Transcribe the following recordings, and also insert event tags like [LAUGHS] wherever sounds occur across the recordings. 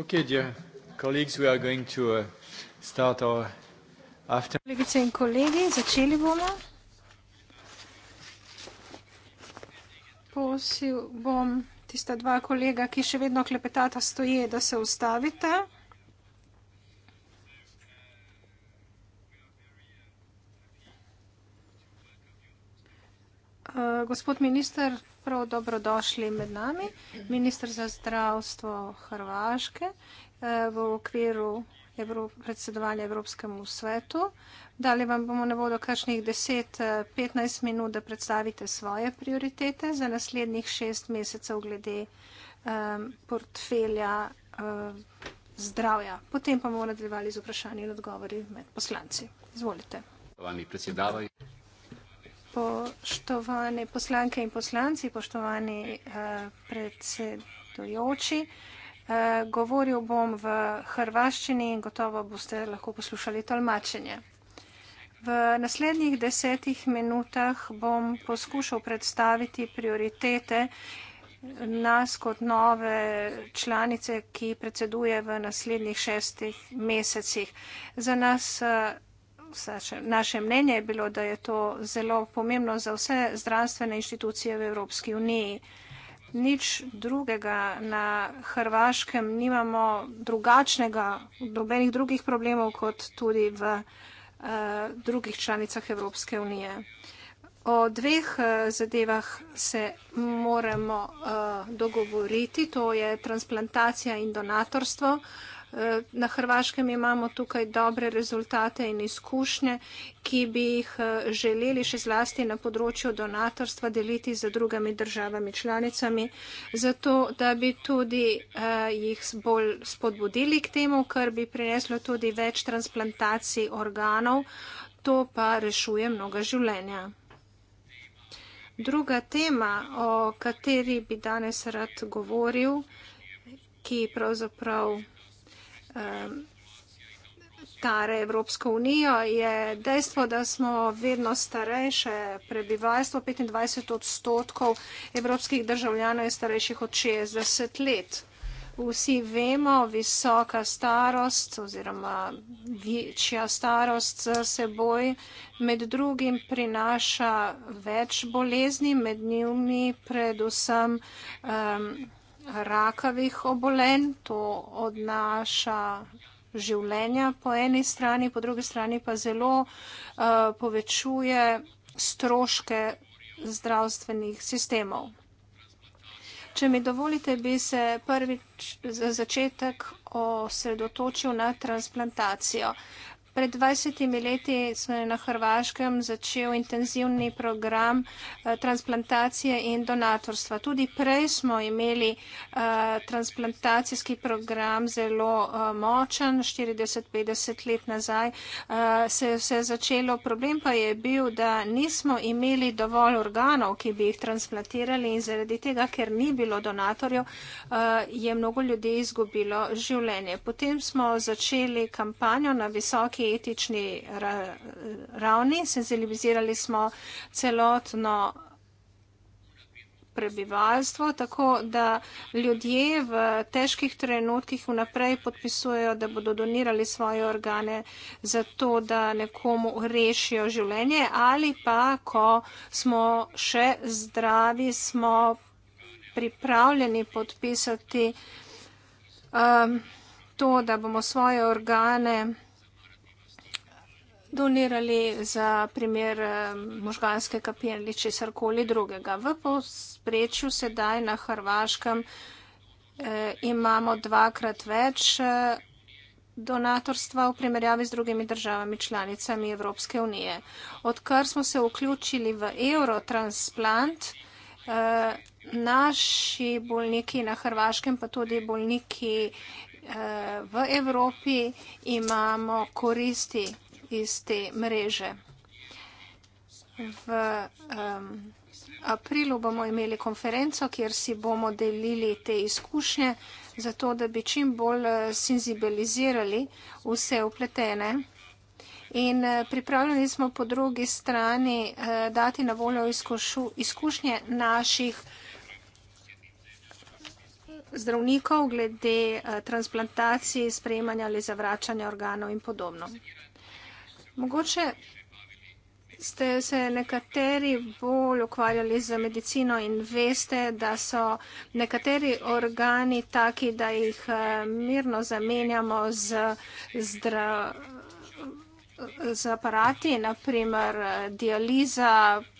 Okay, dear colleagues, we are going to uh, start our after. Kolegice in kolegi, začeli bomo. Posil bom tista dva kolega, ki še vedno klepetata stoje, da se ustavite. gospod minister, prav dobrodošli med nami. Ministr za zdravstvo Hrvaške eh, v okviru predsedovanja Evropskemu svetu. Dali vam bomo na vodo kakšnih 10-15 eh, minut, da predstavite svoje prioritete za naslednjih šest mesecev glede eh, portfelja zdravja. Potem pa bomo nadaljevali z vprašanji in odgovori med poslanci. Izvolite. Hvala, predsedavaj. Poštovane poslanke in poslanci, poštovani uh, eh, predsedujoči, uh, govoril bom v hrvaščini in gotovo boste lahko poslušali tolmačenje. V naslednjih desetih minutah bom poskušal predstaviti prioritete nas kot nove članice, ki predseduje v naslednjih šestih mesecih. Za nas uh, naše mnenje je bilo, da je to zelo pomembno za vse zdravstvene inštitucije v Evropski uniji. Nič drugega na Hrvaškem nimamo drugačnega, dobenih drugih problemov kot tudi v uh, drugih članicah Evropske unije. O dveh uh, zadevah se moramo uh, dogovoriti, to je transplantacija in donatorstvo. Uh, Na Hrvaškem imamo tukaj dobre rezultate in izkušnje, ki bi jih eh, želeli še zlasti na področju donatorstva deliti z drugimi državami članicami, zato da bi tudi eh, jih bolj spodbudili k temu, kar bi prineslo tudi več transplantacij organov, to pa rešuje mnoga življenja. Druga tema, o kateri bi danes rad govoril, ki pravzaprav stare Evropsko unijo, je dejstvo, da smo vedno starejše prebivalstvo. 25 odstotkov evropskih državljanov je starejših od 60 let. Vsi vemo, visoka starost oziroma večja starost za seboj med drugim prinaša več bolezni, med njimi predvsem um, rakavih obolenj, to odnaša življenja po eni strani, po drugi strani pa zelo uh, povečuje stroške zdravstvenih sistemov. Če mi dovolite, bi se prvič za začetek osredotočil na transplantacijo. Uh, Pred 20 leti sem na Hrvaškem začel intenzivni program eh, transplantacije in donatorstva. Tudi prej smo imeli eh, transplantacijski program zelo eh, močen, 40-50 let nazaj se je vse začelo. Problem pa je bil, da nismo imeli dovolj organov, ki bi jih transplantirali in zaradi tega, ker ni bilo donatorjev, je mnogo ljudi izgubilo življenje. Potem smo začeli kampanjo na visoki etični ra ravni, senzibilizirali smo celotno prebivalstvo, tako da ljudje v težkih trenutkih vnaprej podpisujejo, da bodo donirali svoje organe za to, da nekomu rešijo življenje ali pa, ko smo še zdravi, smo pripravljeni podpisati um, to, da bomo svoje organe donirali za primer eh, možganske kapije ali česar koli drugega. V posprečju sedaj na Hrvaškem eh, imamo dvakrat več eh, donatorstva v primerjavi z drugimi državami članicami Evropske unije. Odkar smo se vključili v Eurotransplant, eh, naši bolniki na Hrvaškem, pa tudi bolniki v Evropi, imamo koristi iz te mreže. V um, aprilu bomo imeli konferenco, kjer si bomo delili te izkušnje, zato da bi čim bolj eh, senzibilizirali vse upletene. In eh, pripravljeni smo po drugi strani uh, dati na voljo izkušnje naših zdravnikov glede uh, transplantacij, sprejemanja ali zavračanja organov in podobno. Mogoče ste se nekateri bolj ukvarjali z medicino in veste, da so nekateri organi taki, da jih eh, mirno zamenjamo z zdravljenjem z aparati, naprimer eh, dializa,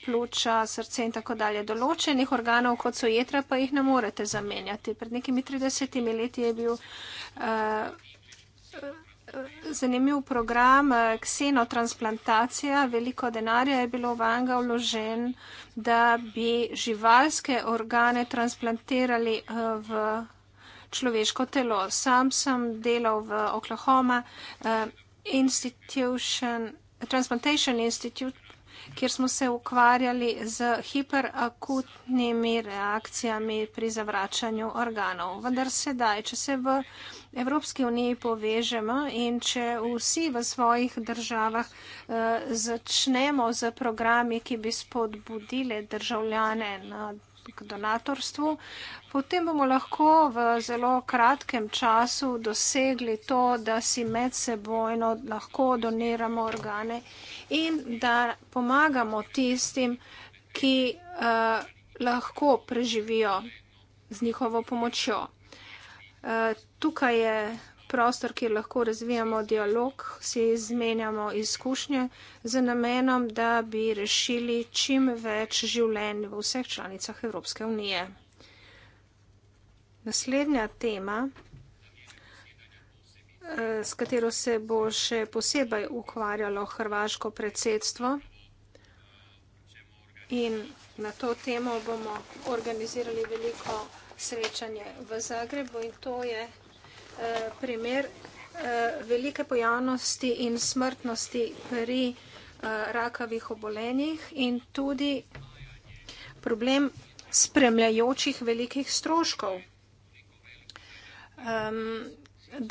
pluča, srce in tako dalje. Določenih organov, kot so jetra, pa jih ne morete zamenjati. Pred nekimi 30 leti je bil uh, zanimiv program eh, ksenotransplantacija. Veliko denarja je bilo v Anga vložen, da bi živalske organe transplantirali eh, v človeško telo. Sam sem delal v Oklahoma eh, Institution, Transplantation Institute kjer smo se ukvarjali z hiperakutnimi reakcijami pri zavračanju organov. Vendar sedaj, če se v Evropski uniji povežemo in če vsi v svojih državah eh, začnemo z programi, ki bi spodbudile državljane na donatorstvu, potem bomo lahko v zelo kratkem času dosegli to, da si med sebojno lahko doniramo organe in da pomagamo tistim, ki uh, lahko preživijo z njihovo pomočjo. Uh, tukaj je prostor, kjer lahko razvijamo dialog, si izmenjamo izkušnje z namenom, da bi rešili čim več življenj v vseh članicah Evropske unije. Naslednja tema, eh, s katero se bo še posebej ukvarjalo hrvaško predsedstvo in na to temo bomo organizirali veliko srečanje v Zagrebu in to je Eh, primer eh, velike pojavnosti in smrtnosti pri eh, rakavih obolenjih in tudi problem spremljajočih velikih stroškov.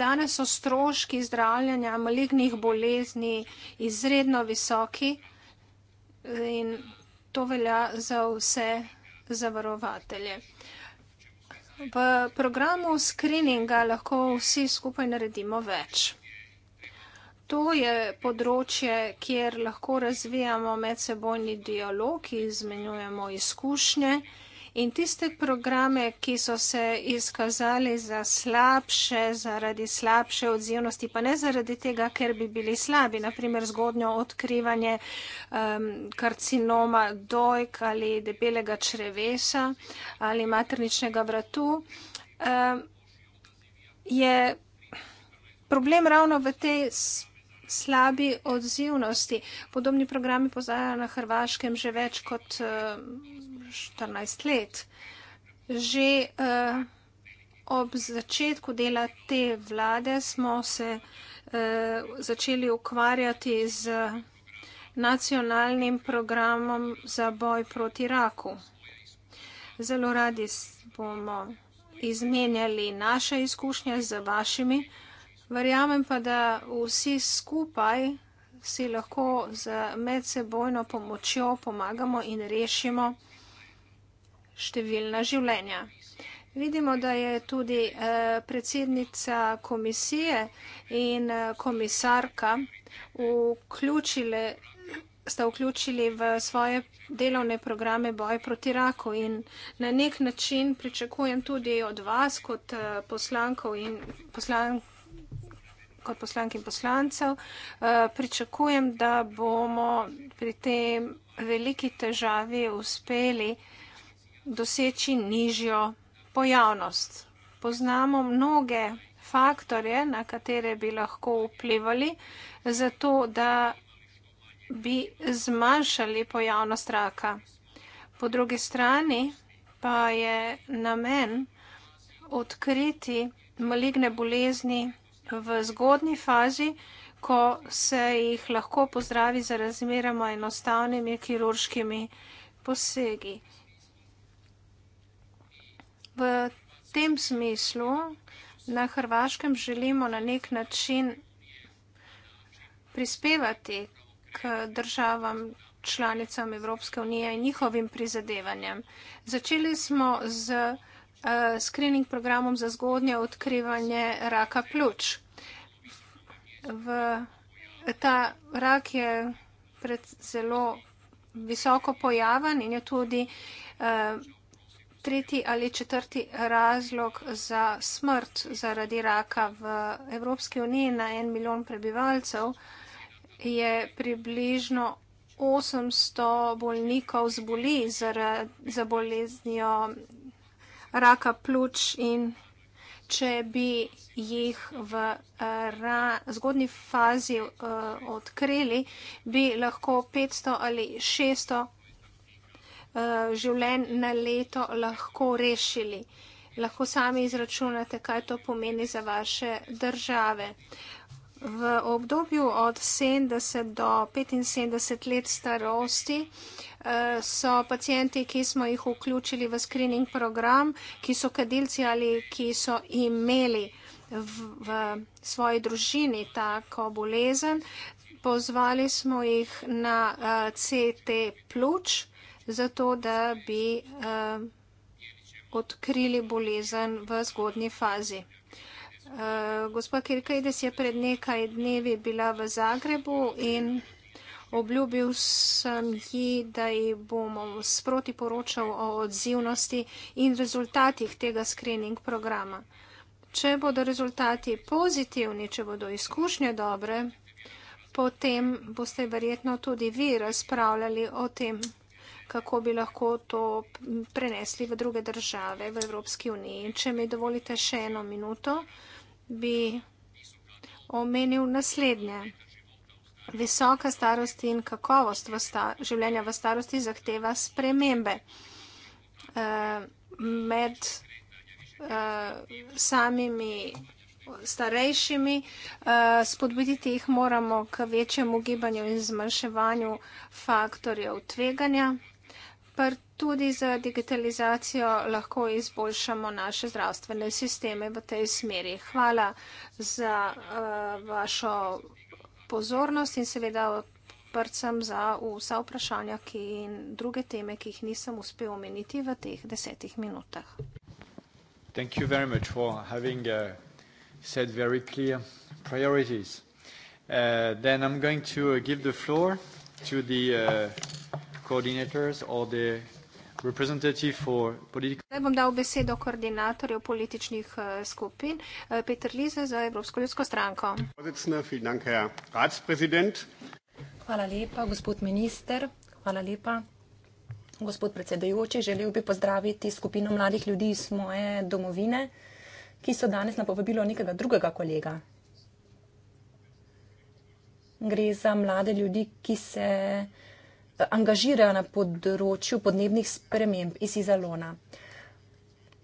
Danes so stroški zdravljanja malignih bolezni izredno visoki in to velja za vse zavarovatelje v programu screeninga lahko vsi skupaj naredimo več. To je področje, kjer lahko razvijamo medsebojni dialog, izmenjujemo izkušnje in tiste programe, ki so se izkazali za slabše, zaradi slabše odzivnosti, pa ne zaradi tega, ker bi bili slabi, naprimer zgodnjo odkrivanje um, karcinoma dojk ali debelega črevesa ali materničnega vratu, um, je problem ravno v tej slabi odzivnosti. Podobni programi poznajo na Hrvaškem že več kot 14 let. Že eh, ob začetku dela te vlade smo se eh, začeli ukvarjati z nacionalnim programom za boj proti raku. Zelo radi bomo izmenjali naše izkušnje z vašimi. Verjamem pa, da vsi skupaj si lahko z medsebojno pomočjo pomagamo in rešimo številna življenja. Vidimo, da je tudi eh, predsednica komisije in eh, komisarka vključile, sta vključili v svoje delovne programe boj proti raku in na nek način pričakujem tudi od vas kot eh, poslankov in poslank kot poslank in poslancev, pričakujem, da bomo pri tem veliki težavi uspeli uh, doseči nižjo pojavnost. Poznamo mnoge faktorje, na katere bi lahko vplivali, zato da bi zmanjšali pojavnost raka. Po drugi strani pa je namen odkriti maligne bolezni v zgodni fazi, ko se jih lahko pozdravi z razmeroma enostavnimi kirurškimi posegi v tem smislu na Hrvaškem želimo na nek način prispevati k državam članicam Evropske unije in njihovim prizadevanjem. Začeli smo z uh, screening programom za zgodnje odkrivanje raka pljuč. V, ta rak je pred zelo visoko pojaven in je tudi uh, tretji ali četrti razlog za smrt zaradi raka v Evropski uniji na en milijon prebivalcev je približno 800 bolnikov zboli za boleznjo raka pljuč in če bi jih v ra, zgodni fazi uh, odkrili, bi lahko 500 ali 600 Eh, življenj na leto lahko rešili. Lahko sami izračunate, kaj to pomeni za vaše države. V obdobju od 70 do 75 let starosti eh, so pacijenti, ki smo jih vključili v screening program, ki so kadilci ali ki so imeli v, v svoji družini tako bolezen, pozvali smo jih na eh, CT pljuč zato da bi uh, odkrili bolezen v zgodnji fazi. Uh, gospa Kirkejdes je pred nekaj dnevi bila v Zagrebu in obljubil sem ji, da ji bom sproti poročal o odzivnosti in rezultatih tega screening programa. Če bodo rezultati pozitivni, če bodo izkušnje dobre, potem boste verjetno tudi vi razpravljali o tem kako bi lahko to prenesli v druge države v Evropski uniji. In če mi dovolite še eno minuto, bi omenil naslednje. Visoka starost in kakovost v sta, življenja v starosti zahteva spremembe uh, med uh, samimi starejšimi. Uh, spodbuditi jih moramo k večjemu gibanju in zmanjševanju faktorjev tveganja pa tudi z digitalizacijo lahko izboljšamo naše zdravstvene sisteme v tej smeri. Hvala za uh, vašo pozornost in seveda odprcem za vsa vprašanja in druge teme, ki jih nisem uspel omeniti v teh desetih minutah. Thank you very much for having uh, said very clear priorities. Uh, then I'm going to uh, give the floor to the uh, coordinators or the representative for political... Zdaj bom dal besedo koordinatorjev političnih eh, skupin. Eh, Peter Lize za Evropsko ljudsko stranko. Hvala lepa, gospod minister. Hvala lepa, gospod predsedajoči. Želel bi pozdraviti skupino mladih ljudi iz moje domovine, ki so danes na povabilo nekega drugega kolega. Gre za mlade ljudi, ki se angažirajo na področju podnebnih sprememb iz Izalona.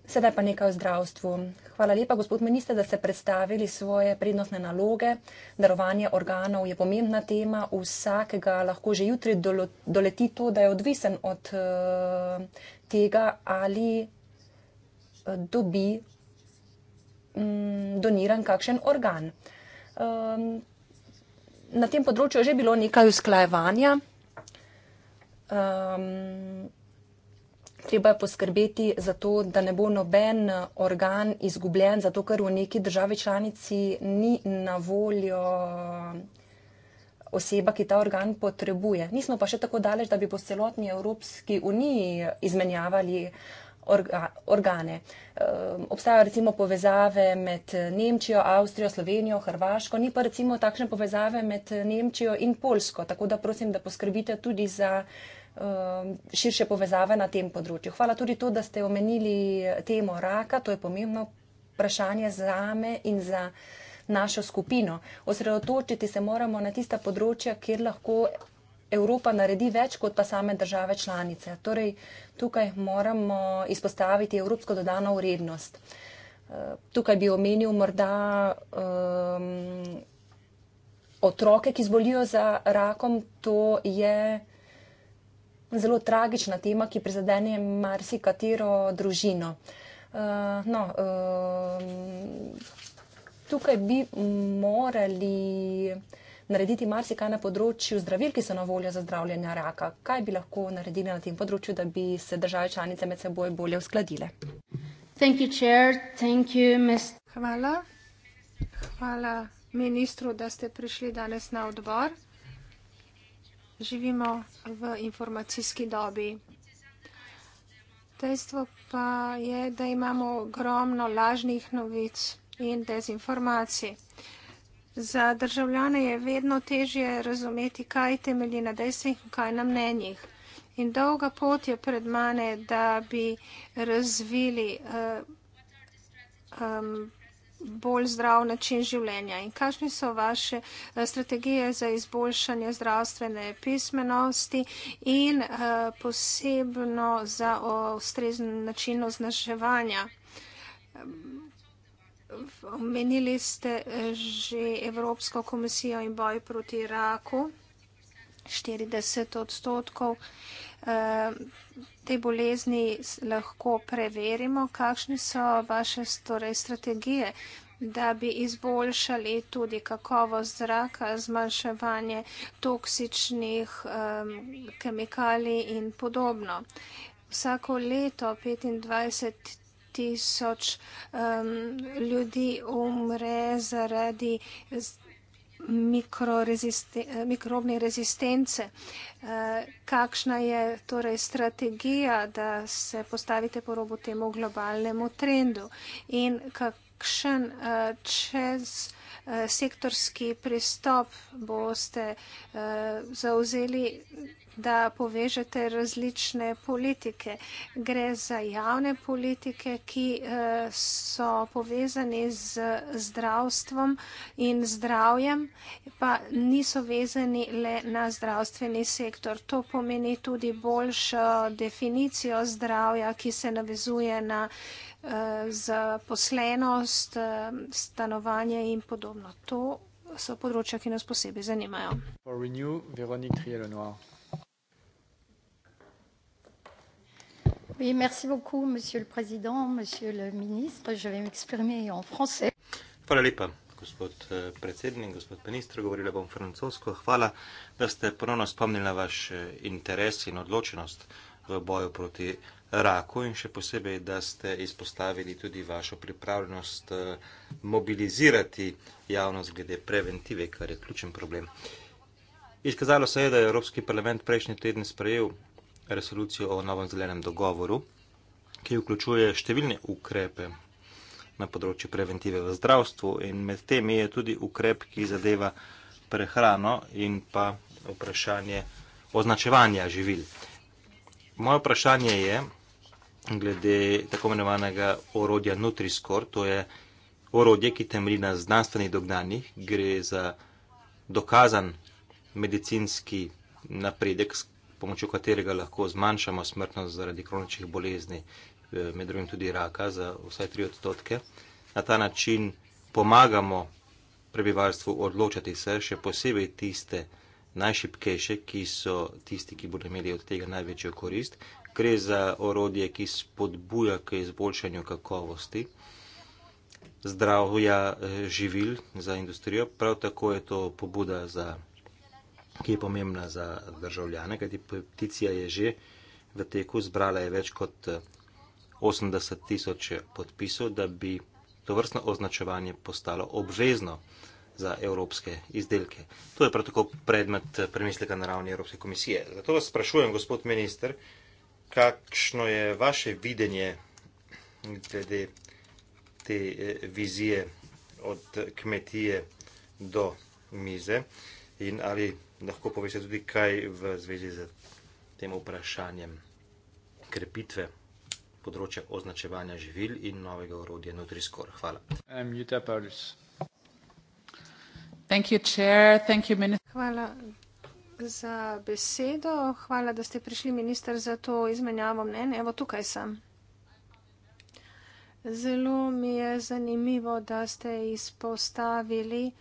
Sedaj pa nekaj o zdravstvu. Hvala lepa, gospod minister, da ste predstavili svoje prednostne naloge. Darovanje organov je pomembna tema. Vsakega lahko že jutri doleti to, da je odvisen od eh, tega, ali eh, dobi mm, doniran kakšen organ. Ehm, na tem področju je že bilo nekaj usklajevanja. Um, treba je poskrbeti za to, da ne bo noben eh, organ izgubljen, zato ker v neki državi članici ni na voljo oseba, ki ta organ potrebuje. Nismo pa še tako daleč, da bi po celotni Evropski uniji izmenjavali uh, orga, organe. Ehm, obstajajo recimo povezave med eh, Nemčijo, Avstrijo, Slovenijo, Hrvaško, ni pa recimo takšne povezave med eh, Nemčijo in Polsko. Tako da prosim, da poskrbite tudi za ehm, širše povezave na tem področju. Hvala tudi to, da ste omenili eh, temo raka. To je pomembno vprašanje za me in za našo skupino. Osredotočiti se moramo na tista področja, kjer lahko Evropa naredi več kot pa same države članice. Torej, tukaj moramo izpostaviti evropsko dodano vrednost. Eh, tukaj bi omenil morda um, otroke, ki zbolijo za rakom. To je zelo tragična tema, ki prizadene marsikatero družino. Uh, no, um, tukaj bi morali narediti marsikaj na področju zdravil, ki so na voljo za zdravljenje raka. Kaj bi lahko naredili na tem področju, da bi se države članice med seboj bolje uskladile? You, you, Hvala. Hvala ministru, da ste prišli danes na odbor. Živimo v informacijski dobi. Dejstvo pa je, da imamo ogromno lažnih novic in dezinformacij. Za državljane je vedno težje razumeti, kaj temelji na dejstvih in kaj na mnenjih. In dolga pot je pred mane, da bi razvili uh, um, bolj zdrav način življenja. In kakšne so vaše eh, strategije za izboljšanje zdravstvene pismenosti in uh, posebno za ustrezen način označevanja? Um, omenili ste eh, že Evropsko komisijo in boj proti raku. 40 odstotkov eh, te bolezni lahko preverimo. Kakšne so vaše torej, strategije, da bi izboljšali tudi kakovost zraka, zmanjševanje toksičnih kemikalij in podobno? Vsako leto 25 tisoč um, ljudi umre zaradi mikroreziste, mikrobne rezistence. Uh, kakšna je torej strategija, da se postavite po robu temu globalnemu trendu in kakšen uh, čez eh, sektorski pristop boste uh, zauzeli da povežete različne politike. Gre za javne politike, ki eh, so povezane z zdravstvom in zdravjem, pa niso vezani le na zdravstveni sektor. To pomeni tudi boljšo definicijo zdravja, ki se navezuje na eh, zaposlenost, eh, stanovanje in podobno. To so področja, ki nas posebej zanimajo. Oui, merci beaucoup, Monsieur le Président, Monsieur le Ministre. Je vais m'exprimer en français. Hvala lepa, gospod eh, predsednik, gospod ministr, govorila bom francosko. Hvala, da ste ponovno spomnili na vaš eh, interes in odločenost v boju proti raku in še posebej, da ste izpostavili tudi vašo pripravljenost eh, mobilizirati javnost glede preventive, kar je ključen problem. Izkazalo se je, da je Evropski parlament prejšnji teden sprejel resolucijo o novem zelenem dogovoru, ki vključuje številne ukrepe na področju preventive v zdravstvu in med temi je tudi ukrep, ki zadeva prehrano in pa vprašanje označevanja živil. Moje vprašanje je glede tako imenovanega orodja Nutri-Score, to je orodje, ki temelji na znanstvenih dognanjih, gre za dokazan medicinski napredek, pomočjo katerega lahko zmanjšamo smrtnost zaradi kroničnih bolezni, eh, med drugim tudi raka, za vsaj tri odstotke. Na ta način pomagamo prebivalstvu odločati se, še posebej tiste najšipkejše, ki so tisti, ki bodo imeli od tega največjo korist. Gre za orodje, ki spodbuja k izboljšanju kakovosti zdravja eh, živil za industrijo, prav tako je to pobuda za ki je pomembna za državljane, kajti peticija je že v teku, zbrala je več kot 80 eh, tisoč eh, podpisov, da bi to vrstno označevanje postalo obvezno za evropske izdelke. To je prav tako predmet eh, premisleka na ravni Evropske komisije. Zato vas sprašujem, gospod minister, kakšno je vaše videnje glede te vizije od kmetije do mize in ali lahko poveste tudi kaj v zvezi z tem vprašanjem krepitve področja označevanja živil in novega orodja Nutri-Score. Hvala. Um, Hvala za besedo. Hvala, da ste prišli, minister, za to izmenjavo mnen. Evo, tukaj sem. Zelo mi je zanimivo, da ste izpostavili um,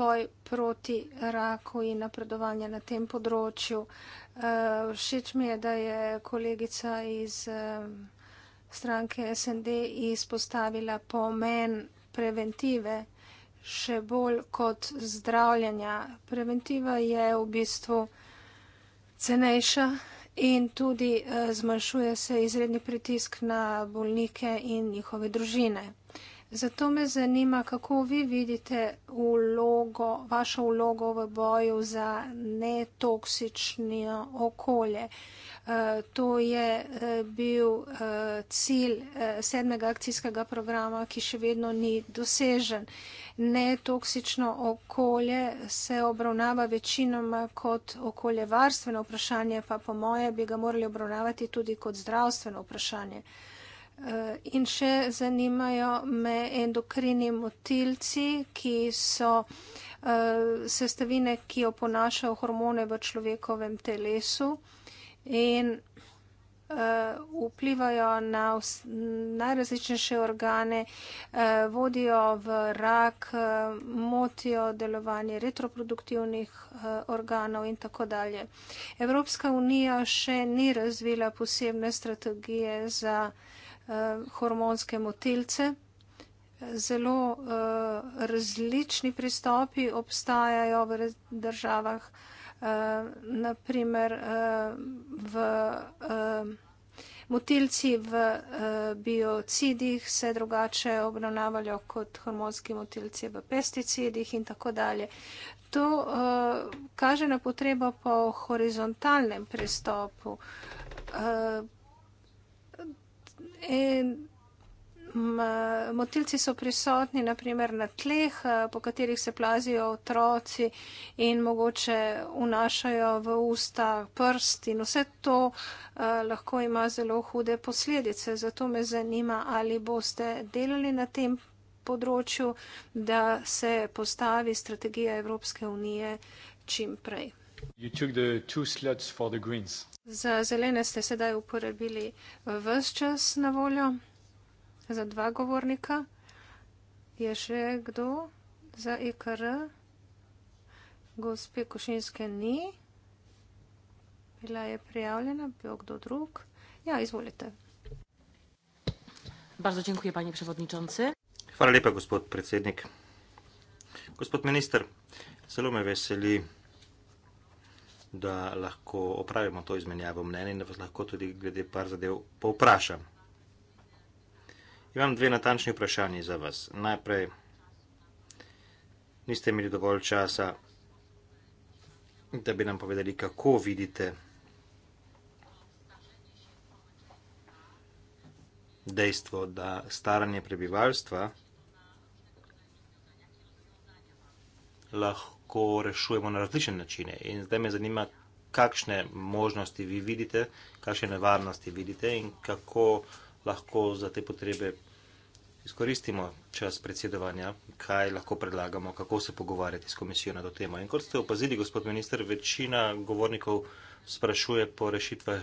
boj proti raku in napredovanje na tem področju. Eh, všeč mi je, da je kolegica iz eh, stranke SND izpostavila pomen preventive še bolj kot zdravljenja. Preventiva je v bistvu cenejša in tudi eh, zmanjšuje se izredni pritisk na bolnike in njihove družine. Zato me zanima, kako vi vidite ulogo, vašo vlogo v boju za netoksično okolje. Eh, to je eh, bil eh, cilj sedmega akcijskega programa, ki še vedno ni dosežen. Netoksično okolje se obravnava večinoma kot okoljevarstveno vprašanje, pa po moje bi ga morali obravnavati tudi kot zdravstveno vprašanje. Eh, in še zanimajo me endokrini motilci, ki so eh, sestavine, ki oponašajo hormone v človekovem telesu in eh, vplivajo na najrazličnejše organe, vodijo v rak, motijo delovanje retroproduktivnih organov in tako dalje. Evropska unija še ni razvila posebne strategije za Eh, hormonske motilce. Zelo uh, različni pristopi obstajajo v državah, uh, eh, naprimer uh, v uh, motilci v uh, biocidih se drugače obravnavajo kot hormonski motilci v pesticidih in tako dalje. To uh, kaže na potrebo po horizontalnem pristopu. Uh, In motilci so prisotni, naprimer, na tleh, eh, po katerih se plazijo otroci in mogoče unašajo v usta prst in vse to eh, lahko ima zelo hude posledice. Zato me zanima, ali boste delali na tem področju, da se postavi strategija Evropske unije čim prej. Za zelene ste sedaj uporabili vse čas na voljo, za dva govornika. Je še kdo za IKR? E Gospe Košinske ni. Bila je prijavljena, bil kdo drug. Ja, izvolite. Bardzo dziękuję, panie przewodniczący. Hvala lepa, gospod predsednik. Gospod minister, zelo me veseli da lahko opravimo to izmenjavo mnenja in da vas lahko tudi glede par zadev povprašam. Imam dve natančni vprašanji za vas. Najprej, niste imeli dovolj časa, da bi nam povedali, kako vidite dejstvo, da staranje prebivalstva lahko lahko rešujemo na različne načine. In zdaj me zanima, kakšne možnosti vi vidite, kakšne nevarnosti vidite in kako lahko za te potrebe izkoristimo čas predsedovanja, kaj lahko predlagamo, kako se pogovarjati s komisijo na to temo. In kot ste opazili, gospod minister, večina govornikov sprašuje po rešitvah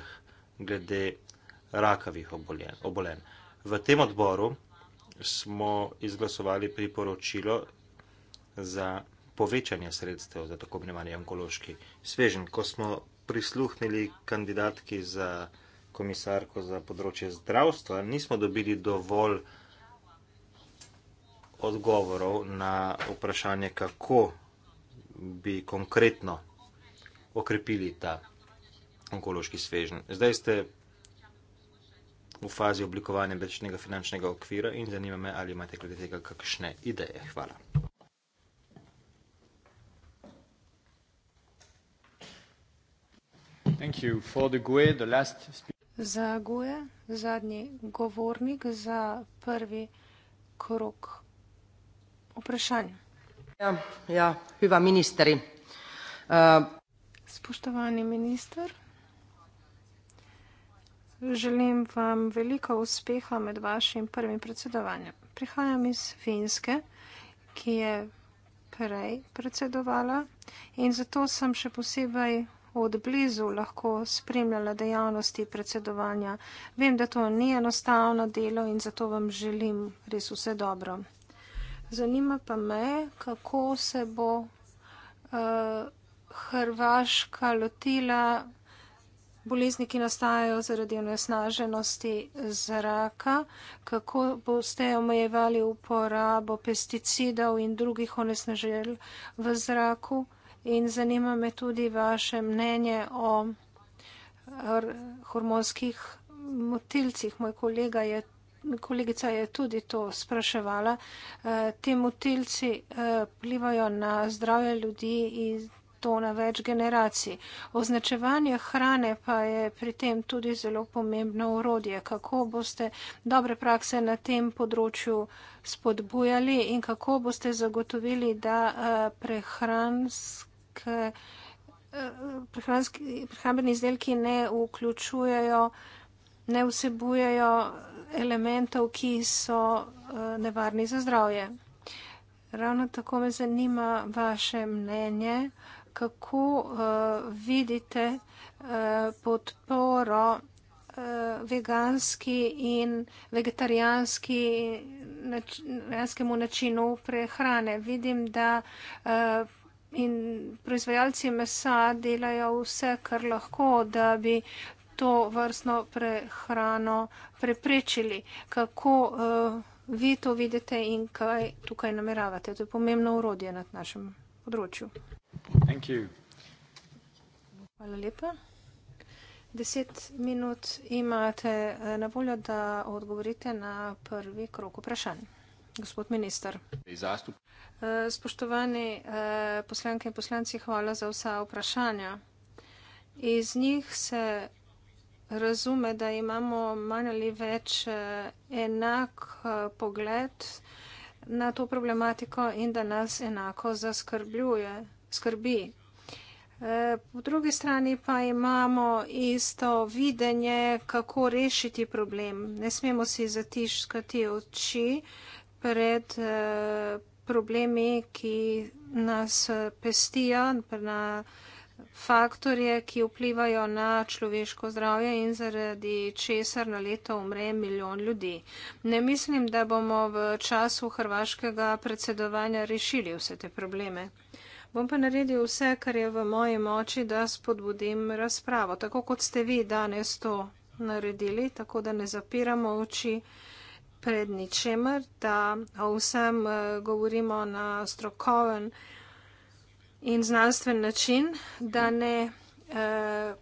glede rakavih obolenj. V tem odboru smo izglasovali priporočilo za povečanja sredstev za tako imenovani onkološki svežen. Ko smo prisluhnili kandidatki za komisarko za področje zdravstva, nismo dobili dovolj odgovorov na vprašanje, kako bi konkretno okrepili ta onkološki svežen. Zdaj ste v fazi oblikovanja večnega finančnega okvira in zanima me, ali imate glede tega kakšne ideje. Hvala. E, za Gue, zadnji govornik za prvi krok vprašanja. Ja, ja, hyvä ministeri. Uh, Spoštovani minister, želim vam veliko uspeha med vašim prvim predsedovanjem. Prihajam iz Finske, ki je prej predsedovala in zato sem še posebej od blizu lahko spremljala dejavnosti predsedovanja. Vem, da to ni enostavno delo in zato vam želim res vse dobro. Zanima pa me, kako se bo uh, Hrvaška lotila bolezni, ki nastajajo zaradi onesnaženosti zraka, kako boste omejevali uporabo pesticidov in drugih onesnažel v zraku. In zanima me tudi vaše mnenje o hormonskih motilcih. Moj kolega je, kolegica je tudi to spraševala. E, ti motilci e, plivajo na zdravje ljudi in to na več generacij. Označevanje hrane pa je pri tem tudi zelo pomembno urodje. Kako boste dobre prakse na tem področju spodbujali in kako boste zagotovili, da e, prehranska Eh, prehrambeni izdelki ne vključujejo, ne vsebujejo elementov, ki so eh, nevarni za zdravje. Ravno tako me zanima vaše mnenje, kako uh, vidite uh, podporo uh, veganski in vegetarijanski nač vegetarijanskemu načinu prehrane. Vidim, da uh, In proizvajalci mesa delajo vse, kar lahko, da bi to vrstno prehrano preprečili. Kako uh, vi to vidite in kaj tukaj nameravate? To je pomembno urodje na našem področju. Hvala lepa. Deset minut imate eh, na voljo, da odgovorite na prvi krok vprašanj. Gospod minister. Torej, eh, spoštovani eh, poslanke in poslanci, hvala za vsa vprašanja. Iz njih se razume, da imamo manj ali več eh, enak pogled na to problematiko in da nas enako zaskrbljuje, skrbi. Po drugi strani pa imamo isto videnje, kako rešiti problem. Ne smemo si zatiškati oči, pred uh, problemi, ki nas eh, pestijo, na faktorje, ki vplivajo na človeško zdravje in zaradi česar na leto umre milijon ljudi. Ne mislim, da bomo v času hrvaškega predsedovanja rešili vse te probleme. Bom pa naredil vse, kar je v moji moči, da spodbudim razpravo, tako kot ste vi danes to naredili, tako da ne zapiramo oči pred ničemer, da o vsem eh, govorimo na strokoven in znanstven način, da ne eh,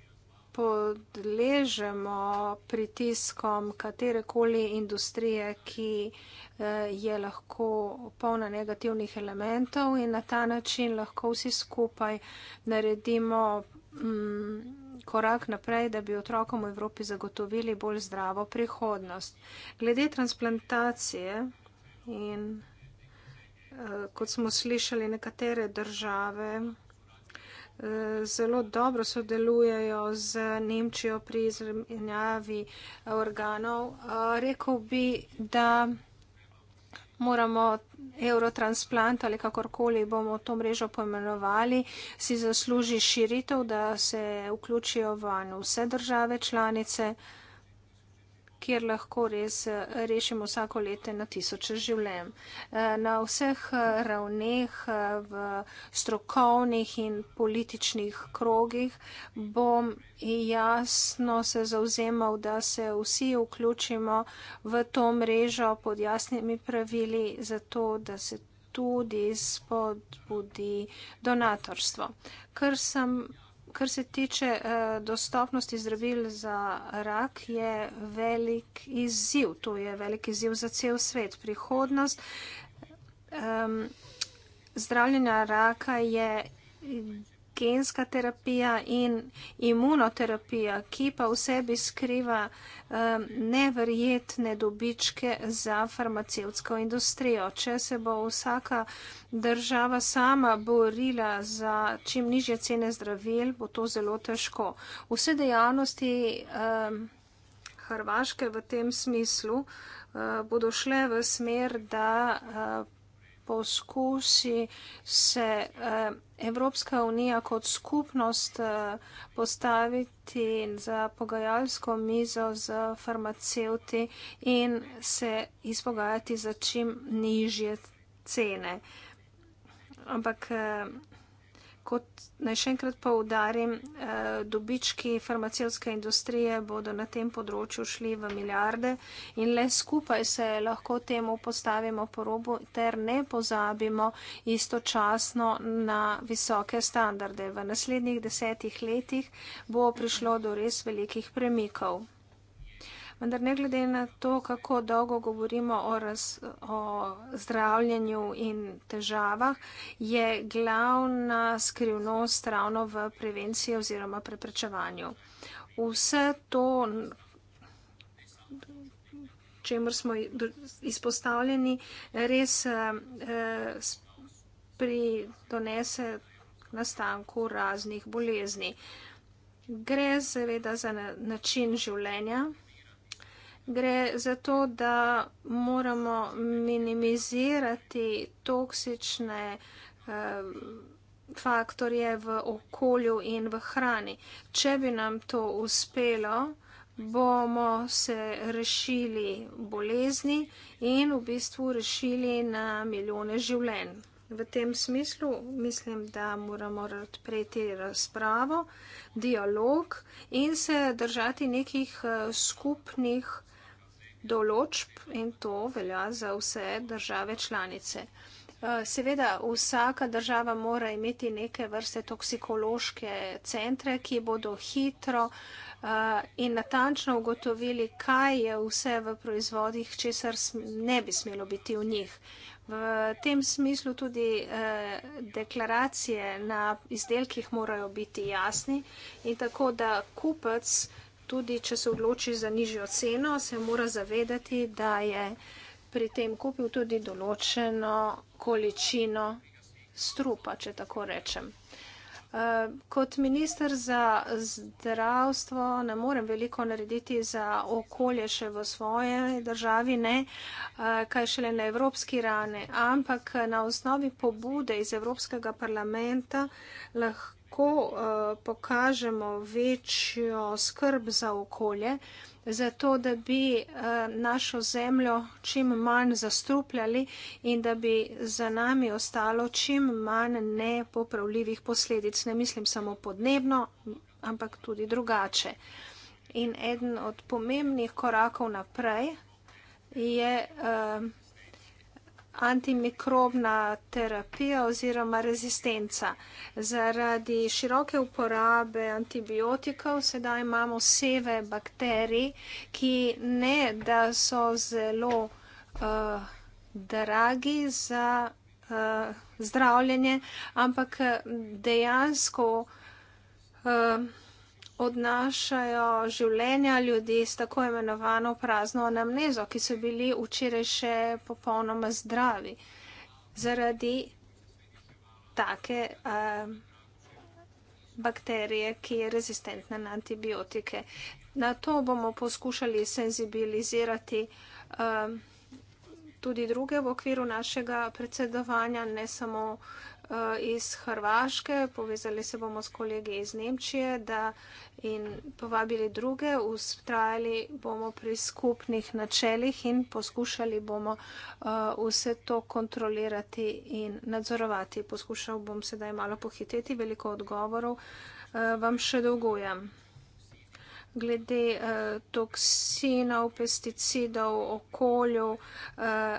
podležemo pritiskom katerekoli industrije, ki eh, je lahko polna negativnih elementov in na ta način lahko vsi skupaj naredimo. Mm, korak naprej, da bi otrokom v Evropi zagotovili bolj zdravo prihodnost. Glede transplantacije in eh, kot smo slišali, nekatere države eh, zelo dobro sodelujejo z Nemčijo pri izmenjavi eh, organov. Rekl bi, da moramo eurotransplant ali kakorkoli bomo to mrežo pojmenovali, si zasluži širitev, da se vključijo van vse države članice kjer lahko res eh, rešimo vsako leto na tisoče življenj. Eh, na vseh eh, ravneh, v strokovnih in političnih krogih bom jasno se zauzemal, da se vsi vključimo v to mrežo pod jasnimi pravili, zato da se tudi spodbudi donatorstvo. Ker sem kar se tiče uh, dostopnosti zdravil za rak, je velik izziv. To je velik izziv za cel svet. Prihodnost um, zdravljenja raka je genska terapija in imunoterapija, ki pa v sebi skriva um, neverjetne dobičke za farmacevtsko industrijo. Če se bo vsaka država sama borila za čim nižje cene zdravil, bo to zelo težko. Vse dejavnosti um, Hrvaške v tem smislu uh, bodo šle v smer, da uh, poskusi se eh, Evropska unija kot skupnost eh, postaviti za pogajalsko mizo z farmacevti in se izpogajati za čim nižje cene. Ampak eh, kot naj še enkrat poudarim, eh, dobički farmacevske industrije bodo na tem področju šli v milijarde in le skupaj se lahko temu postavimo po robu ter ne pozabimo istočasno na visoke standarde. V naslednjih desetih letih bo prišlo do res velikih premikov. Vendar ne glede na to, kako dolgo govorimo o, raz, o zdravljenju in težavah, je glavna skrivnost ravno v prevenciji oziroma preprečevanju. Vse to, čemu smo izpostavljeni, res eh, pridonese nastanku raznih bolezni. Gre seveda za način življenja, Gre za to, da moramo minimizirati toksične eh, faktorje v okolju in v hrani. Če bi nam to uspelo, bomo se rešili bolezni in v bistvu rešili na milijone življenj. V tem smislu mislim, da moramo odpreti razpravo, dialog in se držati nekih eh, skupnih določb in to velja za vse države članice. Eh, seveda, vsaka država mora imeti neke vrste toksikološke centre, ki bodo hitro eh, in natančno ugotovili, kaj je vse v proizvodih, česar ne bi smelo biti v njih. V tem smislu tudi eh, deklaracije na izdelkih morajo biti jasni in tako, da kupec tudi če se odloči za nižjo ceno, se mora zavedati, da je pri tem kupil tudi določeno količino strupa, če tako rečem. Eh, kot minister za zdravstvo ne morem veliko narediti za okolje še v svoje državi, ne, eh, kaj šele na evropski rane, ampak na osnovi pobude iz Evropskega parlamenta lahko lahko uh, pokažemo večjo skrb za okolje, zato da bi uh, našo zemljo čim manj zastrupljali in da bi za nami ostalo čim manj nepopravljivih posledic. Ne mislim samo podnebno, ampak tudi drugače. In eden od pomembnih korakov naprej je. Uh, antimikrobna terapija oziroma rezistenca. Zaradi široke uporabe antibiotikov sedaj imamo seve bakterij, ki ne da so zelo uh, dragi za uh, zdravljenje, ampak eh, dejansko uh, odnašajo življenja ljudi s tako imenovano prazno anamnezo, ki so bili včeraj še popolnoma zdravi zaradi take uh, bakterije, ki je rezistentna na antibiotike. Na to bomo poskušali senzibilizirati uh, tudi druge v okviru našega predsedovanja, ne samo uh, Eh, iz Hrvaške, povezali se bomo s kolegi iz Nemčije da, in povabili druge, ustrajali bomo pri skupnih načelih in poskušali bomo eh, vse to kontrolirati in nadzorovati. Poskušal bom sedaj malo pohiteti, veliko odgovorov eh, vam še dolgujem. Glede eh, toksinov, pesticidov, okolju, eh,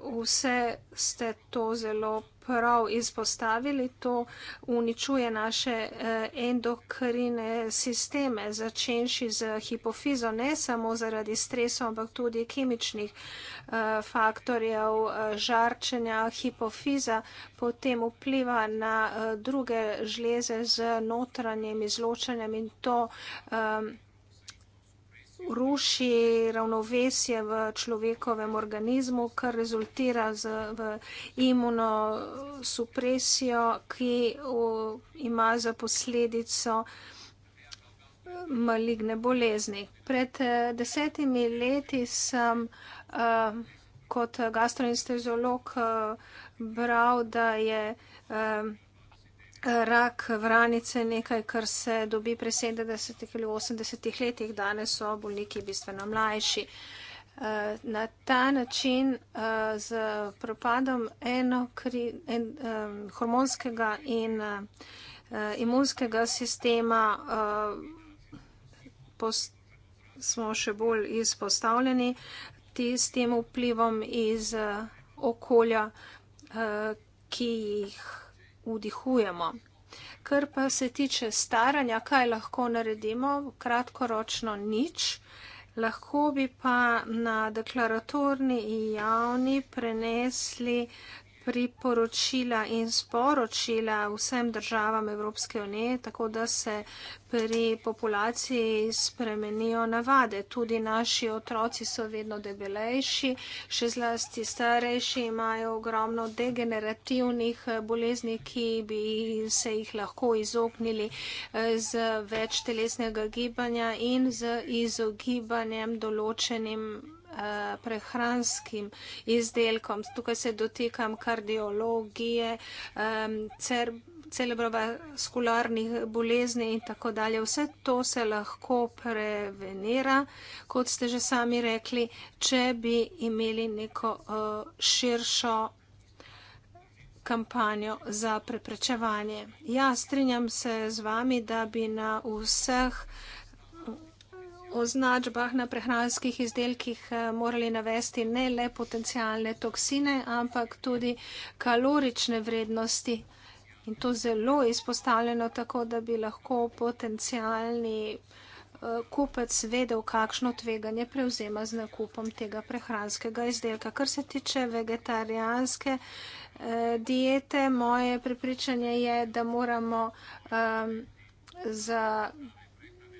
Vse ste to zelo prav izpostavili, to uničuje naše eh, endokrine sisteme, začenši z hipofizo, ne samo zaradi stresov, ampak tudi kemičnih eh, faktorjev, eh, žarčenja, hipofiza potem vpliva na druge žleze z notranjim izločanjem in to. Um, ruši ravnovesje v človekovem organizmu, kar rezultira z, v imunosupresijo, ki v, ima za posledico maligne bolezni. Pred eh, desetimi leti sem uh, kot gastroenterolog uh, bral, da je uh, rak vranice nekaj, kar se dobi pri 70 ali 80 letih, danes so bolniki bistveno mlajši. Eh, na ta način eh, z propadom eno kri, en, hormonskega in eh, imunskega sistema post, smo še bolj izpostavljeni tistim vplivom iz okolja, ki jih vdihujemo. Ker pa se tiče staranja, kaj lahko naredimo, kratkoročno nič, lahko bi pa na deklaratorni javni prenesli priporočila in sporočila vsem državam Evropske unije, tako da se pri populaciji spremenijo navade. Tudi naši otroci so vedno debelejši, še zlasti starejši imajo ogromno degenerativnih bolezni, ki bi se jih lahko izognili eh, z več telesnega gibanja in z izogibanjem določenim Eh, prehranskim izdelkom. Tukaj se dotikam kardiologije, celebrovaskularnih bolezni in tako dalje. Vse to se lahko prevenira, kot ste že sami rekli, če bi imeli neko eh, širšo kampanjo za preprečevanje. Ja, strinjam se z vami, da bi na vseh uh, označbah na prehranskih izdelkih eh, morali navesti ne le potencijalne toksine, ampak tudi kalorične vrednosti. In to zelo izpostavljeno tako, da bi lahko potencijalni eh, kupec vedel, kakšno tveganje prevzema z nakupom tega prehranskega izdelka. Kar se tiče vegetarijanske eh, diete, moje prepričanje je, da moramo eh, za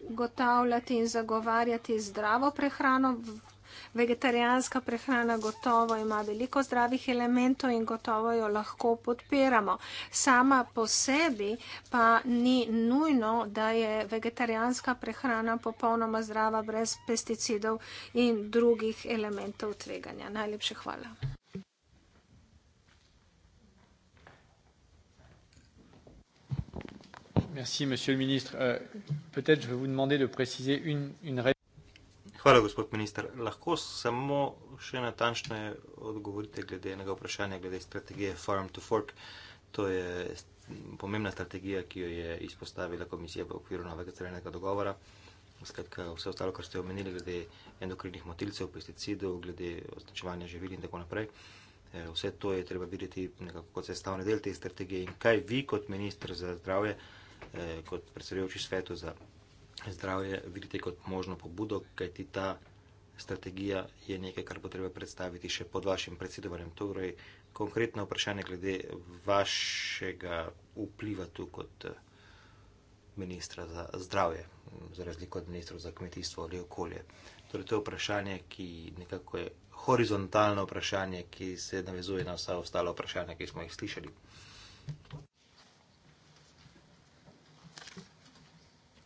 ugotavljati in zagovarjati zdravo prehrano. Vegetarijanska prehrana gotovo ima veliko zdravih elementov in gotovo jo lahko podpiramo. Sama po sebi pa ni nujno, da je vegetarijanska prehrana popolnoma zdrava brez pesticidov in drugih elementov tveganja. Najlepše hvala. Merci, Monsieur le Ministre. Euh, peut-être je vais vous demander de préciser une, une réponse. Hvala, gospod minister. Lahko samo še natančno odgovorite glede enega vprašanja, glede strategije Farm to Fork. To je pomembna strategija, ki jo je izpostavila komisija v okviru novega celenega dogovora. Skratka, vse ostalo, kar ste omenili, glede endokrinih motilcev, pesticidov, glede označevanja živil in tako naprej. Eh, vse to je treba videti nekako kot sestavni del te strategije in kaj vi kot minister za zdravje vprašanje, Eh, kot predsedujoči svetu za zdravje vidite kot možno pobudo, kajti ta strategija je nekaj, kar bo treba predstaviti še pod vašim predsedovanjem. Torej, konkretno vprašanje glede vašega vpliva tu kot eh, ministra za zdravje, za razliko od ministra za kmetijstvo ali okolje. Torej, to je vprašanje, ki nekako je horizontalno vprašanje, ki se navezuje na vsa ostala vprašanja, ki smo jih slišali.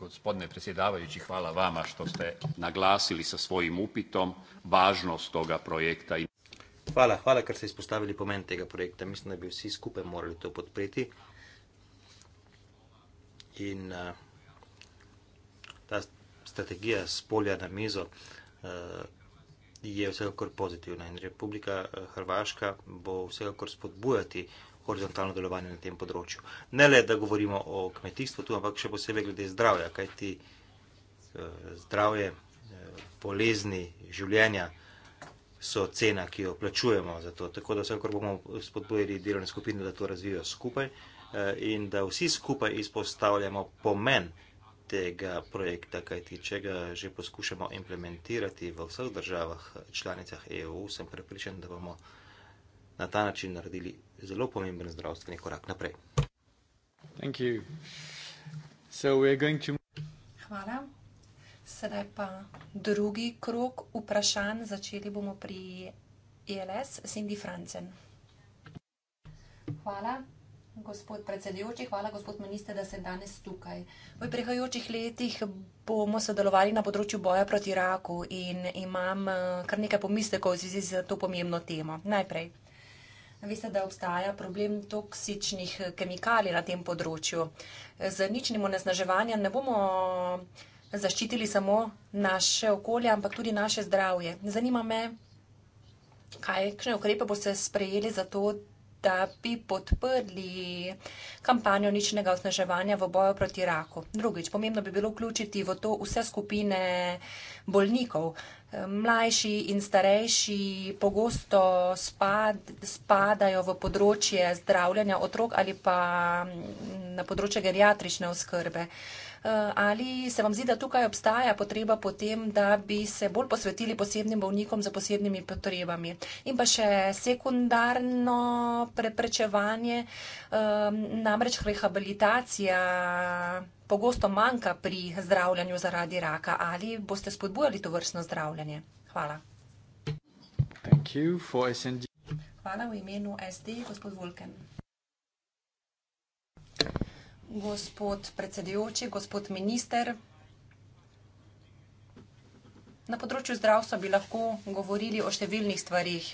Gospodine predsjedavajući, hvala vama što ste naglasili sa svojim upitom važnost toga projekta. Hvala, hvala kad ste ispostavili pomen tega projekta. Mislim da bi vsi skupaj morali to podpreti. In eh, ta strategija s polja na mizo eh, je vsekakor pozitivna. In Republika eh, Hrvaška bo vsekakor spodbujati horizontalno delovanje na tem področju. Ne le, da govorimo o kmetijstvu, tu ampak še posebej glede zdravja, kaj ti eh, zdravje, eh, bolezni, življenja so cena, ki jo plačujemo za to. Tako da vsekakor bomo spodbojili delovne skupine, da to razvijo skupaj eh, in da vsi skupaj izpostavljamo pomen tega projekta, kaj ti če ga že poskušamo implementirati v vseh državah članicah EU, sem prepričan, da bomo na ta način naredili zelo pomemben zdravstveni korak naprej. Hvala. Sedaj pa drugi krok vprašanj. Začeli bomo pri ILS, e Cindy Francen. Hvala, gospod predsedujoči, hvala, gospod minister, da ste danes tukaj. V prihajajočih letih bomo sodelovali na področju boja proti raku in imam eh, kar nekaj pomislekov v zvezi z to pomembno temo. Najprej. Vi ste, da obstaja problem toksičnih kemikalij na tem področju. Z ničnim onesnaževanjem ne bomo zaščitili samo naše okolje, ampak tudi naše zdravje. Zanima me, kakšne ukrepe boste sprejeli za to, da bi podprli kampanjo ničnega osneževanja v boju proti raku. Drugič, pomembno bi bilo vključiti v to vse skupine bolnikov. Mlajši in starejši pogosto spad, spadajo v področje zdravljanja otrok ali pa na področje geriatrične oskrbe. Eh, ali se vam zdi, da tukaj obstaja potreba potem, da bi se bolj posvetili posebnim bolnikom za posebnimi potrebami. In pa še sekundarno preprečevanje, ehm, namreč rehabilitacija pogosto manjka pri zdravljanju zaradi raka. Ali boste spodbujali to vrstno zdravljanje? Hvala. Hvala v imenu SD, gospod Volken gospod predsedujoči, gospod minister. Na področju zdravstva bi lahko govorili o številnih stvarih.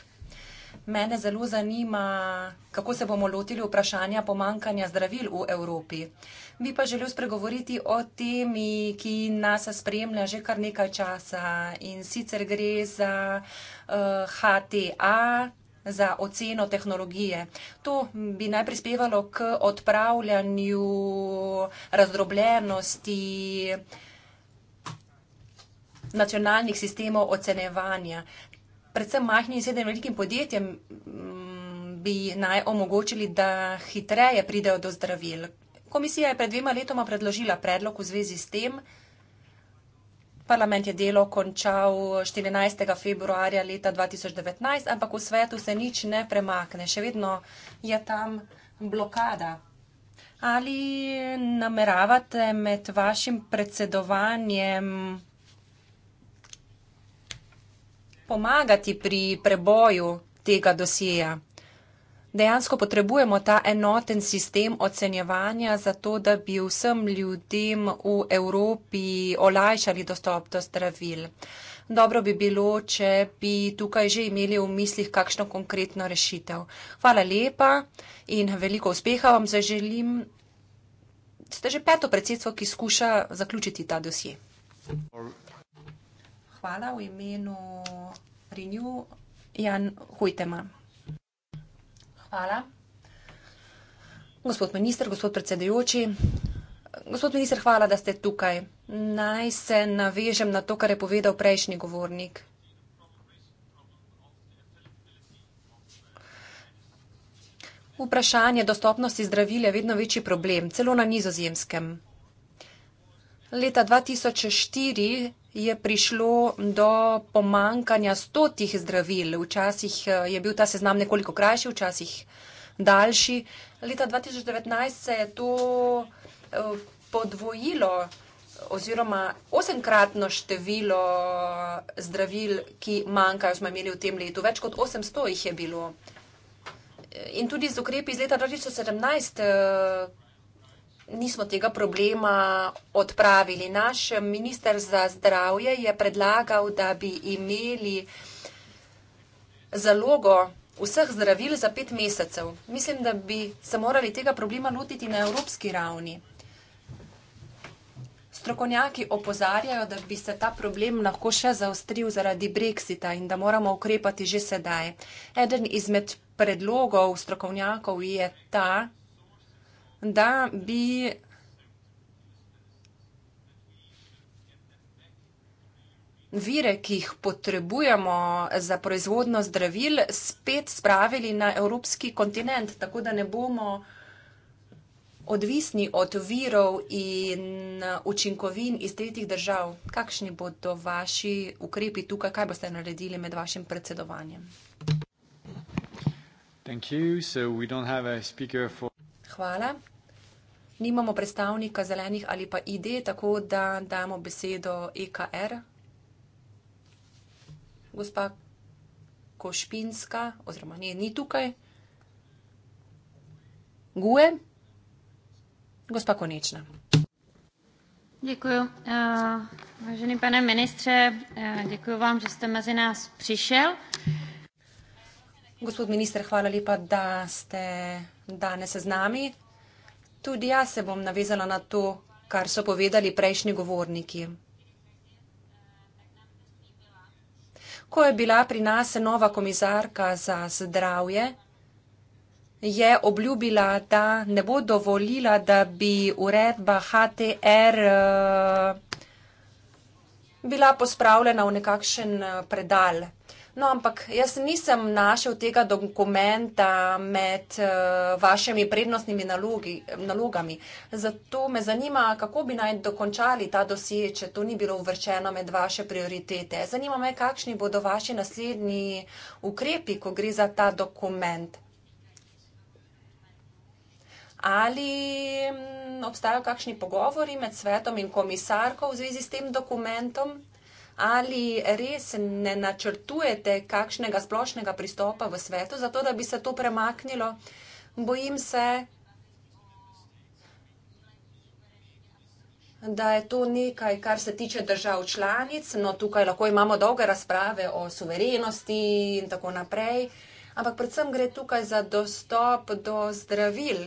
Mene zelo zanima, kako se bomo lotili vprašanja pomankanja zdravil v Evropi. Bi pa želel spregovoriti o temi, ki nas spremlja že kar nekaj časa in sicer gre za uh, eh, HTA, za oceno tehnologije. To bi naj prispevalo k odpravljanju razdrobljenosti nacionalnih sistemov ocenevanja. Predvsem majhnim in srednjim velikim podjetjem mm, bi naj omogočili, da hitreje pridejo do zdravil. Komisija je pred dvema letoma predložila predlog v zvezi s tem, Parlament je delo končal 14. februarja leta 2019, ampak v svetu se nič ne premakne. Še vedno je tam blokada. Ali nameravate med vašim predsedovanjem pomagati pri preboju tega dosjeja? dejansko potrebujemo ta enoten sistem ocenjevanja, zato da bi vsem ljudem v Evropi olajšali dostop do zdravil. Dobro bi bilo, če bi tukaj že imeli v mislih kakšno konkretno rešitev. Hvala lepa in veliko uspeha vam zaželim. Ste že peto predsedstvo, ki skuša zaključiti ta dosje. Hvala v imenu Renew Jan Hujtema. Hvala. Gospod minister, gospod predsedujoči. Gospod minister, hvala, da ste tukaj. Naj se navežem na to, kar je povedal prejšnji govornik. Vprašanje dostopnosti zdravil je vedno večji problem, celo na nizozemskem. Leta 2004 je prišlo do pomankanja stotih zdravil. Včasih eh, je bil ta seznam nekoliko krajši, včasih daljši. Leta 2019 se je to eh, podvojilo oziroma osemkratno število zdravil, ki manjkajo, smo imeli v tem letu. Več kot 800 jih je bilo. In tudi z ukrepi iz leta 2017 nismo tega problema odpravili. Naš minister za zdravje je predlagal, da bi imeli zalogo vseh zdravil za pet mesecev. Mislim, da bi se morali tega problema lotiti na evropski ravni. Strokovnjaki opozarjajo, da bi se ta problem lahko še zaostril zaradi brexita in da moramo ukrepati že sedaj. Eden izmed predlogov strokovnjakov je ta, da bi vire, ki jih potrebujemo za proizvodno zdravil, spet spravili na evropski kontinent, tako da ne bomo odvisni od virov in učinkovin iz tretjih držav. Kakšni bodo vaši ukrepi tukaj? Kaj boste naredili med vašim predsedovanjem? Thank you. So we don't have a speaker for hvala. Nimamo predstavnika zelenih ali pa ID, tako da damo besedo EKR. Gospa Košpinska, oziroma ne, ni tukaj. Gue, gospa Konečna. Děkuji. Eh, vážený pane ministře, eh, děkuji vám, že jste mezi nás přišel. Gospod minister, hvala lepa, da ste danes z nami. Tudi jaz se bom navezala na to, kar so povedali prejšnji govorniki. Ko je bila pri nas nova komisarka za zdravje, je obljubila, da ne bo dovolila, da bi uredba HTR eh, bila pospravljena v nekakšen eh, predal. No, ampak jaz nisem našel tega dokumenta med uh, vašimi prednostnimi nalogi, nalogami. Zato me zanima, kako bi naj dokončali ta dosje, če to ni bilo uvrčeno med vaše prioritete. Zanima me, kakšni bodo vaši naslednji ukrepi, ko gre za ta dokument. Ali mm, obstajajo kakšni pogovori med svetom in komisarko v zvezi s tem dokumentom? ali res ne načrtujete kakšnega splošnega pristopa v svetu, zato da bi se to premaknilo. Bojim se, da je to nekaj, kar se tiče držav članic, no tukaj lahko imamo dolge razprave o suverenosti in tako naprej, ampak predvsem gre tukaj za dostop do zdravil.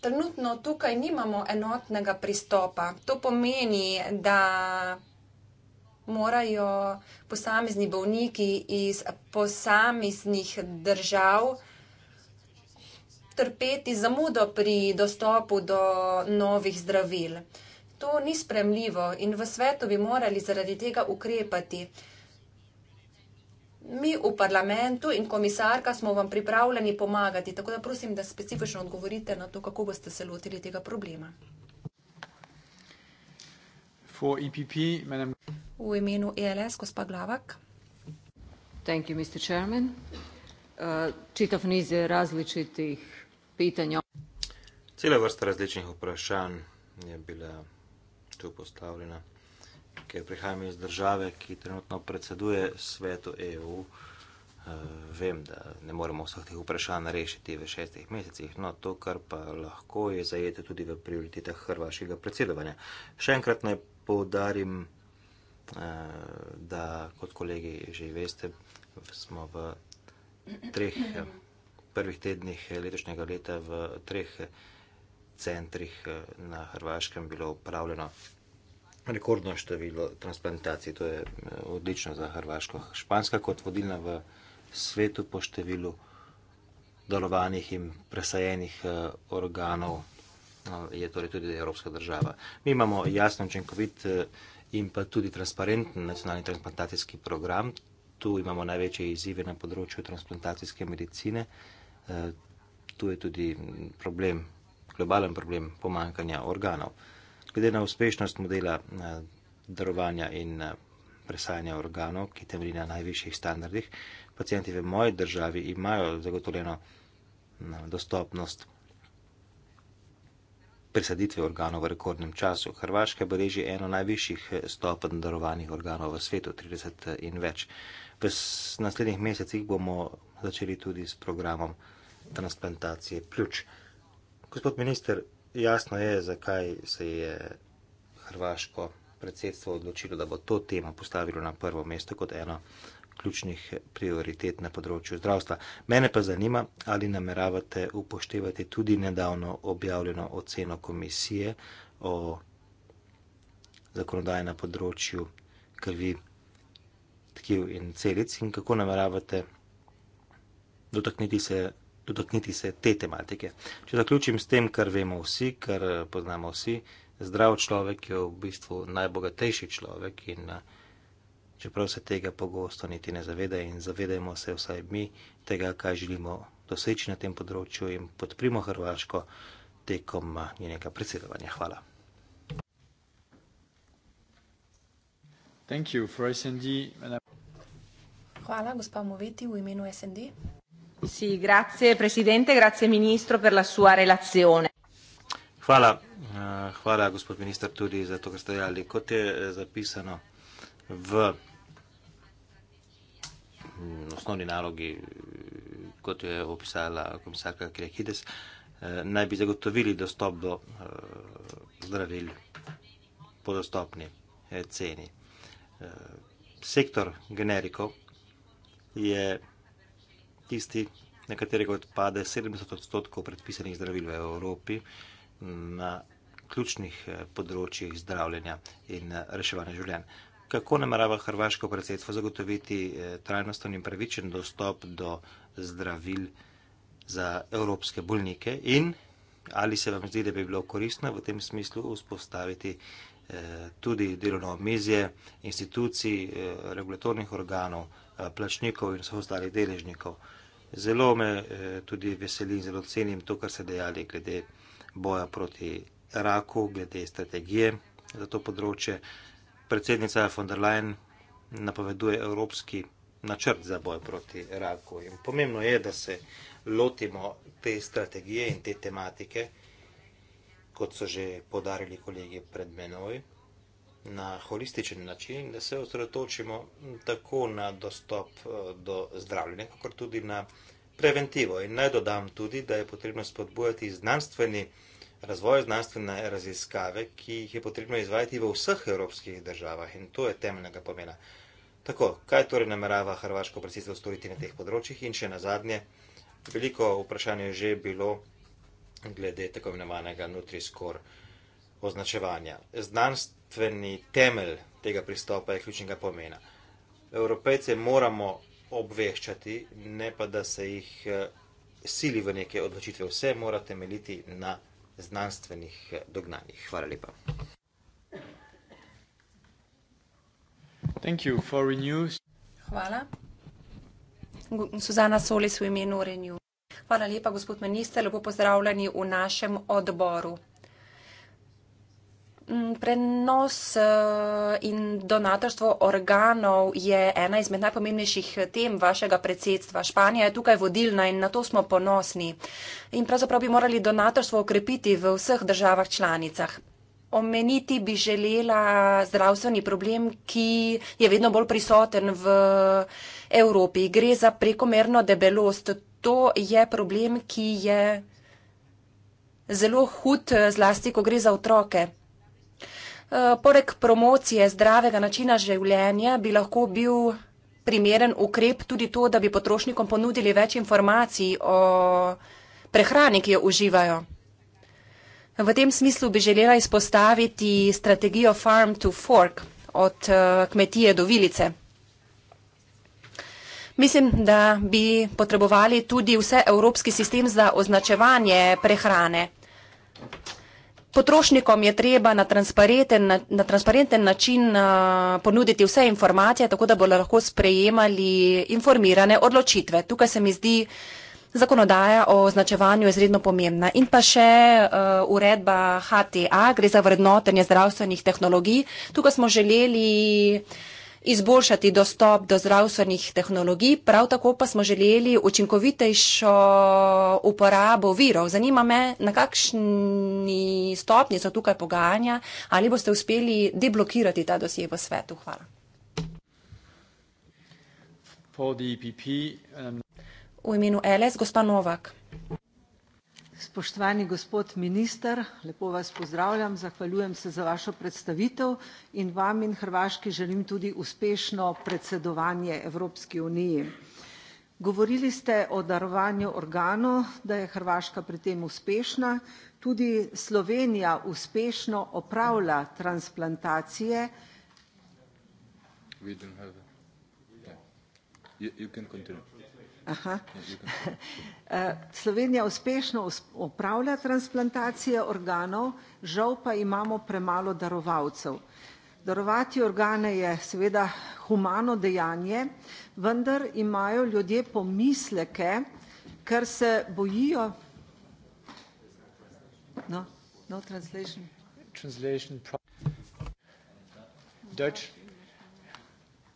Trenutno tukaj nimamo enotnega pristopa. To pomeni, da morajo posamezni bolniki iz posameznih držav trpeti zamudo pri dostopu do novih zdravil. To ni spremljivo in v svetu bi morali zaradi tega ukrepati. Mi v parlamentu in komisarka smo vam pripravljeni pomagati, tako da prosim, da specifično odgovorite na to, kako boste se lotili tega problema. For EPP, madam... V imenu ELS, gospa Glavak. Thank you, Mr. Chairman. Uh, čitav niz je različitih pitanja. Cela vrsta različnih vprašanj je bila tu postavljena, ker prihajam iz države, ki trenutno predseduje svetu EU. Uh, vem, da ne moremo vseh teh vprašanj rešiti v šestih mesecih, no to, kar pa lahko, je zajete tudi v prioritetah hrvaškega predsedovanja. Še enkrat naj poudarim, Eh, da kot kolegi že veste, smo v treh prvih tednih letošnjega leta v treh centrih eh, na Hrvaškem bilo upravljeno rekordno število transplantacij. To je eh, odlično za Hrvaško. Španska kot vodilna v svetu po številu darovanih in presajenih organov je torej tudi evropska država. Mi imamo jasno učinkovit in pa tudi transparenten nacionalni transplantacijski program. Tu imamo največje izzive na področju transplantacijske medicine. Eh, tu je tudi problem, globalen problem pomankanja organov. Glede na uspešnost modela eh, darovanja in eh, presajanja organov, ki temelji na najvišjih standardih, pacijenti v moji državi imajo zagotovljeno dostopnost presaditve organov v rekordnem času. Hrvaška beleži eno najvišjih stopenj darovanih organov v svetu, 30 in več. V naslednjih mesecih bomo začeli tudi s programom transplantacije pljuč. Gospod minister, jasno je, zakaj se je Hrvaško predsedstvo odločilo, da bo to temo postavilo na prvo mesto kot eno ključnih prioritet na področju zdravstva. Mene pa zanima, ali nameravate upoštevati tudi nedavno objavljeno oceno komisije o zakonodaji na področju krvi, tkiv in celic in kako nameravate dotakniti se. Dotakniti se te tematike. Če zaključim s tem, kar vemo vsi, kar poznamo vsi, zdrav človek je v bistvu najbogatejši človek in uh, čeprav se tega pogosto niti ne zavedajo in zavedajmo se vsaj mi tega, kaj želimo doseči na tem področju in podprimo Hrvaško tekom eh, njenega predsedovanja. Hvala. Thank you for SND. Hvala, gospa Moveti, v imenu SND. Sì, grazie Presidente, grazie Ministro per la sua relazione. Hvala, eh, hvala gospod minister tudi za to, kar ste dejali. Kot je eh, zapisano v Mm, osnovni nalogi, kot jo je opisala komisarka Kriakides, eh, naj bi zagotovili dostop do eh, zdravil po dostopni eh, ceni. Sektor generikov je tisti, na katerega odpade 70 odstotkov predpisanih zdravil v Evropi mm, na ključnih področjih zdravljenja in reševanja življenja kako namerava hrvaško predsedstvo zagotoviti eh, trajnosten in pravičen dostop do zdravil za evropske bolnike in ali se vam zdi, da bi bilo koristno v tem smislu vzpostaviti eh, tudi delovno omizje institucij, eh, regulatornih organov, plačnikov in vse ostalih deležnikov. Zelo me tudi veselim, zelo cenim to, kar ste dejali glede boja proti raku, glede strategije za to področje predsednica von der Leyen napoveduje evropski načrt za boj proti raku. In pomembno je, da se lotimo te strategije in te tematike, kot so že podarili kolegi pred menoj, na holističen način, da se osredotočimo tako na dostop eh, do zdravljenja, kot tudi na preventivo. In naj dodam tudi, da je potrebno spodbujati znanstveni razvoju znanstvene raziskave, ki jih je potrebno izvajati v vseh evropskih državah in to je temeljnega pomena. Tako, kaj torej namerava Hrvaško predsedstvo storiti na teh področjih in še na zadnje, veliko vprašanje je že bilo glede tako imenovanega nutriskor označevanja. Znanstveni temelj tega pristopa je ključnega pomena. Evropejce moramo obveščati, ne pa da se jih eh, sili v neke odločitve. Vse mora temeljiti na znanstvenih eh, dognanjih. Hvala lepa. Hvala. Suzana Solis v imenu Renew. Hvala lepa, gospod minister, lepo pozdravljeni v našem odboru. Mm, prenos eh, in donatorstvo organov je ena izmed najpomembnejših tem vašega predsedstva. Španija je tukaj vodilna in na to smo ponosni. In pravzaprav bi morali donatorstvo okrepiti v vseh državah članicah. Omeniti bi želela zdravstveni problem, ki je vedno bolj prisoten v Evropi. Gre za prekomerno debelost. To je problem, ki je zelo hud, zlasti, ko gre za otroke. Eh, poleg promocije zdravega načina življenja bi lahko bil primeren ukrep tudi to, da bi potrošnikom ponudili več informacij o prehrani, ki jo uživajo. V tem smislu bi želela izpostaviti strategijo Farm to Fork od eh, kmetije do vilice. Mislim, da bi potrebovali tudi vse evropski sistem za označevanje prehrane potrošnikom je treba na transparenten, na, na transparenten način uh, ponuditi vse informacije, tako da bodo lahko sprejemali informirane odločitve. Tukaj se mi zdi zakonodaja o označevanju izredno pomembna. In pa še uh, uredba HTA, gre za vrednotenje zdravstvenih tehnologij. Tukaj smo želeli izboljšati dostop do zdravstvenih tehnologij, prav tako pa smo želeli učinkovitejšo uporabo virov. Zanima me, na kakšni stopni so tukaj pogajanja, ali boste uspeli deblokirati ta dosje v svetu. Hvala. E um, v imenu LS, gospa Novak. Spoštovani gospod minister, lepo vas pozdravljam, zahvaljujem se za vašo predstavitev in vam in Hrvaški želim tudi uspešno predsedovanje Evropski uniji. Govorili ste o darovanju organov, da je Hrvaška pri tem uspešna, tudi Slovenija uspešno opravlja transplantacije. [LAUGHS] Slovenija uspešno opravlja transplantacije organov, žal pa imamo premalo darovalcev. Darovati organe je seveda humano dejanje, vendar imajo ljudje pomisleke, ker se bojijo... No, no translation. Translation. Deutsch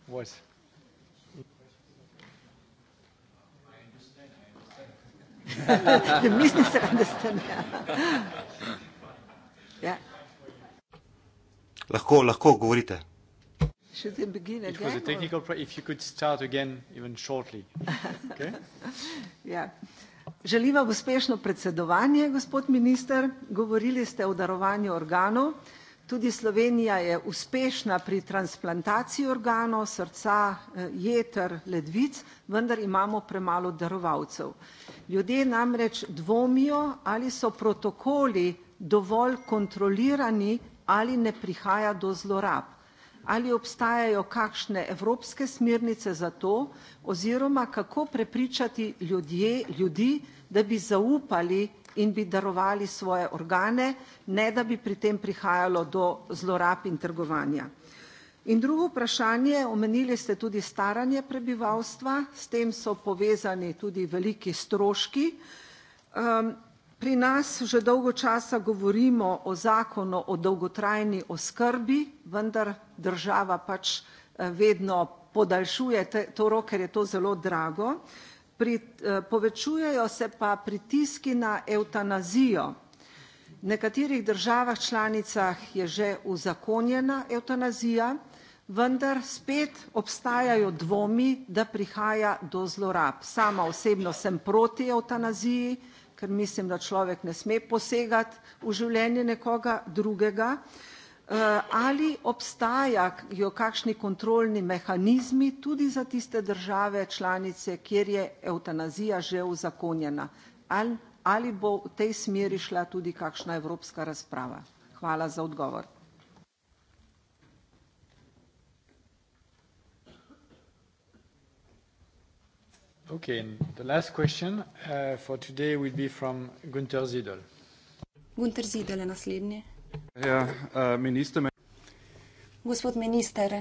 was. [LAUGHS] mislim se da ste ne. Ja. ja. Lahko, lahko govorite. Should we begin again? It was a technical problem. If you could start again, even shortly. Okay? yeah. [LAUGHS] Ja. Želim vam uspešno predsedovanje, gospod minister. Govorili ste o darovanju organov. Tudi Slovenija je uspešna pri transplantaciji organov srca, eh, jeter, ledvic, vendar imamo premalo darovalcev. Ljudje namreč dvomijo, ali so protokoli dovolj kontrolirani ali ne prihaja do zlorab. Ali obstajajo kakšne evropske smernice za to oziroma kako prepričati ljudje, ljudi, da bi zaupali in bi darovali svoje organe, ne da bi pri tem prihajalo do zlorab in trgovanja. In drugo vprašanje, omenili ste tudi staranje prebivalstva, s tem so povezani tudi veliki stroški. Ehm, pri nas že dolgo časa govorimo o zakonu o dolgotrajni oskrbi, vendar država pač eh, vedno podaljšuje to rok, ker je to zelo drago. Eh, povečujejo se pa pritiski na evtanazijo. V nekaterih državah članicah je že uzakonjena evtanazija, vendar spet obstajajo dvomi, da prihaja do zlorab. Sama osebno sem proti evtanaziji, ker mislim, da človek ne sme posegati v življenje nekoga drugega, Eh, ali obstajajo kakšni kontrolni mehanizmi tudi za tiste države članice, kjer je evtanazija že uzakonjena? Ali, ali bo v tej smeri šla tudi kakšna evropska razprava? Hvala za odgovor. Okay, and the last question uh, for today will be from Gunter Zidel. Gunter Zidel je naslednji. Ja, eh, minister. Gospod minister,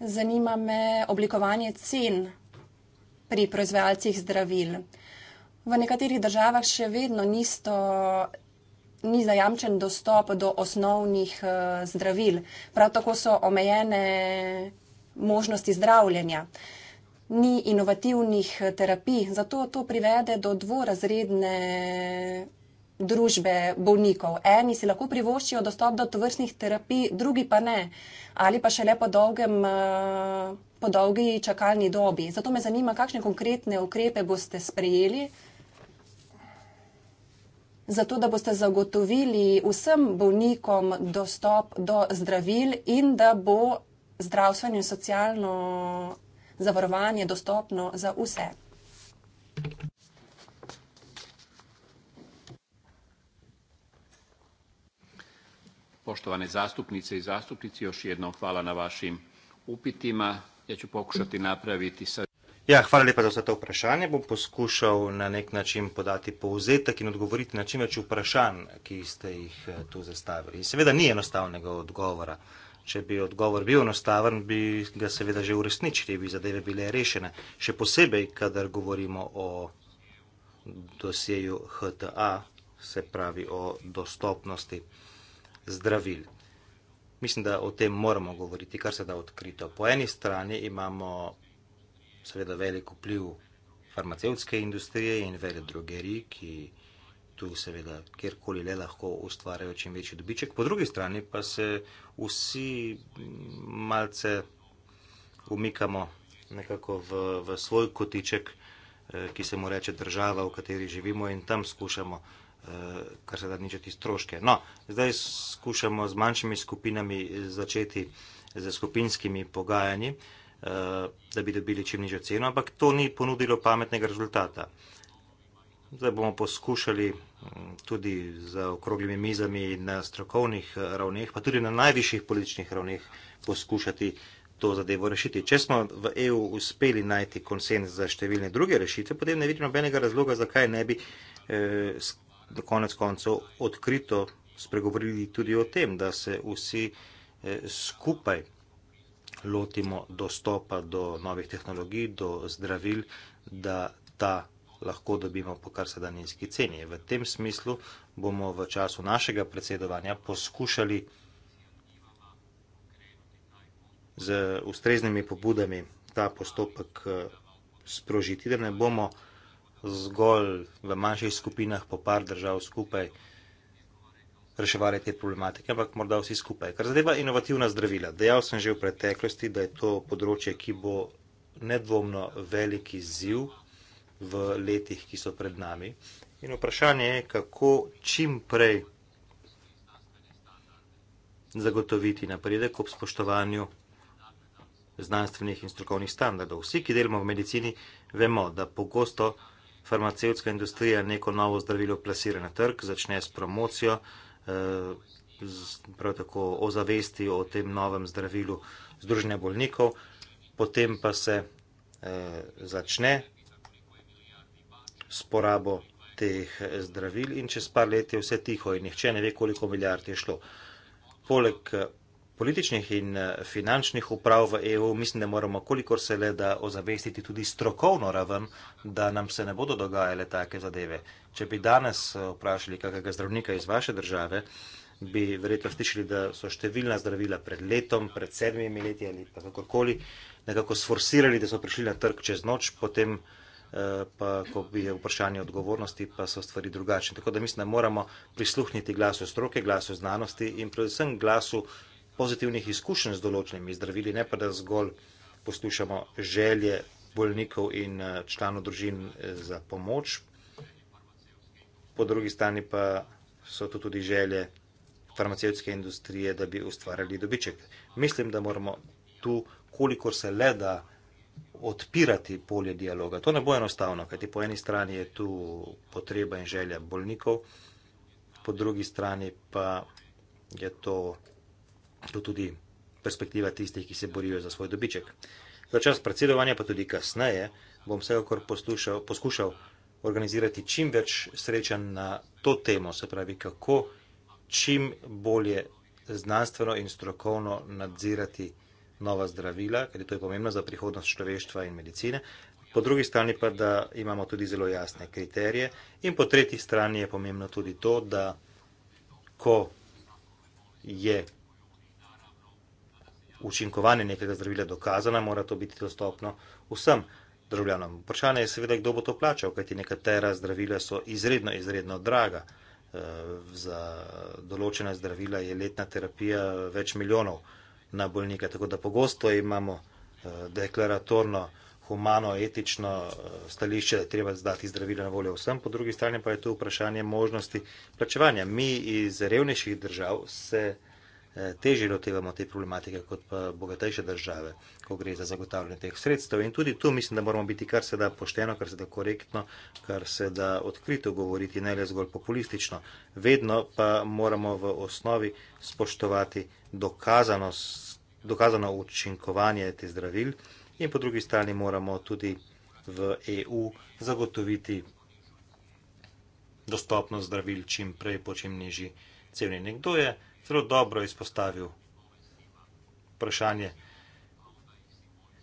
zanima me oblikovanje cen pri proizvajalcih zdravil. V nekaterih državah še vedno nisto, ni zajamčen dostop do osnovnih eh, zdravil. Prav tako so omejene možnosti zdravljenja. Ni inovativnih eh, terapij, zato to privede do dvorazredne družbe bolnikov. Eni si lahko privoščijo dostop do tovrstnih terapij, drugi pa ne, ali pa še le po, dolgem, eh, po dolgi čakalni dobi. Zato me zanima, kakšne konkretne ukrepe boste sprejeli, zato da boste zagotovili vsem bolnikom dostop do zdravil in da bo zdravstveno in socialno zavarovanje dostopno za vse. Poštovane zastupnice i zastupnici, još jednom hvala na vašim upitima. Ja ću pokušati napraviti sa... Ja, hvala lepa za vse to vprašanje. Bom poskušal na nek način podati povzetek in odgovoriti na čim več vprašanj, ki ste jih eh, tu zastavili. Seveda ni enostavnega odgovora. Če bi odgovor bil enostaven, bi ga seveda že uresničili, bi zadeve bile rešene. Še posebej, kadar govorimo o dosjeju HTA, se pravi o dostopnosti zdravil. Mislim, da o tem moramo govoriti, kar se da odkrito. Po eni strani imamo seveda velik vpliv farmacevtske industrije in velik drugeri, ki tu seveda kjerkoli le lahko ustvarjajo čim večji dobiček. Po drugi strani pa se vsi malce umikamo nekako v, v svoj kotiček, eh, ki se mu reče država, v kateri živimo in tam skušamo Eh, kar se da nič od stroške. No, zdaj skušamo z manjšimi skupinami začeti z skupinskimi pogajanji, eh, da bi dobili čim nižjo ceno, ampak to ni ponudilo pametnega rezultata. Zdaj bomo poskušali mm, tudi za okroglimi mizami na strokovnih eh, ravneh, pa tudi na najvišjih političnih ravneh poskušati to zadevo rešiti. Če smo v EU uspeli najti konsens za številne druge rešitve, potem ne vidimo nobenega razloga, zakaj ne bi eh, da konec koncev odkrito spregovorili tudi o tem, da se vsi eh, skupaj lotimo dostopa do novih tehnologij, do zdravil, da ta lahko dobimo po kar se da nizki ceni. V tem smislu bomo v času našega predsedovanja poskušali z ustreznimi pobudami ta postopek eh, sprožiti, da ne bomo zgolj v manjših skupinah po par držav skupaj reševali te problematike, ampak morda vsi skupaj. Kar zadeva inovativna zdravila, dejal sem že v preteklosti, da je to področje, ki bo nedvomno veliki ziv v letih, ki so pred nami. In vprašanje je, kako čim prej zagotoviti napredek ob spoštovanju znanstvenih in strokovnih standardov. Vsi, ki delamo v medicini, vemo, da pogosto farmacevtska industrija neko novo zdravilo plasira na trg, začne s promocijo, eh, prav tako o zavesti o tem novem zdravilu združenja bolnikov, potem pa se eh, začne s porabo teh eh, zdravil in čez par let je vse tiho in nihče ne ve, koliko milijard je šlo. Poleg političnih in eh, finančnih uprav v EU, mislim, da moramo kolikor se le da ozavestiti tudi strokovno raven, da nam se ne bodo dogajale take zadeve. Če bi danes eh, vprašali kakega zdravnika iz vaše države, bi verjetno slišali, da so številna zdravila pred letom, pred sedmimi leti ali pa kakorkoli nekako sforsirali, da so prišli na trg čez noč, potem eh, pa, ko bi je vprašanje odgovornosti, pa so stvari drugačne. Tako da mislim, da moramo prisluhniti glasu stroke, glasu znanosti in predvsem glasu pozitivnih izkušenj z določenimi zdravili, ne pa da zgolj poslušamo želje bolnikov in eh, članov družin eh, za pomoč. Po drugi strani pa so to tudi želje farmacevtske industrije, da bi ustvarjali dobiček. Mislim, da moramo tu, kolikor se le da, odpirati polje dialoga. To ne bo enostavno, kajti po eni strani je tu potreba in želja bolnikov, po drugi strani pa je to to tudi perspektiva tistih, ki se borijo za svoj dobiček. Za čas predsedovanja, pa tudi kasneje, bom vsekakor poskušal organizirati čim več srečanj na to temo, se pravi, kako čim bolje znanstveno in strokovno nadzirati nova zdravila, ker je to pomembno za prihodnost človeštva in medicine. Po drugi strani pa, da imamo tudi zelo jasne kriterije in po tretji strani je pomembno tudi to, da ko je učinkovanje nekega zdravila dokazana, mora to biti dostopno vsem državljanom. Vprašanje je seveda, kdo bo to plačal, kajti nekatera zdravila so izredno, izredno draga. Eh, za določena zdravila je letna terapija več milijonov na bolnika, tako da pogosto imamo eh, deklaratorno, humano, etično eh, stališče, da je treba zdati zdravila na voljo vsem, po drugi strani pa je tu vprašanje možnosti plačevanja. Mi iz revnejših držav se Eh, teže lotevamo te problematike kot pa bogatejše države, ko gre za zagotavljanje teh sredstev. In tudi tu mislim, da moramo biti kar se da pošteno, kar se da korektno, kar se da odkrito govoriti, ne le zgolj populistično. Vedno pa moramo v osnovi spoštovati dokazano, dokazano učinkovanje te zdravil in po drugi strani moramo tudi v EU zagotoviti dostopnost zdravil čim prej po čim nižji ceni. Nekdo je zelo dobro izpostavil vprašanje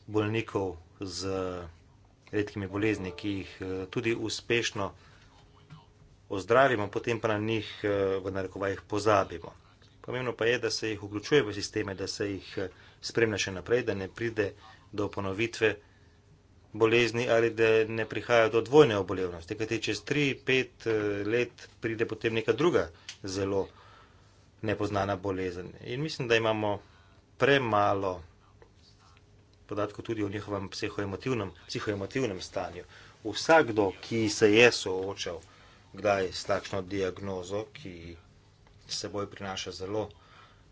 bolnikov z redkimi bolezni, ki jih eh, tudi uspešno ozdravimo, potem pa na njih eh, v narekovajih pozabimo. Pomembno pa je, da se jih vključuje v sisteme, da se jih eh, spremlja še naprej, da ne pride do ponovitve bolezni ali da ne prihaja do dvojne obolevnosti, kajti čez 3-5 let pride potem neka druga zelo obolevnost nepoznana bolezen. In mislim, da imamo premalo podatkov tudi o njihovem psihoemotivnem, psihoemotivnem stanju. Vsakdo, ki se je soočal kdaj s takšno diagnozo, ki seboj prinaša zelo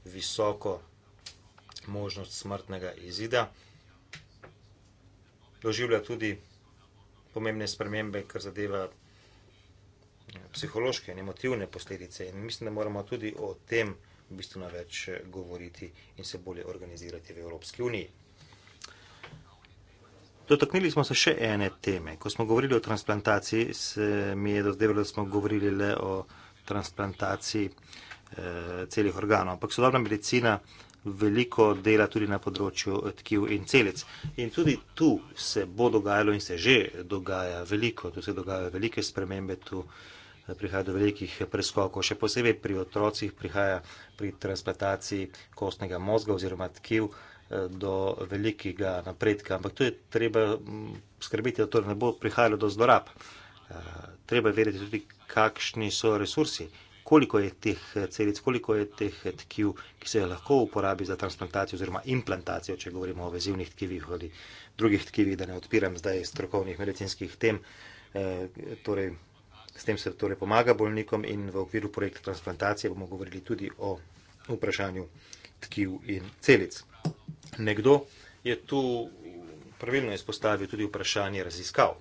visoko možnost smrtnega izida, doživlja tudi pomembne spremembe, kar zadeva psihološke in emotivne posledice. In mislim, da moramo tudi o tem bistveno več eh, govoriti in se bolje organizirati v Evropski uniji. Dotaknili smo se še ene teme. Ko smo govorili o transplantaciji, se mi je dozdevalo, da smo govorili le o transplantaciji eh, celih organov. Ampak sodobna medicina eh, veliko dela tudi na področju tkiv in celic. In tudi tu se bo dogajalo in se že dogaja veliko, tu se dogajajo velike spremembe, tu eh, prihaja do velikih preskokov. Še posebej pri otrocih prihaja pri transplantaciji kostnega mozga oziroma tkiv eh, do velikega napredka. Ampak tu je treba mm, skrbeti, da to ne bo prihajalo do zlorab. Eh, treba verjeti tudi, kakšni so resursi koliko je teh eh, celic, koliko je teh eh, tkiv, ki se lahko uporabi za transplantacijo oziroma implantacijo, če govorimo o vezivnih tkivih ali drugih tkivih, da ne odpiram zdaj strokovnih medicinskih tem. E, torej, s tem se torej pomaga bolnikom in v okviru projekta transplantacije bomo govorili tudi o vprašanju tkiv in celic. Nekdo je tu pravilno izpostavil tudi vprašanje raziskav.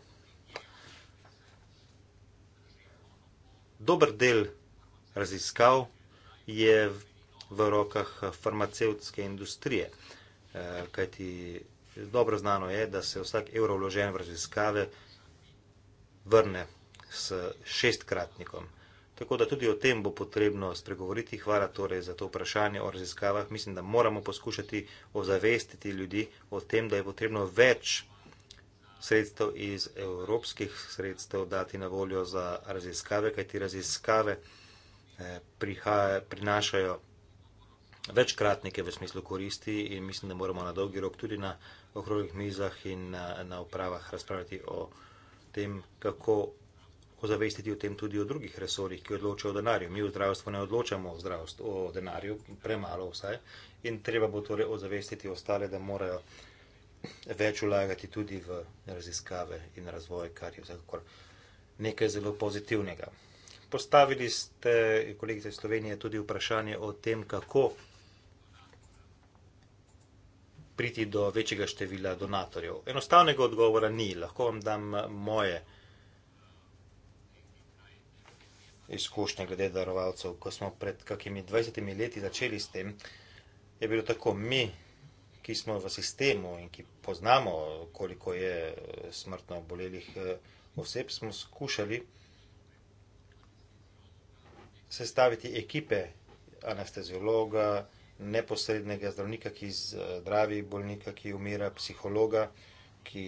Dober del raziskav je v rokah farmacevtske industrije. Eh, kajti dobro znano je, da se vsak evro vložen v raziskave vrne s šestkratnikom. Tako da tudi o tem bo potrebno spregovoriti. Hvala torej za to vprašanje o raziskavah. Mislim, da moramo poskušati ozavestiti ljudi o tem, da je potrebno več sredstev iz evropskih sredstev dati na voljo za raziskave, kajti raziskave. Eh, prihaja, prinašajo večkratnike v smislu koristi in mislim, da moramo na dolgi rok tudi na okrogih mizah in na, na upravah razpravljati o tem, kako ozavestiti o tem tudi o drugih resorih, ki odločajo o denarju. Mi v zdravstvu ne odločamo o, zdravstvu, o denarju, premalo vsaj, in treba bo torej ozavestiti ostale, da morajo več ulagati tudi v raziskave in razvoj, kar je vsekakor nekaj zelo pozitivnega. Postavili ste, kolegice iz Slovenije, tudi vprašanje o tem, kako priti do večjega števila donatorjev. Enostavnega odgovora ni. Lahko vam dam eh, moje izkušnje glede darovalcev. Ko smo pred kakimi 20 leti začeli s tem, je bilo tako mi, ki smo v sistemu in ki poznamo, koliko je eh, smrtno obolelih eh, oseb, smo skušali sestaviti ekipe anesteziologa, neposrednega zdravnika, ki eh, zdravi bolnika, ki umira, psihologa, ki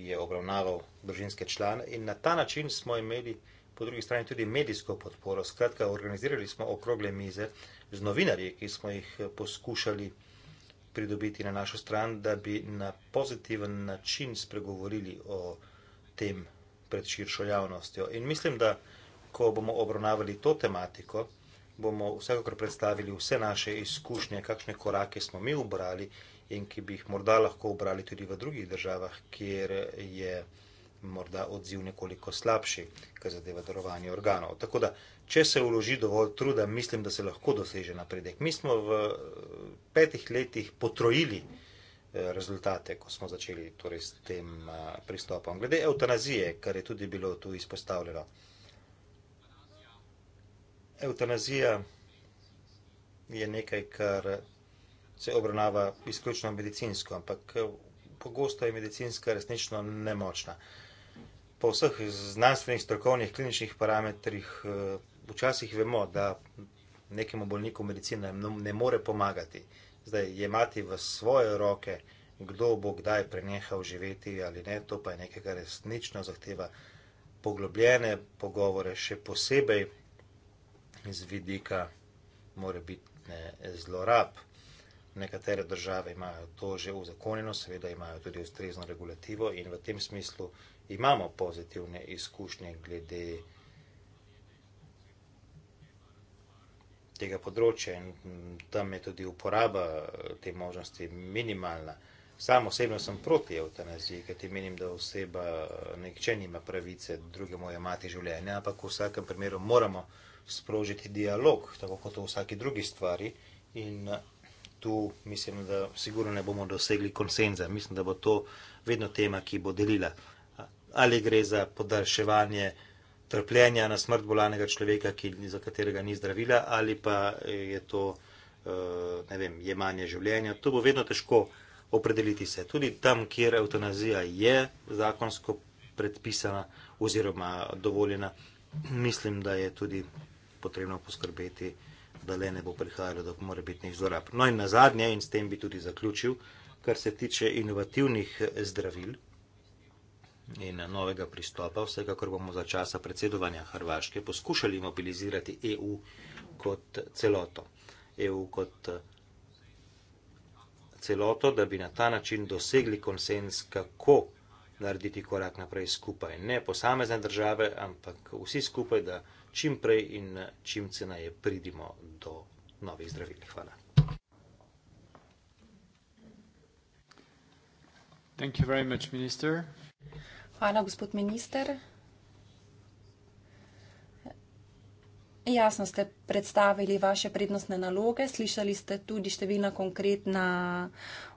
je obravnaval družinske člane. In na ta način smo imeli po drugi strani tudi medijsko podporo. Skratka, organizirali smo okrogle mize z novinarji, ki smo jih eh, poskušali pridobiti na našo stran, da bi na pozitiven način spregovorili o tem pred širšo javnostjo. In mislim, da ko bomo obravnavali to tematiko, bomo vsekakor predstavili vse naše izkušnje, kakšne korake smo mi obrali in ki bi jih morda lahko obrali tudi v drugih državah, kjer je morda odziv nekoliko slabši, kar zadeva darovanje organov. Tako da, če se uloži dovolj truda, mislim, da se lahko doseže napredek. Mi smo v petih letih potrojili eh, rezultate, ko smo začeli torej, s tem eh, pristopom. Glede eutanazije, kar je tudi bilo tu izpostavljeno. Eutanazija je nekaj, kar se obravnava izključno medicinsko, ampak eh, pogosto je medicinska resnično nemočna. Po vseh znanstvenih, strokovnih, kliničnih parametrih eh, včasih vemo, da nekemu bolniku medicina ne more pomagati. Zdaj, jemati v svoje roke, kdo bo kdaj prenehal živeti ali ne, to pa je nekaj, kar resnično zahteva poglobljene pogovore, še posebej iz vidika more biti zlorab. Nekatere države imajo to že uzakonjeno, seveda imajo tudi ustrezno regulativo in v tem smislu imamo pozitivne izkušnje glede tega področja in tam je tudi uporaba eh, te možnosti minimalna. Sam osebno sem proti eutanaziji, ker ti menim, da oseba eh, nekče nima pravice drugemu jemati življenje, ampak v vsakem primeru moramo sprožiti dialog, tako kot v vsaki drugi stvari. In eh, tu mislim, da sigurno ne bomo dosegli konsenza. Mislim, da bo to vedno tema, ki bo delila. Ali gre za podaljševanje trpljenja na smrt bolanega človeka, ki, za katerega ni zdravila, ali pa eh, je to eh, vem, jemanje življenja. To bo vedno težko opredeliti se. Tudi tam, kjer eutanazija je zakonsko predpisana oziroma dovoljena, mislim, da je tudi potrebno poskrbeti, da le ne bo prihajalo do morebitnih zlorab. No in na zadnje, in s tem bi tudi zaključil, kar se tiče inovativnih eh, zdravil in eh, novega pristopa, vsekakor bomo za časa predsedovanja Hrvaške poskušali mobilizirati EU kot celoto. EU kot eh, celoto, da bi na ta način dosegli konsens, kako narediti korak naprej skupaj. Ne posamezne države, ampak vsi skupaj, da čim prej in čim ceneje pridimo do novih zdravil. Hvala. Hvala, gospod minister. Jasno ste predstavili vaše prednostne naloge, slišali ste tudi številna konkretna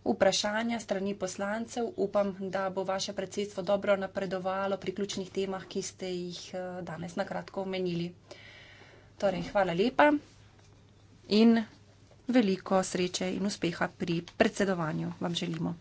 vprašanja strani poslancev. Upam, da bo vaše predsedstvo dobro napredovalo pri ključnih temah, ki ste jih eh, danes na kratko omenili. Torej, hvala lepa in veliko sreče in uspeha pri predsedovanju vam želimo.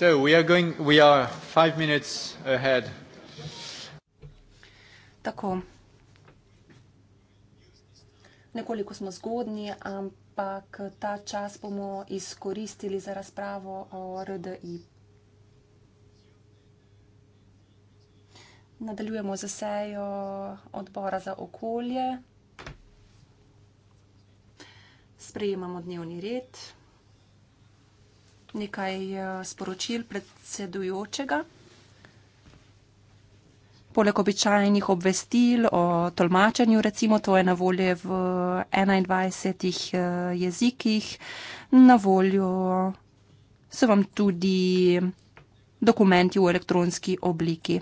So we are going, we are five minutes ahead. Tako. Nekoliko smo zgodni, ampak ta čas bomo izkoristili za razpravo o RDI. Nadaljujemo za sejo odbora za okolje. Sprejemamo dnevni red nekaj eh, sporočil predsedujočega. Poleg običajnih obvestil o tolmačenju, recimo to je na voljo v 21 eh, jezikih, na voljo so vam tudi dokumenti v elektronski obliki.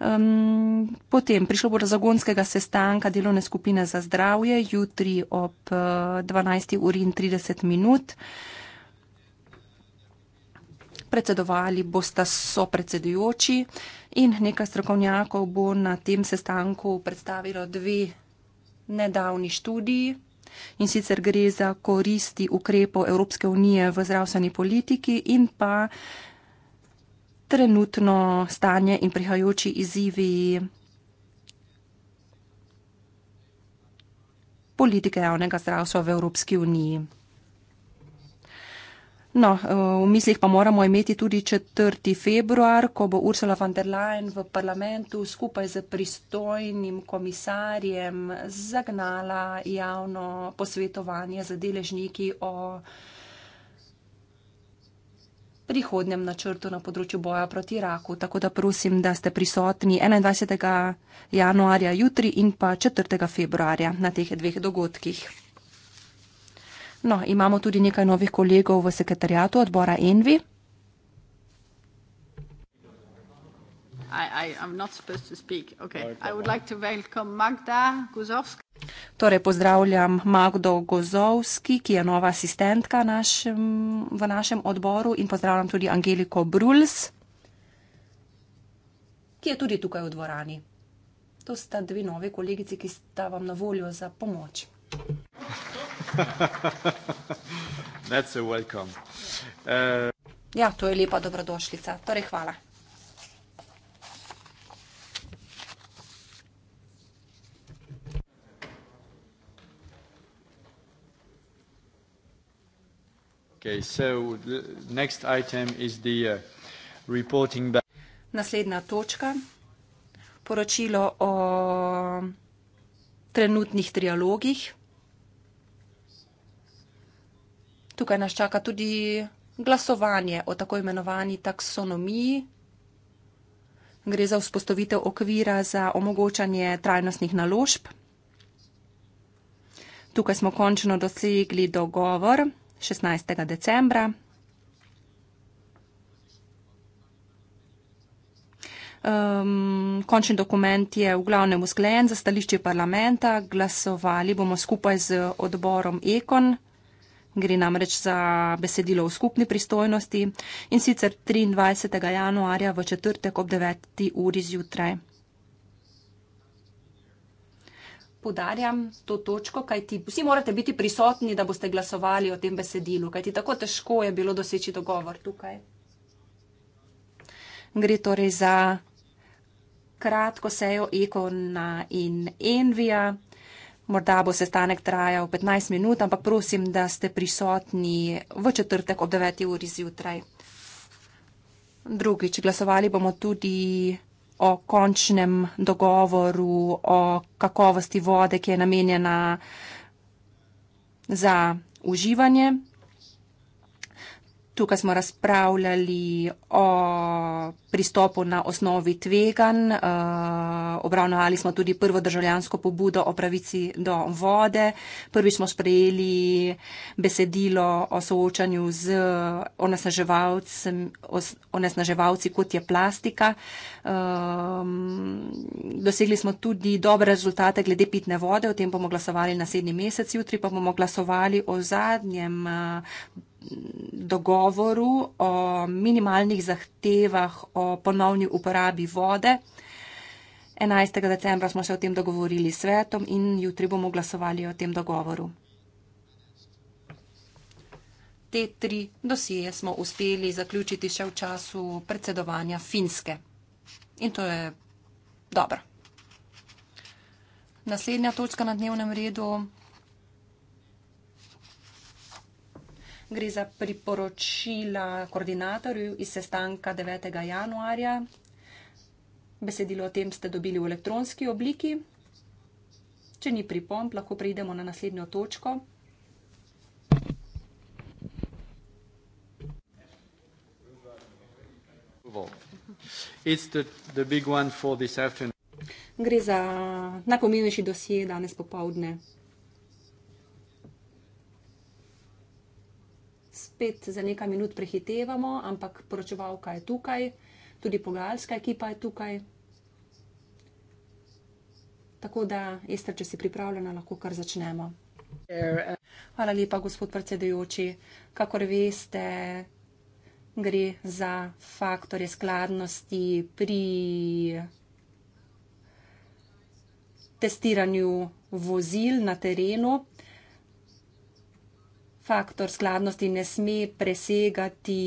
Um, potem prišlo bo do zagonskega sestanka delovne skupine za zdravje jutri ob 12.30 eh, minut. Uh, predsedovali bosta sopredsedujoči in nekaj strokovnjakov bo na tem sestanku predstavilo dve nedavni študiji. In sicer gre za koristi ukrepov Evropske unije v zdravstveni politiki in pa trenutno stanje in prihajajoči izzivi politike javnega zdravstva v Evropski uniji. No, eh, v mislih pa moramo imeti tudi 4. februar, ko bo Ursula von der Leyen v parlamentu skupaj z pristojnim komisarjem zagnala javno posvetovanje z deležniki o prihodnem načrtu na področju boja proti raku. Tako da prosim, da ste prisotni 21. januarja jutri in pa 4. februarja na teh dveh dogodkih. No, imamo tudi nekaj novih kolegov v sekretarjatu odbora Envi. Torej, pozdravljam Magdo Gozovski, ki je nova asistentka našem, v našem odboru in pozdravljam tudi Angeliko Bruls, ki je tudi tukaj v dvorani. To sta dve nove kolegici, ki sta vam na voljo za pomoč. [LAUGHS] Uh, ja, to je lepa dobrodošljica. Torej, hvala. Uh, Naslednja točka, poročilo o trenutnih trialogih. Tukaj nas čaka tudi glasovanje o tako imenovani taksonomiji. Gre za vzpostavitev okvira za omogočanje trajnostnih naložb. Tukaj smo končno dosegli dogovor 16. decembra. Um, končni dokument je v glavnem usklajen za stališče parlamenta. Glasovali bomo skupaj z odborom Ekon. Gre namreč za besedilo v skupni pristojnosti in sicer 23. januarja v četrtek ob 9. uri zjutraj. Podarjam to točko, kajti vsi morate biti prisotni, da boste glasovali o tem besedilu, kajti tako težko je bilo doseči dogovor tukaj. Gre torej za kratko sejo Eko na in Envija. Morda bo sestanek trajal 15 minut, ampak prosim, da ste prisotni v četrtek ob 9. uri zjutraj. Drugič, glasovali bomo tudi o končnem dogovoru o kakovosti vode, ki je namenjena za uživanje. Tukaj smo razpravljali o pristopu na osnovi tvegan, eh, obravnavali smo tudi prvo državljansko pobudo o pravici do vode, prvi smo sprejeli besedilo o soočanju z onesnaževalci, kot je plastika. Ehm, dosegli smo tudi dobre rezultate glede pitne vode, o tem bomo glasovali naslednji mesec, jutri pa bomo glasovali o zadnjem. Eh, dogovoru o minimalnih zahtevah o ponovni uporabi vode. 11. decembra smo se o tem dogovorili s svetom in jutri bomo glasovali o tem dogovoru. Te tri dosije smo uspeli zaključiti še v času predsedovanja Finske. In to je dobro. Naslednja točka na dnevnem redu Gre za priporočila koordinatorju iz sestanka 9. januarja. Besedilo o tem ste dobili v elektronski obliki. Če ni pripomp, lahko prejdemo na naslednjo točko. Gre za najpomembnejši dosje danes popovdne. spet za nekaj minut prehitevamo, ampak poročevalka je tukaj, tudi pogajalska ekipa je tukaj. Tako da, Ester, če si pripravljena, lahko kar začnemo. Hvala lepa, gospod predsedujoči. Kakor veste, gre za faktore skladnosti pri testiranju vozil na terenu faktor skladnosti ne sme presegati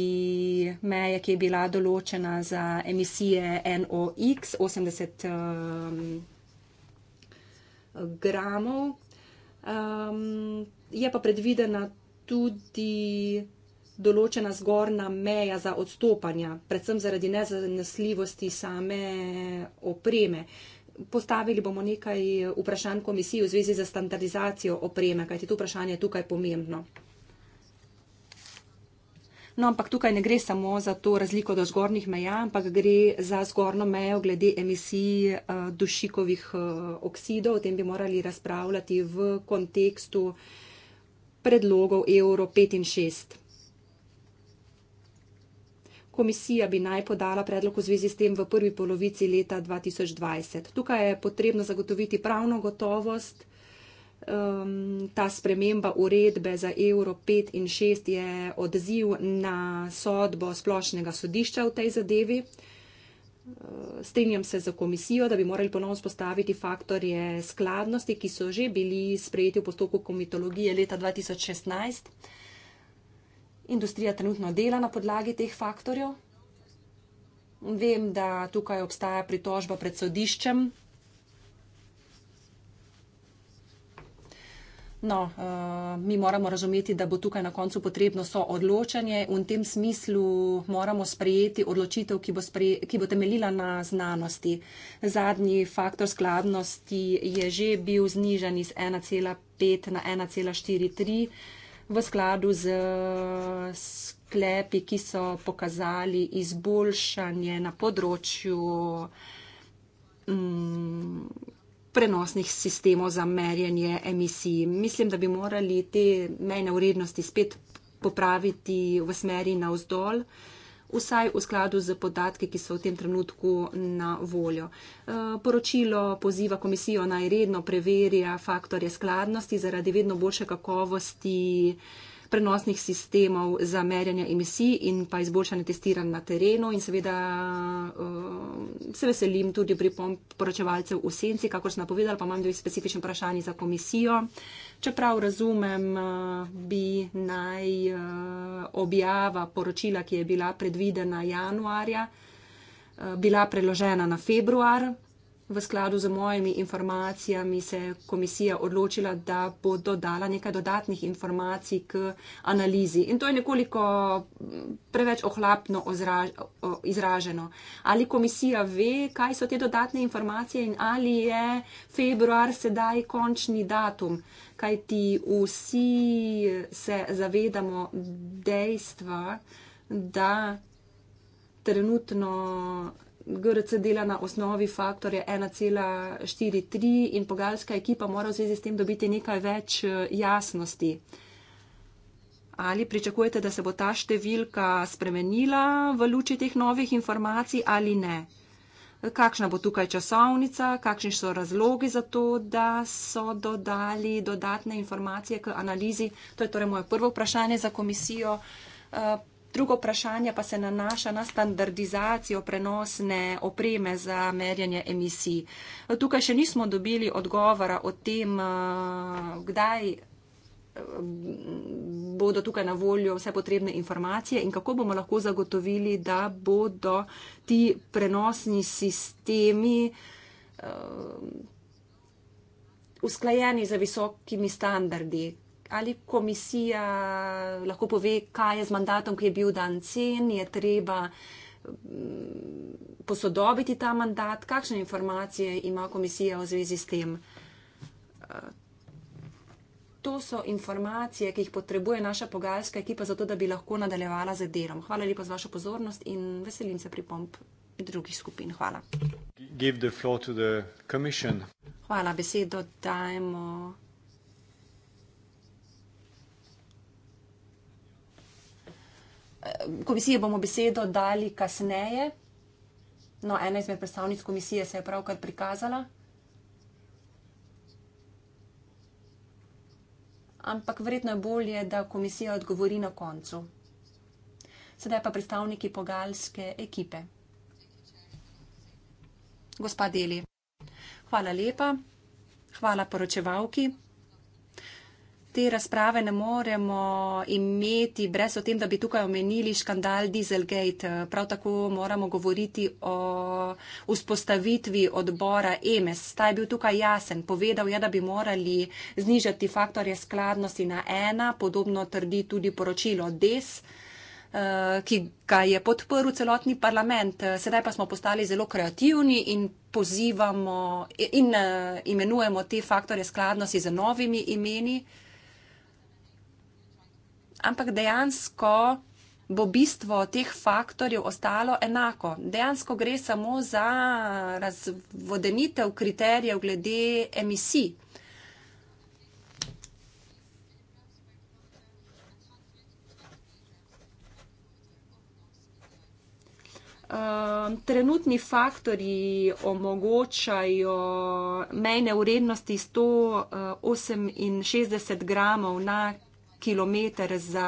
meje, ki je bila določena za emisije NOx 80 um, gramov. Um, je pa predvidena tudi določena zgornja meja za odstopanja, predvsem zaradi nezanesljivosti same opreme. Postavili bomo nekaj vprašanj komisiji v zvezi z standardizacijo opreme, kajti to vprašanje je tukaj pomembno. No, ampak tukaj ne gre samo za to razliko do zgornjih meja, ampak gre za zgornjo mejo glede emisij uh, dušikovih uh, oksidov. O tem bi morali razpravljati v kontekstu predlogov Euro 5 in 6. Komisija bi naj podala predlog v zvezi s tem v prvi polovici leta 2020. Tukaj je potrebno zagotoviti pravno gotovost um, ta sprememba uredbe za evro 5 in 6 je odziv na sodbo splošnega sodišča v tej zadevi. Strenjam se za komisijo, da bi morali ponovno spostaviti faktorje skladnosti, ki so že bili sprejeti v postopku komitologije leta 2016. Industrija trenutno dela na podlagi teh faktorjev. Vem, da tukaj obstaja pritožba pred sodiščem. No, uh, mi moramo razumeti, da bo tukaj na koncu potrebno so odločanje in v tem smislu moramo sprejeti odločitev, ki bo, sprej, ki bo temeljila na znanosti. Zadnji faktor skladnosti je že bil znižen iz 1,5 na 1,43 v skladu z eh, sklepi, ki so pokazali izboljšanje na področju. Mm, prenosnih sistemov za merjenje emisij. Mislim, da bi morali te mejne vrednosti spet popraviti v smeri navzdol, vsaj v skladu z podatki, ki so v tem trenutku na voljo. E, poročilo poziva komisijo naj redno preverja faktorje skladnosti zaradi vedno boljše kakovosti prenosnih sistemov za merjanje emisij in pa izboljšanje testiranj na terenu. In seveda uh, se veselim tudi pripomp poročevalcev v senci, kakor sem napovedala, pa imam dve specifični vprašanji za komisijo. Čeprav razumem, eh, bi naj eh, objava poročila, ki je bila predvidena januarja, bila preložena na februar. V skladu z mojimi informacijami se je komisija odločila, da bo dodala nekaj dodatnih informacij k analizi. In to je nekoliko mm, preveč ohlapno ozraž, o, izraženo. Ali komisija ve, kaj so te dodatne informacije in ali je februar sedaj končni datum, kaj ti vsi se zavedamo dejstva, da trenutno. GRC dela na osnovi faktorja 1,43 in pogajalska ekipa mora v zvezi s tem dobiti nekaj več eh, jasnosti. Ali pričakujete, da se bo ta številka spremenila v luči teh novih informacij ali ne? Kakšna bo tukaj časovnica, kakšni so razlogi za to, da so dodali dodatne informacije k analizi? To je torej moje prvo vprašanje za komisijo. Eh, Drugo vprašanje pa se nanaša na standardizacijo prenosne opreme za merjanje emisij. Tukaj še nismo dobili odgovora o tem, eh, kdaj eh, bodo tukaj na voljo vse potrebne informacije in kako bomo lahko zagotovili, da bodo ti prenosni sistemi eh, usklajeni za visokimi standardi ali komisija lahko pove, kaj je z mandatom, ki je bil dan cen, je treba mm, posodobiti ta mandat, kakšne informacije ima komisija v zvezi s tem. Eh, to so informacije, ki jih potrebuje naša pogajalska ekipa, zato da bi lahko nadaljevala z delom. Hvala lepa za vašo pozornost in veselim se pripomp drugih skupin. Hvala. Hvala besedo dajemo. Komisije bomo besedo dali kasneje. No, ena izmed predstavnic komisije se je pravkar prikazala. Ampak verjetno je bolje, da komisija odgovori na koncu. Sedaj pa predstavniki pogalske ekipe. Gospa Deli, hvala lepa. Hvala poročevalki te razprave ne moremo imeti brez o tem, da bi tukaj omenili škandal Dieselgate. Prav tako moramo govoriti o vzpostavitvi odbora EMES. Ta je bil tukaj jasen. Povedal je, da bi morali znižati faktorje skladnosti na ena, podobno trdi tudi poročilo DES eh, ki ga je podporil celotni parlament. Sedaj pa smo postali zelo kreativni in pozivamo in eh, imenujemo te faktore skladnosti z novimi imeni ampak dejansko bo bistvo teh faktorjev ostalo enako. Dejansko gre samo za razvodenitev kriterijev glede emisij. Um, trenutni faktori omogočajo mejne vrednosti 168 eh, gramov na km za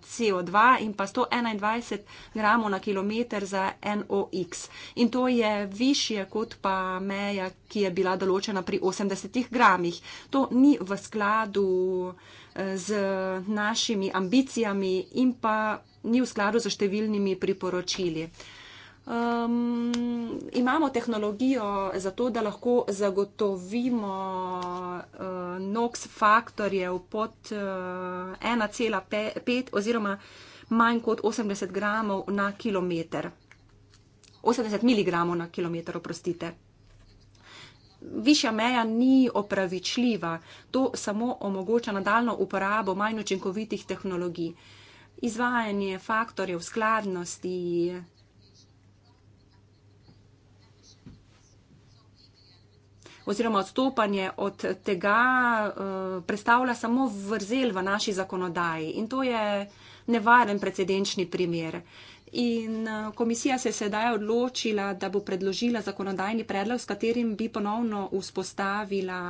CO2 in pa 121 gramov na km za NOx. In to je više kot pa meja, ki je bila določena pri 80 gramih. To ni v skladu eh, z našimi ambicijami in pa ni v skladu z številnimi priporočili. Um, imamo tehnologijo za to, da lahko zagotovimo uh, NOx faktorjev pod uh, eh, 1,5 oziroma manj kot 80 gramov na kilometr. 80 mg na kilometr, oprostite. Višja meja ni opravičljiva, to samo omogoča nadaljno uporabo manj učinkovitih tehnologij. Izvajanje faktorjev skladnosti, oziroma odstopanje od tega eh, predstavlja samo vrzel v naši zakonodaji in to je nevaren precedenčni primer. In eh, komisija se je sedaj odločila, da bo predložila zakonodajni predlog, s katerim bi ponovno vzpostavila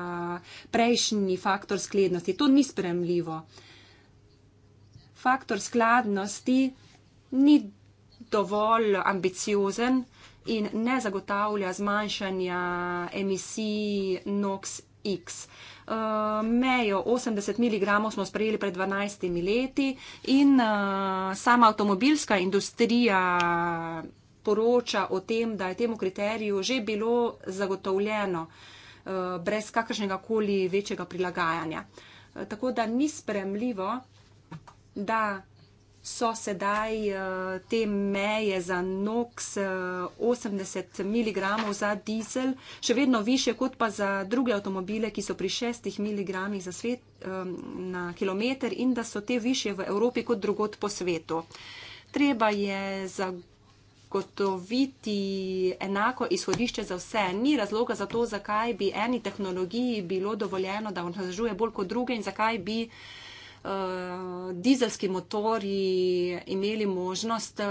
prejšnji faktor sklednosti. To ni spremljivo. Faktor skladnosti ni dovolj ambiciozen, in ne zagotavlja zmanjšanja emisij NOx. X. Uh, mejo 80 mg smo sprejeli pred 12 leti in uh, sama avtomobilska industrija poroča o tem, da je temu kriteriju že bilo zagotovljeno uh, brez kakršnega koli večjega prilagajanja. Tako da ni spremljivo, da so sedaj eh, te meje za NOX 80 eh, mg za dizel še vedno više kot pa za druge avtomobile, ki so pri 6 mg za svet eh, na kilometr in da so te više v Evropi kot drugot po svetu. Treba je zagotoviti enako izhodišče za vse. Ni razloga za to, zakaj bi eni tehnologiji bilo dovoljeno, da on razžuje bolj kot druge in zakaj bi uh, dizelski motori imeli možnost uh,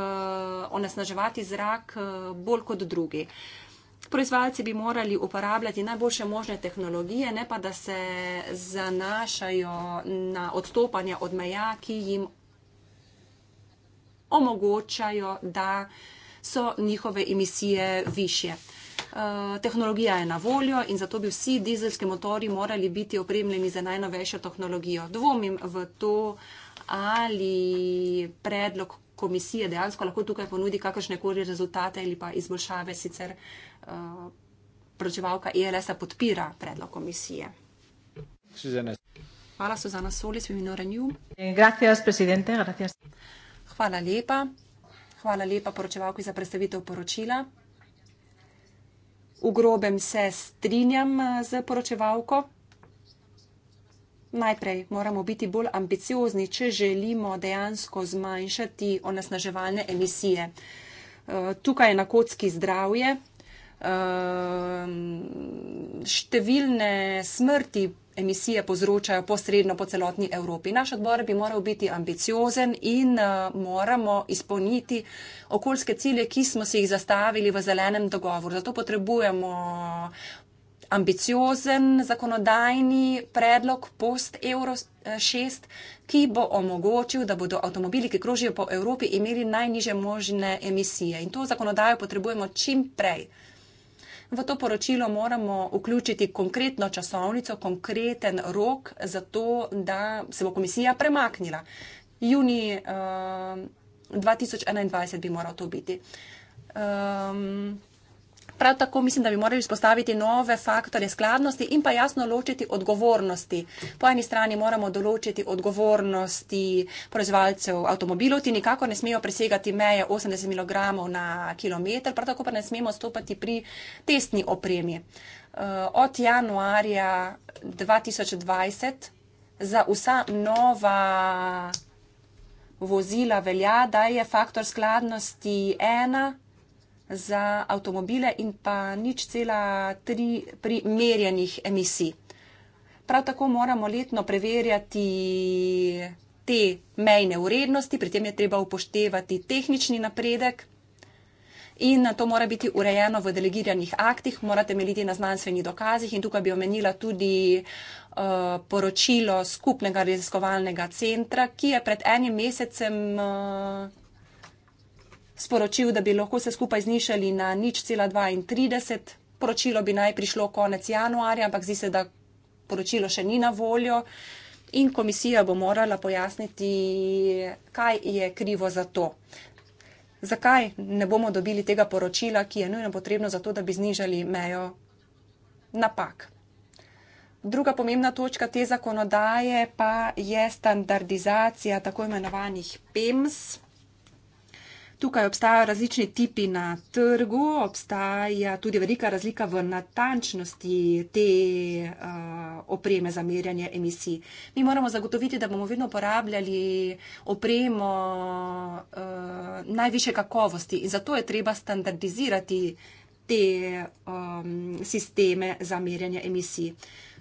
onesnaževati zrak uh, bolj kot drugi. Proizvajalci bi morali uporabljati najboljše možne tehnologije, ne pa da se zanašajo na odstopanja od meja, ki jim omogočajo, da so njihove emisije više. Eh, tehnologija je na voljo in zato bi vsi dizelski motori morali biti opremljeni za najnovejšo tehnologijo. Dvomim v to, ali predlog komisije dejansko lahko tukaj ponudi kakršne koli rezultate ali pa izboljšave, sicer uh, eh, pročevalka ELS-a podpira predlog komisije. Hvala, Suzana Solis, v imenu Renew. Hvala lepa. Hvala lepa poročevalki za predstavitev poročila. V grobem se strinjam eh, z poročevalko. Najprej moramo biti bolj ambiciozni, če želimo dejansko zmanjšati onesnaževalne emisije. Eh, tukaj je na kocki zdravje. Eh, številne smrti emisije povzročajo posredno po celotni Evropi. Naš odbor bi moral biti ambiciozen in uh, moramo izpolniti okoljske cilje, ki smo si jih zastavili v zelenem dogovoru. Zato potrebujemo eh, ambiciozen zakonodajni predlog post Euro 6, eh, ki bo omogočil, da bodo avtomobili, ki krožijo po Evropi, imeli najniže možne emisije. In to zakonodajo potrebujemo čim prej v to poročilo moramo vključiti konkretno časovnico, konkreten rok za to, da se bo komisija premaknila. Juni uh, eh, 2021 bi moral to biti. Um, Prav tako mislim, da bi morali izpostaviti nove faktore skladnosti in pa jasno ločiti odgovornosti. Po eni strani moramo določiti odgovornosti proizvalcev avtomobilov, ti nikako ne smejo presegati meje 80 mg na km, prav tako pa ne smemo stopati pri testni opremi. Eh, od januarja 2020 za vsa nova vozila velja, da je faktor skladnosti ena za avtomobile in pa nič cela tri pri merjenih emisij. Prav tako moramo letno preverjati te mejne vrednosti, pri tem je treba upoštevati tehnični napredek in to mora biti urejeno v delegiranih aktih, morate meliti na znanstvenih dokazih in tukaj bi omenila tudi uh, poročilo skupnega raziskovalnega centra, ki je pred enim mesecem uh, sporočil, da bi lahko se skupaj znišali na nič cela 32. Poročilo bi naj prišlo konec januarja, ampak zdi se, da poročilo še ni na voljo in komisija bo morala pojasniti, kaj je krivo za to. Zakaj ne bomo dobili tega poročila, ki je nujno potrebno za to, da bi znižali mejo napak. Druga pomembna točka te zakonodaje pa je standardizacija tako imenovanih PEMS. Tukaj obstajajo različni tipi na trgu, obstaja tudi velika razlika v natančnosti te uh, opreme za merjanje emisij. Mi moramo zagotoviti, da bomo vedno uporabljali opremo uh, najviše kakovosti in zato je treba standardizirati te um, sisteme za merjanje emisij. Uh,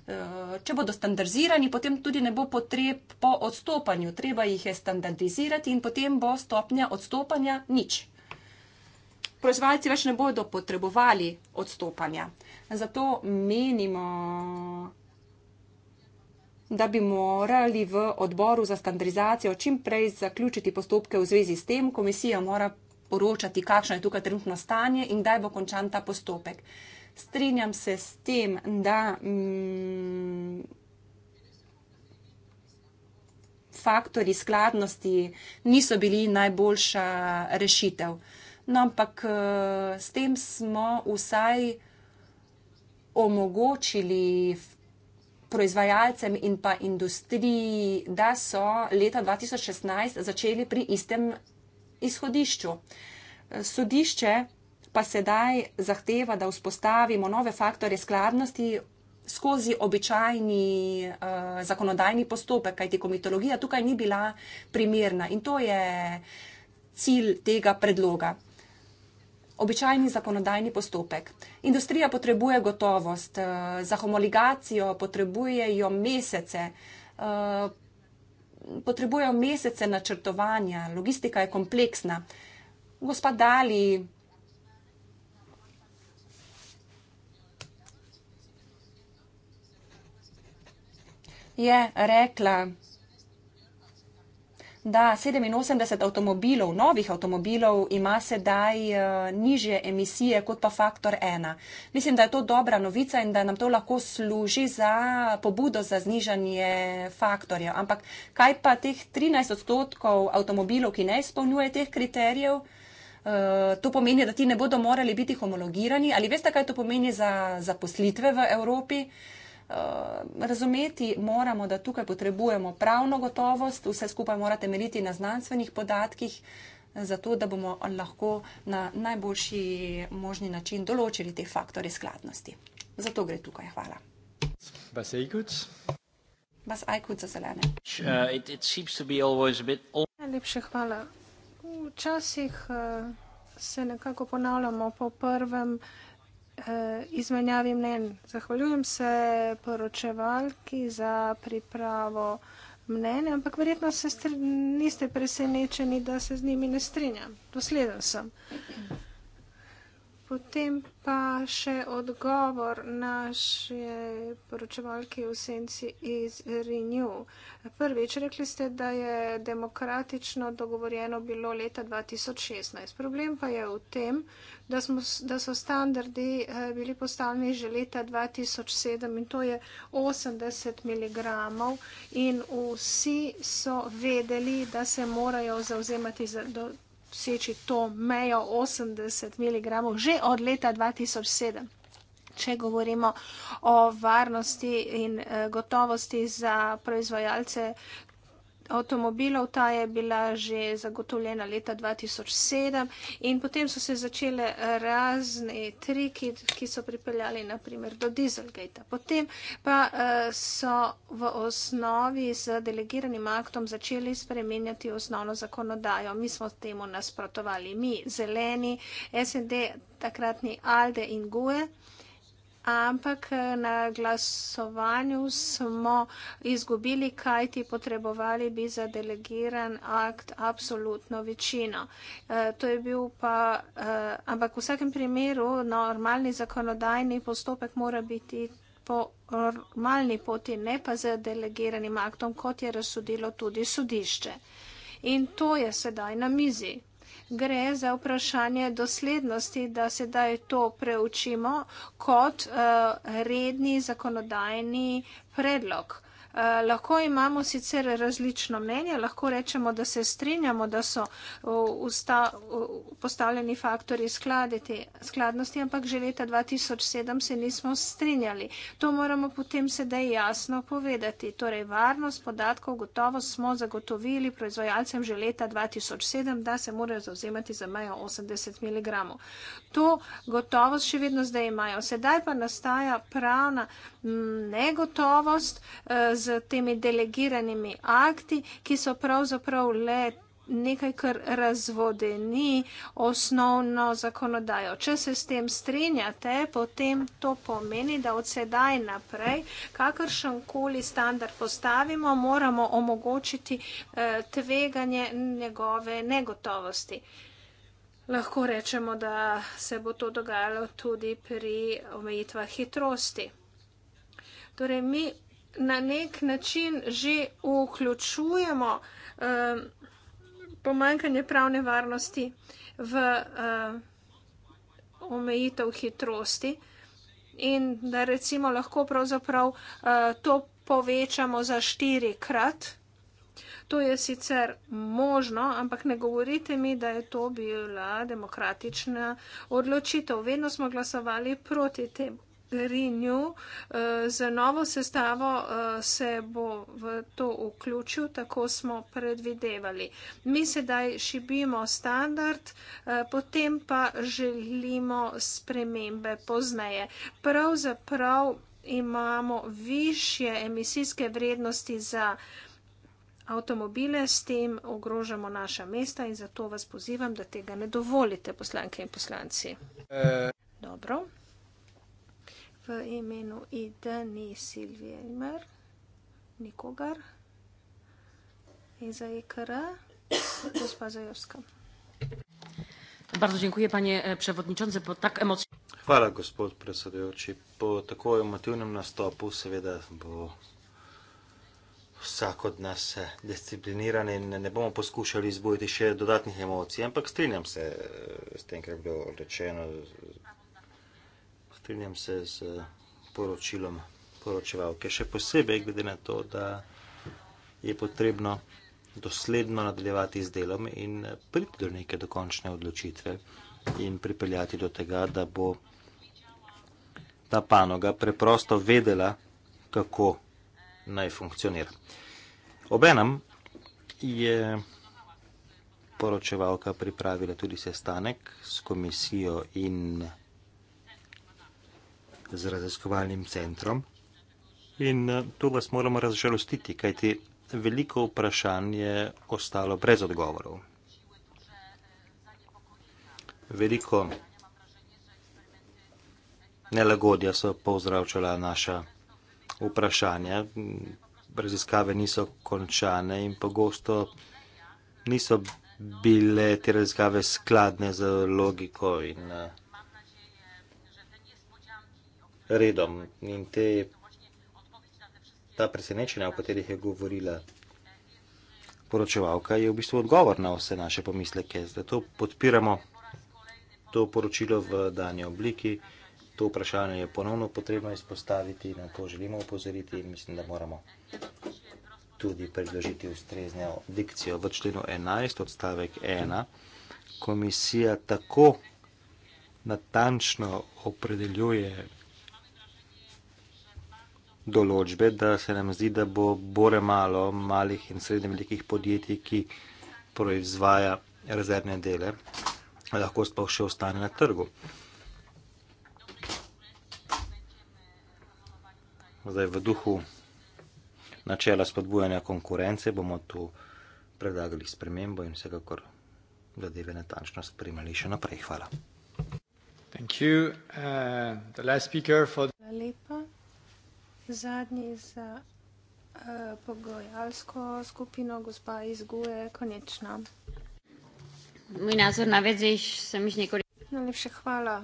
Eh, če bodo standardizirani, potem tudi ne bo potreb po odstopanju. Treba jih je standardizirati in potem bo stopnja odstopanja nič. Proizvajalci več ne bodo potrebovali odstopanja. Zato menimo, da bi morali v odboru za standardizacijo čim prej zaključiti postopke v zvezi s tem. Komisija mora poročati, kakšno je tukaj trenutno stanje in kdaj bo končan ta postopek strinjam se s tem, da mm, faktori skladnosti niso bili najboljša rešitev. No, ampak eh, s tem smo vsaj omogočili proizvajalcem in pa industriji, da so leta 2016 začeli pri istem izhodišču. Eh, sodišče pa sedaj zahteva, da vzpostavimo nove faktore skladnosti skozi običajni uh, zakonodajni postopek, kajti komitologija tukaj ni bila primerna in to je cilj tega predloga. Običajni zakonodajni postopek. Industrija potrebuje gotovost, uh, za homologacijo potrebujejo mesece. Uh, Potrebujejo mesece načrtovanja, logistika je kompleksna. Gospa Dali je rekla, da 87 avtomobilov, novih avtomobilov ima sedaj eh, nižje emisije kot pa faktor ena. Mislim, da je to dobra novica in da nam to lahko služi za pobudo za znižanje faktorjev. Ampak kaj pa teh 13 odstotkov avtomobilov, ki ne izpolnjuje teh kriterijev? Eh, to pomeni, da ti ne bodo morali biti homologirani. Ali veste, kaj to pomeni za zaposlitve v Evropi? Eh, razumeti moramo, da tukaj potrebujemo pravno gotovost, vse skupaj mora temeljiti na znanstvenih podatkih, zato da bomo lahko na najboljši možni način določili te faktore skladnosti. Zato gre tukaj. Hvala. Vas je ikut? Vas je ikut za zelene. Uh, Najlepše hvala. Včasih eh, se nekako ponavljamo po prvem. Eh, izmenjavi mnen. Zahvaljujem se poročevalki za pripravo mnenja, ampak verjetno se niste presenečeni, da se z njimi ne strinjam. Dosleden sem potem pa še odgovor naše poročevalke v senci iz Renew. Prvič, rekli ste, da je demokratično dogovorjeno bilo leta 2016. Problem pa je v tem, da, smo, da so standardi eh, bili postavljeni že leta 2007 in to je 80 mg in vsi so vedeli, da se morajo zauzemati za. Do, doseči to mejo 80 mg že od leta 2007. Če govorimo o varnosti in eh, gotovosti za proizvajalce avtomobilov, ta je bila že zagotovljena leta 2007 in potem so se začele razne triki, ki so pripeljali naprimer do Dieselgate. Potem pa eh, so v osnovi z delegiranim aktom začeli spremenjati osnovno zakonodajo. Mi smo temu nasprotovali, mi, zeleni, SND, takratni Alde in Gue ampak eh, na glasovanju smo izgubili, kajti potrebovali bi za delegiran akt absolutno večino. Eh, to je bil pa, eh, ampak v vsakem primeru normalni zakonodajni postopek mora biti po normalni poti, ne pa z delegiranim aktom, kot je razsodilo tudi sodišče. In to je sedaj na mizi gre za vprašanje doslednosti, da sedaj to preučimo kot uh, redni zakonodajni predlog. Eh, lahko imamo sicer različno mnenje, lahko rečemo, da se strinjamo, da so eh, eh, postavljeni faktori skladiti, skladnosti, ampak že leta 2007 se nismo strinjali. To moramo potem sedaj jasno povedati. Torej, varnost podatkov gotovo smo zagotovili proizvajalcem že leta 2007, da se morajo zauzemati za mejo 80 mg. To gotovo še vedno zdaj imajo. Sedaj pa nastaja pravna mm, negotovost z temi delegiranimi akti, ki so pravzaprav le nekaj, kar razvode ni osnovno zakonodajo. Če se s tem strinjate, potem to pomeni, da od sedaj naprej, kakršen koli standard postavimo, moramo omogočiti eh, tveganje njegove negotovosti. Lahko rečemo, da se bo to dogajalo tudi pri omejitvah hitrosti. Torej, mi na nek način že vključujemo um, eh, pomankanje pravne varnosti v um, omejitev hitrosti in da recimo lahko pravzaprav uh, to povečamo za štirikrat. To je sicer možno, ampak ne govorite mi, da je to bila demokratična odločitev. Vedno smo glasovali proti temu. Renew. Eh, za novo sestavo eh, se bo v to vključil, tako smo predvidevali. Mi sedaj šibimo standard, eh, potem pa želimo spremembe pozneje. Pravzaprav imamo više emisijske vrednosti za avtomobile, s tem ogrožamo naša mesta in zato vas pozivam, da tega ne dovolite, poslanke in poslanci. E Dobro imenu ID ni Silvije Ilmer, nikogar. In za IKR, e gospa Zajorska. Bardzo dziękuję, panie e, przewodniczący, po tak emocjonalnym. Hvala, gospod predsedujoči. Po tako emotivnem nastopu seveda bo vsak od nas discipliniran in ne bomo poskušali izbojiti še dodatnih emocij, ampak strinjam se e, s tem, kar je bilo rečeno z, strinjam se z poročilom poročevalke. Še posebej, glede na to, da je potrebno dosledno nadaljevati z delom in priti do neke dokončne odločitve in pripeljati do tega, da bo ta panoga preprosto vedela, kako naj funkcionira. Obenem je poročevalka pripravila tudi sestanek s komisijo in z raziskovalnim centrom. In eh, tu vas moramo razžalostiti, kajti veliko vprašanj je ostalo brez odgovorov. Veliko nelagodja so povzročala naša vprašanja. Raziskave niso končane in pogosto niso bile te raziskave skladne z logiko in uh, redom. In te, ta presenečenja, o katerih je govorila poročevalka, je v bistvu odgovor na vse naše pomisleke. Zato podpiramo to poročilo v danji obliki. To vprašanje je ponovno potrebno izpostaviti, na to želimo upozoriti in mislim, da moramo tudi predložiti ustrezne dikcijo. V členu 11 odstavek 1 komisija tako natančno opredeljuje določbe, da se nam zdi, da bo bore malo malih in srednje velikih podjetij, ki proizvaja rezervne dele, lahko sploh še ostane na trgu. Zdaj v duhu načela spodbujanja konkurence bomo tu predlagali spremembo in vsekakor zadeve natančno spremljali še naprej. Hvala. Thank you. Uh, the last speaker for the zadnji za uh, eh, pogojalsko skupino, gospa iz Guje, konečna. Moj nazor na vezi, sem že nekoli. Najlepše hvala.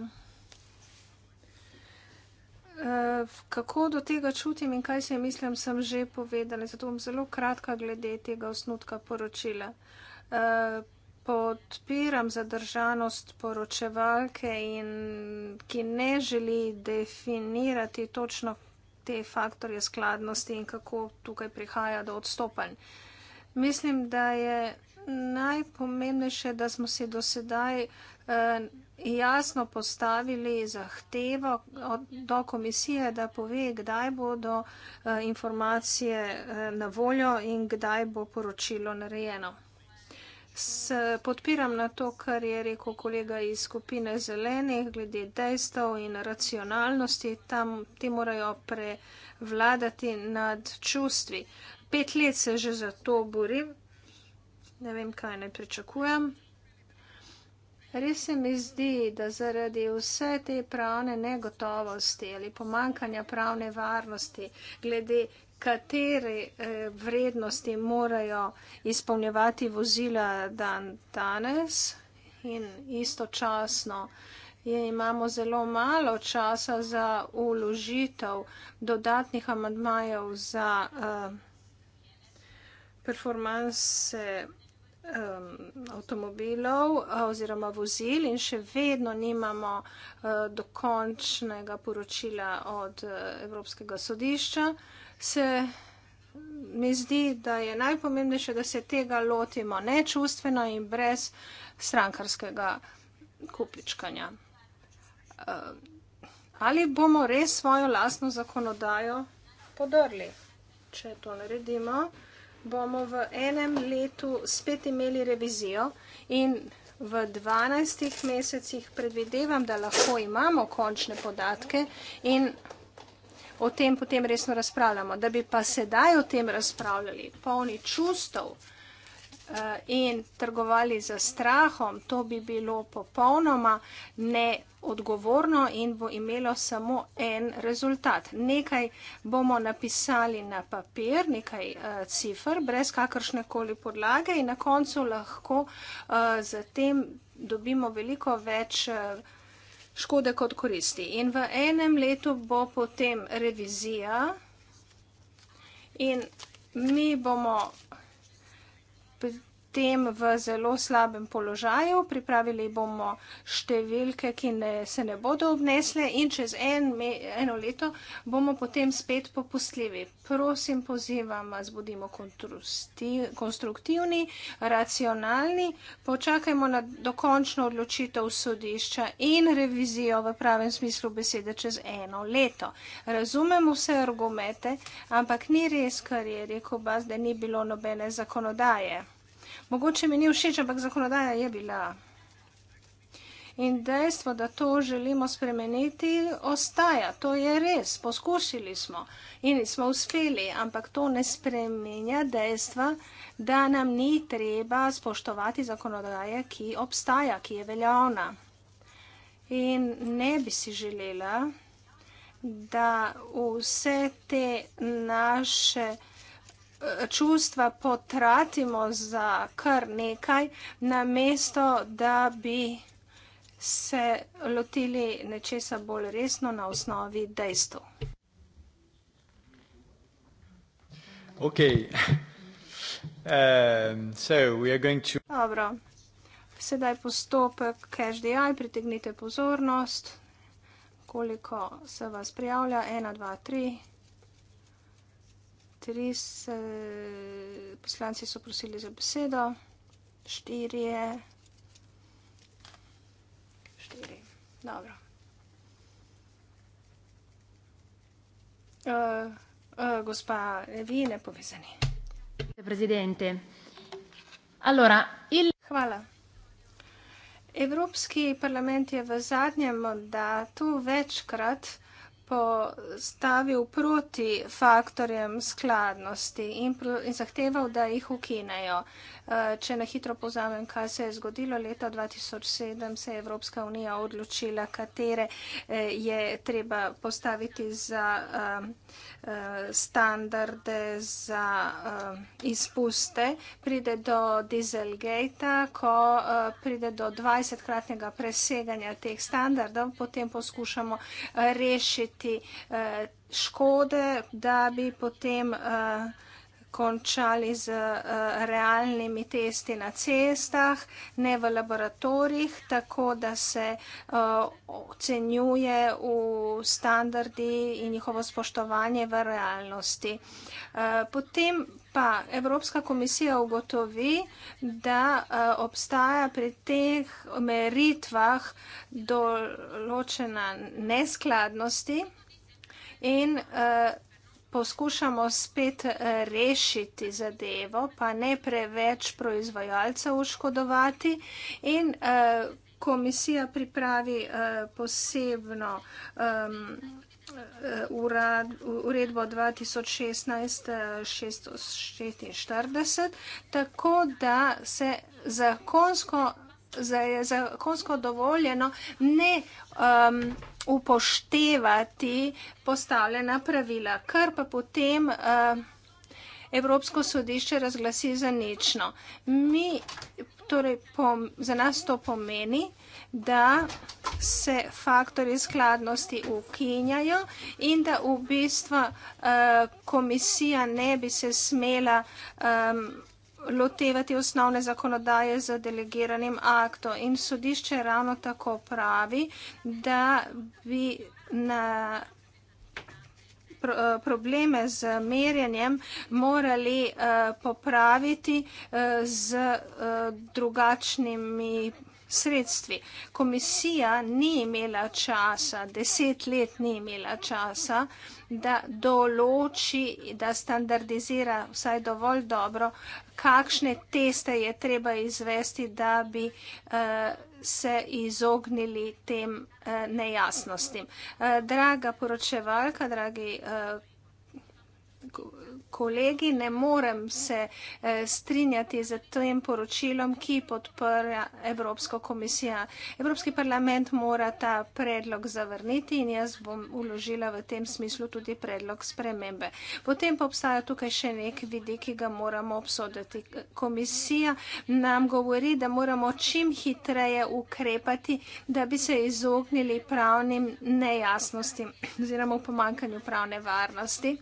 Eh, kako do tega čutim in kaj se mislim, sem že povedala, zato bom zelo kratka glede tega osnutka poročila. Eh, podpiram zadržanost poročevalke in ki ne želi definirati točno, te faktorje skladnosti in kako tukaj prihaja do odstopanj. Mislim, da je najpomembnejše, da smo si do sedaj eh, jasno postavili zahtevo do komisije, da pove, kdaj bodo eh, informacije eh, na voljo in kdaj bo poročilo narejeno se podpiram na to, kar je rekel kolega iz skupine zelenih, glede dejstev in racionalnosti, tam ti morajo prevladati nad čustvi. Pet let se že za to borim, ne vem, kaj ne pričakujem. Res se mi zdi, da zaradi vse te pravne negotovosti ali pomankanja pravne varnosti glede katere eh, vrednosti morajo izpolnjevati vozila dan danes in istočasno imamo zelo malo časa za uložitev dodatnih amadmajev za eh, performanse eh, avtomobilov oziroma vozil in še vedno nimamo dokončnega poročila od Evropskega sodišča se mi zdi, da je najpomembnejše, da se tega lotimo nečustveno in brez strankarskega kupičkanja. Eh, ali bomo res svojo lastno zakonodajo podrli? Če to naredimo, bomo v enem letu spet imeli revizijo in v 12 mesecih predvidevam, da lahko imamo končne podatke in o tem potem resno razpravljamo. Da bi pa sedaj o tem razpravljali, polni čustov eh, in trgovali za strahom, to bi bilo popolnoma neodgovorno in bo imelo samo en rezultat. Nekaj bomo napisali na papir, nekaj uh, eh, cifr, brez kakršne koli podlage in na koncu lahko uh, eh, zatem dobimo veliko več. Uh, škode kot koristi. In v enem letu bo potem revizija in mi bomo tem v zelo slabem položaju. Pripravili bomo številke, ki ne, se ne bodo obnesle in čez en, me, eno leto bomo potem spet popustljivi. Prosim, pozivam vas, bodimo konstruktivni, racionalni, počakajmo na dokončno odločitev sodišča in revizijo v pravem smislu besede čez eno leto. Razumem vse argumente, ampak ni res, kar je rekel Bas, da ni bilo nobene zakonodaje mogoče mi ni všeč, ampak zakonodaja je bila. In dejstvo, da to želimo spremeniti, ostaja. To je res. Poskusili smo in smo uspeli, ampak to ne spremenja dejstva, da nam ni treba spoštovati zakonodaje, ki obstaja, ki je veljavna. In ne bi si želela, da vse te naše čustva potratimo za kar nekaj, namesto da bi se lotili nečesa bolj resno na osnovi dejstv. Ok. [LAUGHS] Um, Dobro. Sedaj postopek CashDI, pritegnite pozornost, koliko se vas prijavlja. 1, 2, 3 tri se, poslanci so prosili za besedo, štiri je. Štiri. Dobro. Uh, uh, gospa, vi ne povezani. Presidente. Allora, il... Hvala. Evropski parlament je v zadnjem mandatu večkrat postavil proti faktorjem skladnosti in, pro, in zahteval, da jih ukinejo. Eh, če na hitro pozamem, kaj se je zgodilo, leta 2007 se je Evropska unija odločila, katere eh, je treba postaviti za eh, standarde za izpuste. Pride do dieselgate, ko pride do 20-kratnega preseganja teh standardov, potem poskušamo rešiti narediti eh, škode, da bi potem eh, končali z eh, realnimi testi na cestah, ne v laboratorijih, tako da se eh, ocenjuje v standardi in njihovo spoštovanje v realnosti. Eh, potem pa Evropska komisija ugotovi, da uh, obstaja pri teh meritvah določena neskladnosti in uh, poskušamo spet eh, rešiti zadevo, pa ne preveč proizvajalcev oškodovati in komisija pripravi posebno Eh, uredbo 2016-646, eh, tako da se zakonsko, je zakonsko dovoljeno ne um, upoštevati postavljena pravila, kar pa potem uh, Evropsko sodišče razglasi za nično. Mi, torej, pom, za nas to pomeni, da se faktori skladnosti ukinjajo in da v bistvu eh, komisija ne bi se smela lotevati osnovne zakonodaje z delegiranim aktom. In sodišče ravno tako pravi, da bi na eh, probleme z merjenjem morali eh, popraviti z drugačnimi sredstvi. Komisija ni imela časa, deset let ni imela časa, da določi, da standardizira vsaj dovolj dobro, kakšne teste je treba izvesti, da bi eh, se izognili tem eh, nejasnostim. Eh, draga poročevalka, dragi kolegi, ne morem se eh, strinjati z tem poročilom, ki podpira Evropsko komisijo. Evropski parlament mora ta predlog zavrniti in jaz bom uložila v tem smislu tudi predlog spremembe. Potem pa obstaja tukaj še nek vidik, ki ga moramo obsoditi. Komisija nam govori, da moramo čim hitreje ukrepati, da bi se izognili pravnim nejasnostim oziroma pomankanju pravne varnosti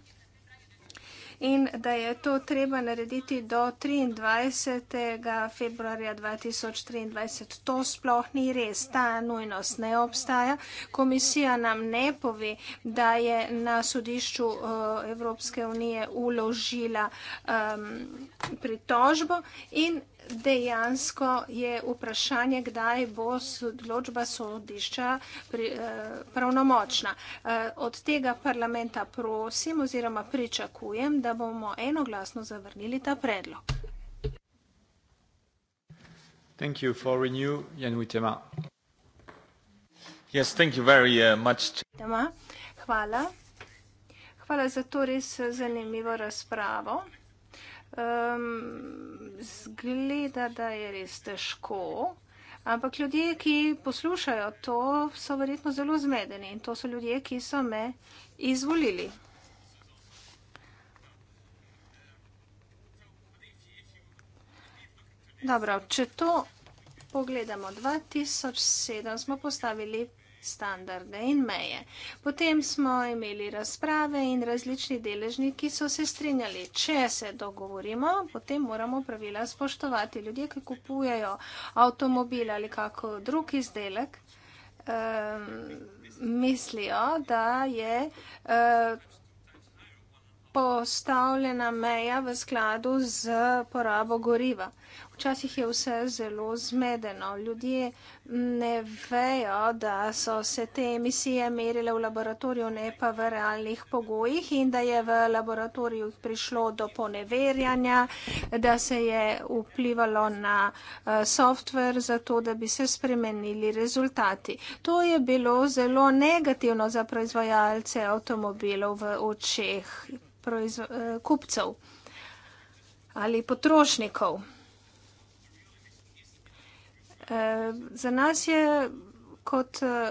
in da je to treba narediti do 23. februarja 2023. To sploh ni res, ta nujnost ne obstaja. Komisija nam ne pove, da je na sodišču eh, Evropske unije uložila um, ehm, pritožbo in dejansko je vprašanje, kdaj bo odločba sodišča eh, pravnomočna. Eh, od tega parlamenta prosim oziroma pričakujem, da bomo enoglasno zavrnili ta predlog. Thank you for renew, Jan Vitema. Yes, thank you very uh, much. Hvala. Hvala za to res eh, zanimivo razpravo. Um, zgleda, da je res težko, ampak ljudje, ki poslušajo to, so verjetno zelo zmedeni in to so ljudje, ki so me izvolili. Dobro, če to pogledamo, 2007 smo postavili standarde in meje. Potem smo imeli razprave in različni deležniki so se strinjali, če se dogovorimo, potem moramo pravila spoštovati. Ljudje, ki kupujejo avtomobil ali kako drug izdelek, um, mislijo, da je. Uh, postavljena meja v skladu z porabo goriva. Včasih je vse zelo zmedeno. Ljudje ne vejo, da so se te emisije merile v laboratoriju, ne pa v realnih pogojih in da je v laboratoriju prišlo do poneverjanja, da se je vplivalo na eh, softver za to, da bi se spremenili rezultati. To je bilo zelo negativno za proizvajalce avtomobilov v očeh proizv... Eh, kupcev ali potrošnikov. Eh, za nas je kot eh,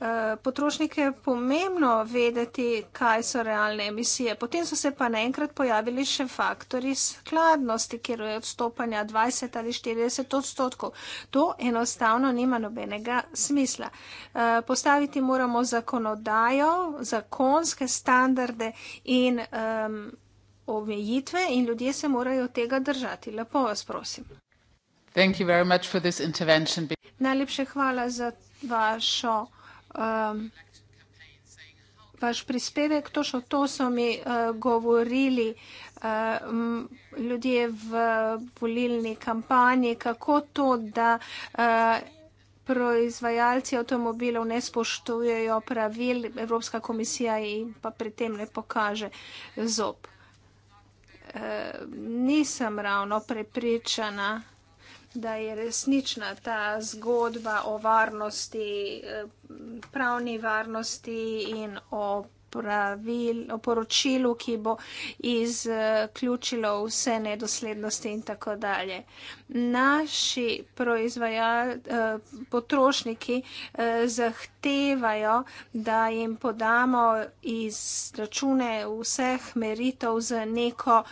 eh, potrošnike pomembno vedeti, kaj so realne emisije. Potem so se pa naenkrat pojavili še faktori skladnosti, kjer je odstopanja 20 ali 40 odstotkov. To enostavno nima nobenega smisla. Postaviti moramo zakonodajo, zakonske standarde in omejitve in ljudje se morajo tega držati. Lepo vas prosim. Thank you very much for this intervention. Najlepše hvala za vašo, um, vaš prispevek. To, šo, to so mi uh, govorili uh, m, ljudje v volilni kampanji, kako to, da uh, proizvajalci avtomobilov ne spoštujejo pravil, Evropska komisija jim pa pri tem ne pokaže zob. Uh, nisem ravno prepričana da je resnična ta zgodba o varnosti, eh, pravni varnosti in o pravil, o poročilu, ki bo izključilo vse nedoslednosti in tako dalje. Naši eh, potrošniki eh, zahtevajo, da jim podamo iz račune vseh meritev z neko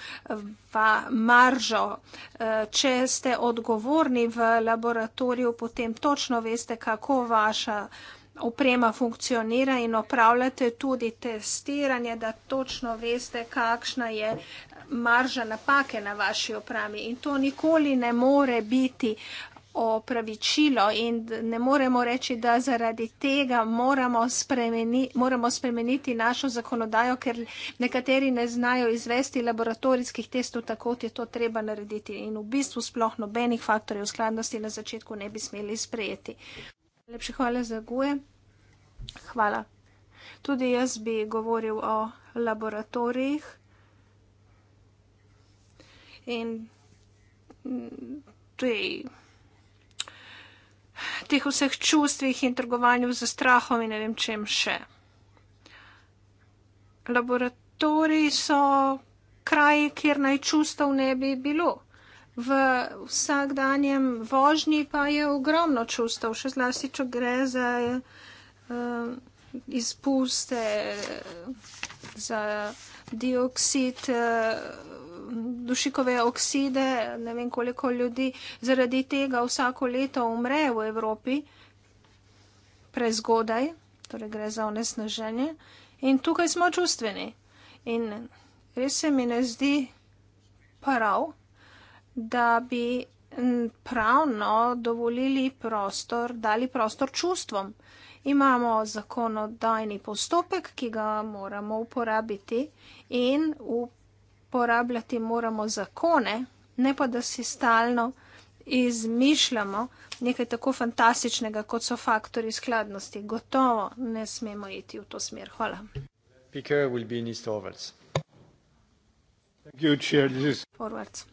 maržo. Eh, če ste odgovorni v laboratoriju, potem točno veste, kako vaša oprema funkcionira in opravljate tudi testiranje, da točno veste, kakšna je marža napake na vaši opremi. In to nikoli ne more biti opravičilo in ne moremo reči, da zaradi tega moramo, spremeni, moramo spremeniti našo zakonodajo, ker nekateri ne znajo izvesti laboratorijskih testov tako, kot je to treba narediti. In v bistvu sploh nobenih faktorjev skladnosti na začetku ne bi smeli sprejeti. Lepše hvala za guje. Hvala. Tudi jaz bi govoril o laboratorijih in tej, teh vseh čustvih in trgovanju z strahom in ne vem čem še. Laboratoriji so kraji, kjer naj čustev ne bi bilo v vsakdanjem vožnji pa je ogromno čustev, še zlasti, če gre za uh, izpuste, za dioksid, uh, dušikove okside, ne vem koliko ljudi zaradi tega vsako leto umre v Evropi prezgodaj, torej gre za onesnaženje. In tukaj smo čustveni. In res se mi ne zdi prav da bi mm, pravno dovolili prostor, dali prostor čustvom. Imamo zakonodajni postopek, ki ga moramo uporabiti in uporabljati moramo zakone, ne pa da si stalno izmišljamo nekaj tako fantastičnega, kot so faktori skladnosti. Gotovo ne smemo iti v to smer. Hvala. Thank you, Chair. This is Forwards.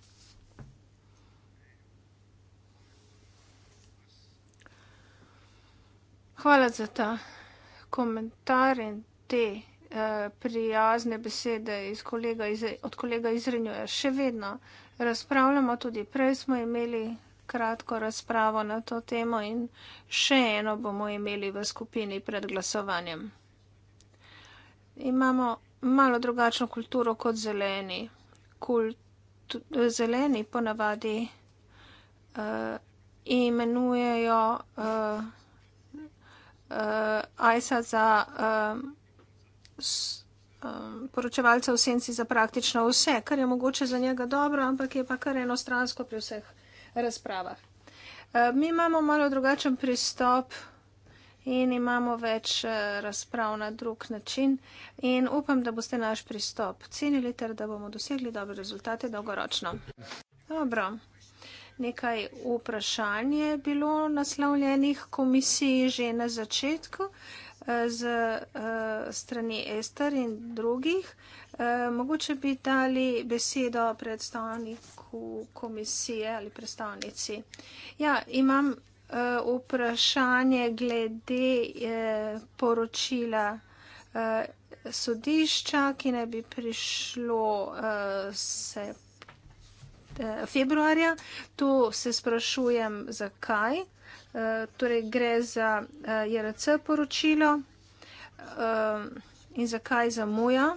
hvala za ta komentar in te uh, prijazne besede iz kolega iz, od kolega Izrenjuje. Še vedno razpravljamo, tudi prej smo imeli kratko razpravo na to temo in še eno bomo imeli v skupini pred glasovanjem. Imamo malo drugačno kulturo kot zeleni. Kultu, zeleni ponavadi uh, imenujejo uh, uh, Ajsa za um, s, um, poročevalca v senci za praktično vse, kar je mogoče za njega dobro, ampak je pa kar enostransko pri vseh razpravah. Uh, mi imamo malo drugačen pristop. In imamo več razprav na drug način in upam, da boste naš pristop cenili ter da bomo dosegli dobre rezultate dolgoročno. Dobro nekaj vprašanj je bilo naslovljenih komisiji že na začetku eh, z eh, strani Ester in drugih. Eh, mogoče bi dali besedo predstavniku komisije ali predstavnici. Ja, imam vprašanje glede poročila sodišča, ki ne bi prišlo se Eh, februarja. Tu se sprašujem, zakaj. Eh, torej, gre za eh, JRC poročilo in zakaj zamuja.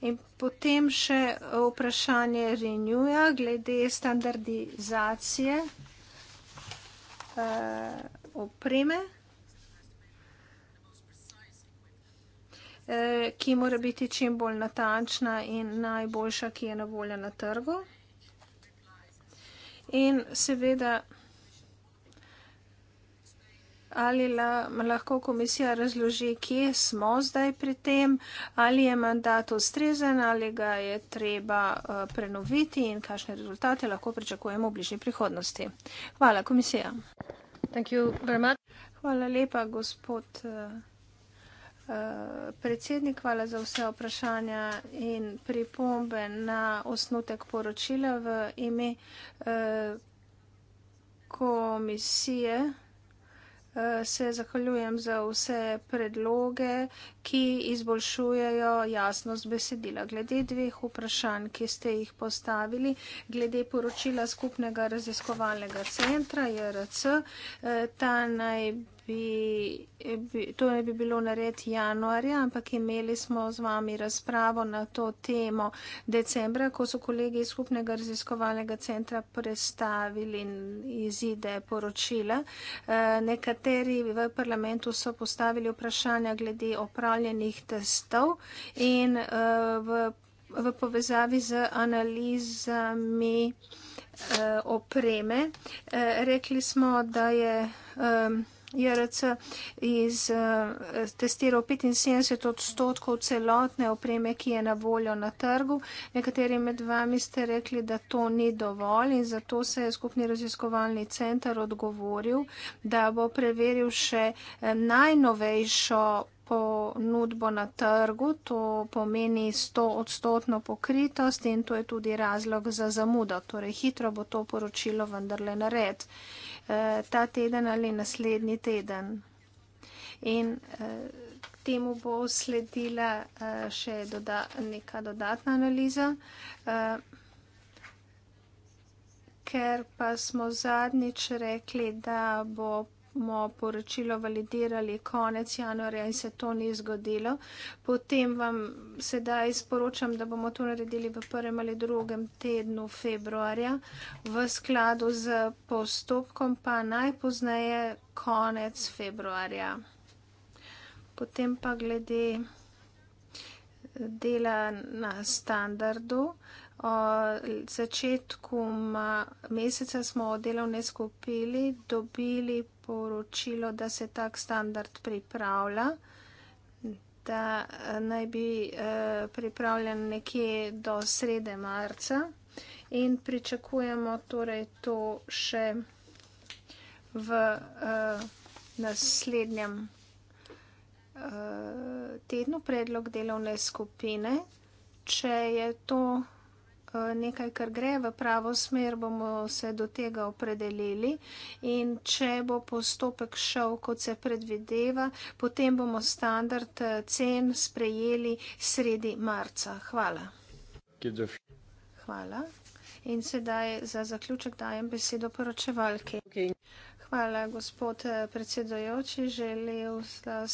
In potem še vprašanje Renewja glede standardizacije opreme. ki mora biti čim bolj natančna in najboljša, ki je na voljo na trgu. In seveda, ali la, lahko komisija razloži, kje smo zdaj pri tem, ali je mandat ustrezen, ali ga je treba uh, prenoviti in kakšne rezultate lahko pričakujemo v bližnji prihodnosti. Hvala, komisija. Hvala lepa, gospod. Uh, predsednik, hvala za vse vprašanja in pripombe na osnutek poročila v ime eh, komisije. Eh, se zahvaljujem za vse predloge, ki izboljšujejo jasnost besedila. Glede dveh vprašanj, ki ste jih postavili, glede poročila skupnega raziskovalnega centra IRC, eh, ta naj bi, eh, bi, to ne bi bilo nared januarja, ampak imeli smo z vami razpravo na to temo decembra, ko so kolegi iz skupnega raziskovalnega centra predstavili izide poročila. Eh, nekateri v parlamentu so postavili vprašanja glede opravljenih testov in eh, v, v povezavi z analizami opreme. Rekli smo, da je JRC iz, uh, testiral 75 odstotkov celotne opreme, ki je na voljo na trgu. Nekateri med vami ste rekli, da to ni dovolj in zato se je skupni raziskovalni center odgovoril, da bo preveril še eh, najnovejšo ponudbo na trgu. To pomeni 100 odstotno pokritost in to je tudi razlog za zamudo. Torej, hitro bo to poročilo vendarle nared. Eh, ta teden ali naslednji teden. In eh, temu bo sledila eh, še doda, neka dodatna analiza. Ker pa smo zadnjič rekli, da bo smo poročilo validirali konec januarja in se to ni zgodilo. Potem vam sedaj sporočam, da bomo to naredili v prvem ali drugem tednu februarja v skladu z postopkom, pa najpozneje konec februarja. Potem pa glede dela na standardu. O začetku meseca smo delovne skupili dobili sporočilo, da se tak standard pripravlja, da eh, naj bi eh, pripravljen nekje do srede marca in pričakujemo torej to še v eh, naslednjem tednu predlog delovne skupine. Če je to Eh, nekaj, kar gre v pravo smer, bomo se do tega opredelili in če bo postopek šel, kot se predvideva, potem bomo standard eh, cen sprejeli sredi marca. Hvala. Hvala. In sedaj za zaključek dajem besedo poročevalki. Hvala, gospod eh, predsedojoči. Želel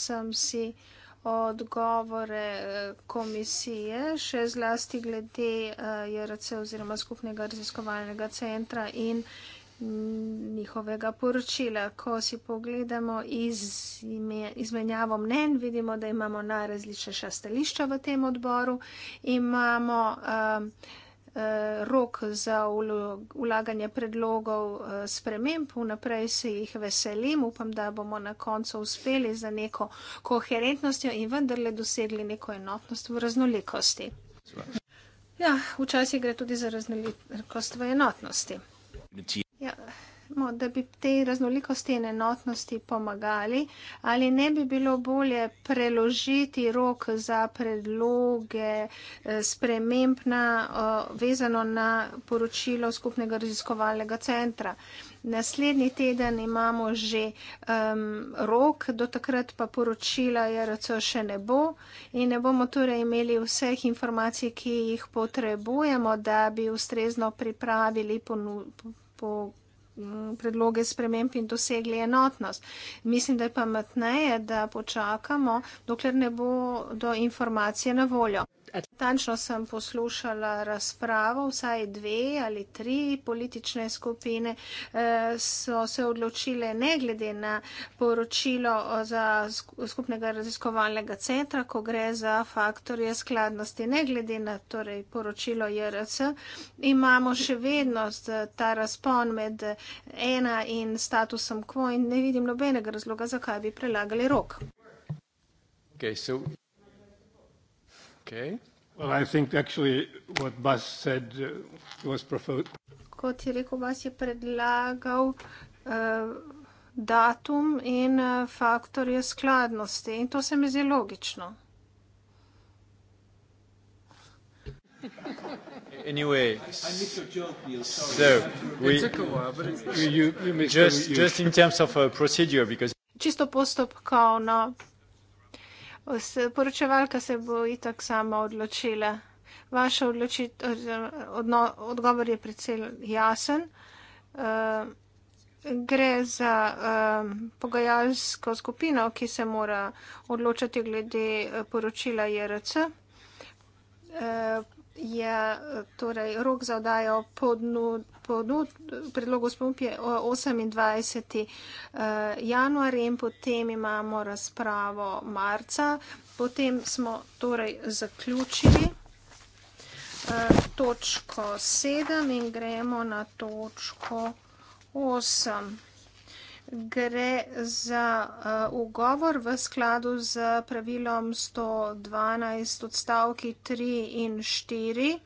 sem si odgovore eh, komisije, še zlasti glede eh, JRC oziroma skupnega raziskovalnega centra in njihovega poročila. Ko si pogledamo iz, izmenjavo mnen, vidimo, da imamo najrazličnejša stališča v tem odboru. Imamo um, Eh, rok za ulaganje predlogov eh, sprememb, vnaprej se jih veselim, upam, da bomo na koncu uspeli za neko koherentnostjo in vendarle dosegli neko enotnost v raznolikosti. Ja, včasih gre tudi za raznolikost v enotnosti. Ja mo, da bi te raznolikosti in enotnosti pomagali, ali ne bi bilo bolje preložiti rok za predloge eh, sprememb na, vezano na poročilo skupnega raziskovalnega centra. Naslednji teden imamo že um, rok, do takrat pa poročila JRC še ne bo in ne bomo torej imeli vseh informacij, ki jih potrebujemo, da bi ustrezno pripravili ponu, po, po, Eh, predloge sprememb in dosegli enotnost. Mislim, da je pametneje, da počakamo, dokler ne bo do informacije na voljo. Tančno sem poslušala razpravo, vsaj dve ali tri politične skupine eh, so se odločile, ne glede na poročilo za skupnega raziskovalnega centra, ko gre za faktorje skladnosti, ne glede na torej, poročilo JRC, imamo še vedno ta razpon med ena in statusom kvo in ne vidim nobenega razloga, zakaj bi prelagali rok. Okay, so... Okay. Well, I think actually what Bas said uh, was profound. Kot je rekel, Bas je predlagal uh, datum in uh, faktorje skladnosti in to se mi zdi logično. [LAUGHS] Anyway, so we, you, you just, just in terms of a uh, procedure, because. Čisto postopkovno. Poročevalka se bo itak sama odločila. Vaš odgovor je predvsej jasen. Eh, gre za eh, pogajalsko skupino, ki se mora odločati glede eh, poročila JRC je torej, rok za odajo ponud, ponud, predlogov spomp je 28. Eh, januar in potem imamo razpravo marca. Potem smo torej zaključili eh, točko 7 in gremo na točko 8 gre za uh, ugovor v skladu z pravilom 112 odstavki 3 in 4 uh,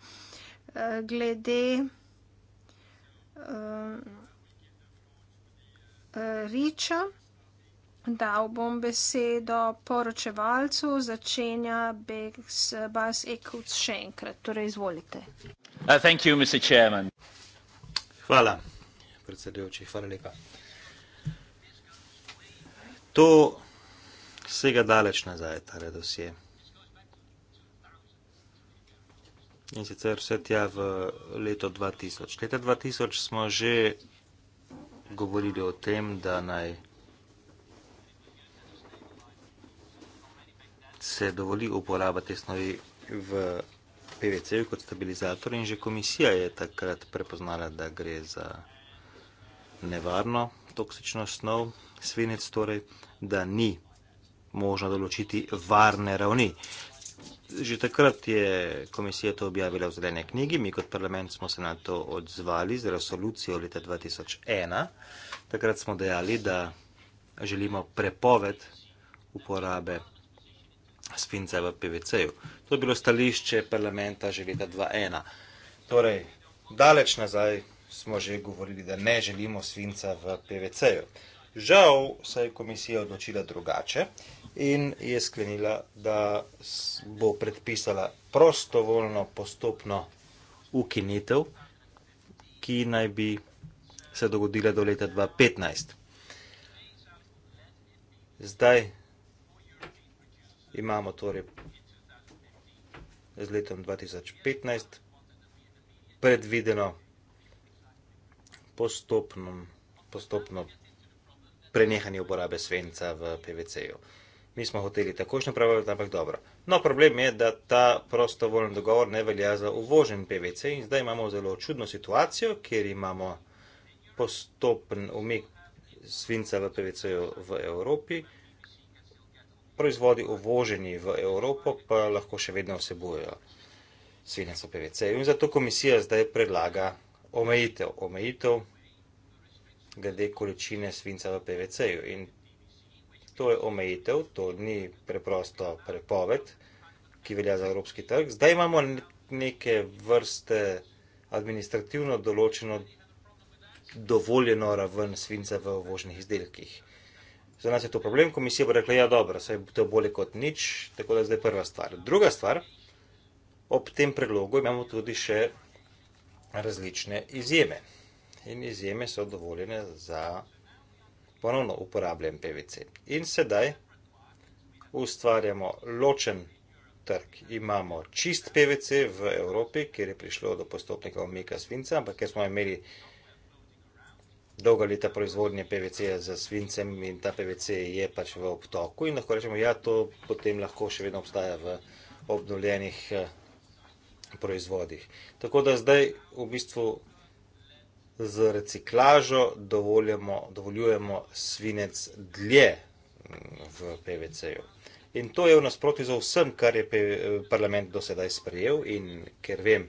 e, glede uh, riča. Dal bom besedo poročevalcu, začenja Begs Bas Ekuc še enkrat. Torej, izvolite. Uh, you, Hvala, predsedujoči. Hvala lepa. To sega daleč nazaj, ta redosje. In sicer vse tja v leto 2000. Leta 2000 smo že govorili o tem, da naj se dovoli uporaba te snovi v PVC-ju kot stabilizator in že komisija je takrat prepoznala, da gre za nevarno toksično snov, svinec, torej, da ni možno določiti varne ravni. Že takrat je komisija to objavila v zelene knjigi, mi kot parlament smo se na to odzvali z resolucijo leta 2001. Takrat smo dejali, da želimo prepoved uporabe svinca v PVC-ju. To je bilo stališče parlamenta že leta 2001. Torej, daleč nazaj smo že govorili, da ne želimo svinca v PVC-ju. Žal se je komisija odločila drugače in je sklenila, da bo predpisala prostovoljno postopno ukinitev, ki naj bi se dogodila do leta 2015. Zdaj imamo torej z letom 2015 predvideno postopno, postopno prenehanje uporabe svenca v PVC-ju. Mi smo hoteli takošno pravilo, ampak dobro. No, problem je, da ta prostovoljen dogovor ne velja za uvožen PVC in zdaj imamo zelo čudno situacijo, kjer imamo postopen umik svinca v PVC-ju v Evropi, proizvodi uvoženi v Evropo pa lahko še vedno vsebujejo svinec v PVC-ju in zato komisija zdaj predlaga omejitev, omejitev glede količine svinca v PVC-ju. In to je omejitev, to ni preprosto prepoved, ki velja za evropski trg. Zdaj imamo neke vrste administrativno določeno dovoljeno raven svinca v vožnih izdelkih. Za nas je to problem, komisija bo rekla, ja dobro, saj bo to bolje kot nič, tako da zdaj je prva stvar. Druga stvar, ob tem predlogu imamo tudi še različne izjeme in izjeme so dovoljene za ponovno uporabljen PVC. In sedaj ustvarjamo ločen trg. Imamo čist PVC v Evropi, kjer je prišlo do postopnika omika svinca, ampak ker smo imeli dolga leta proizvodnje PVC za svincem in ta PVC je pač v obtoku in lahko rečemo, ja, to potem lahko še vedno obstaja v obnovljenih eh, proizvodih. Tako da zdaj v bistvu z reciklažo dovoljujemo svinec dlje mm, v PVC-ju. In to je v nasproti za vsem, kar je parlament do sedaj sprejel in ker vem,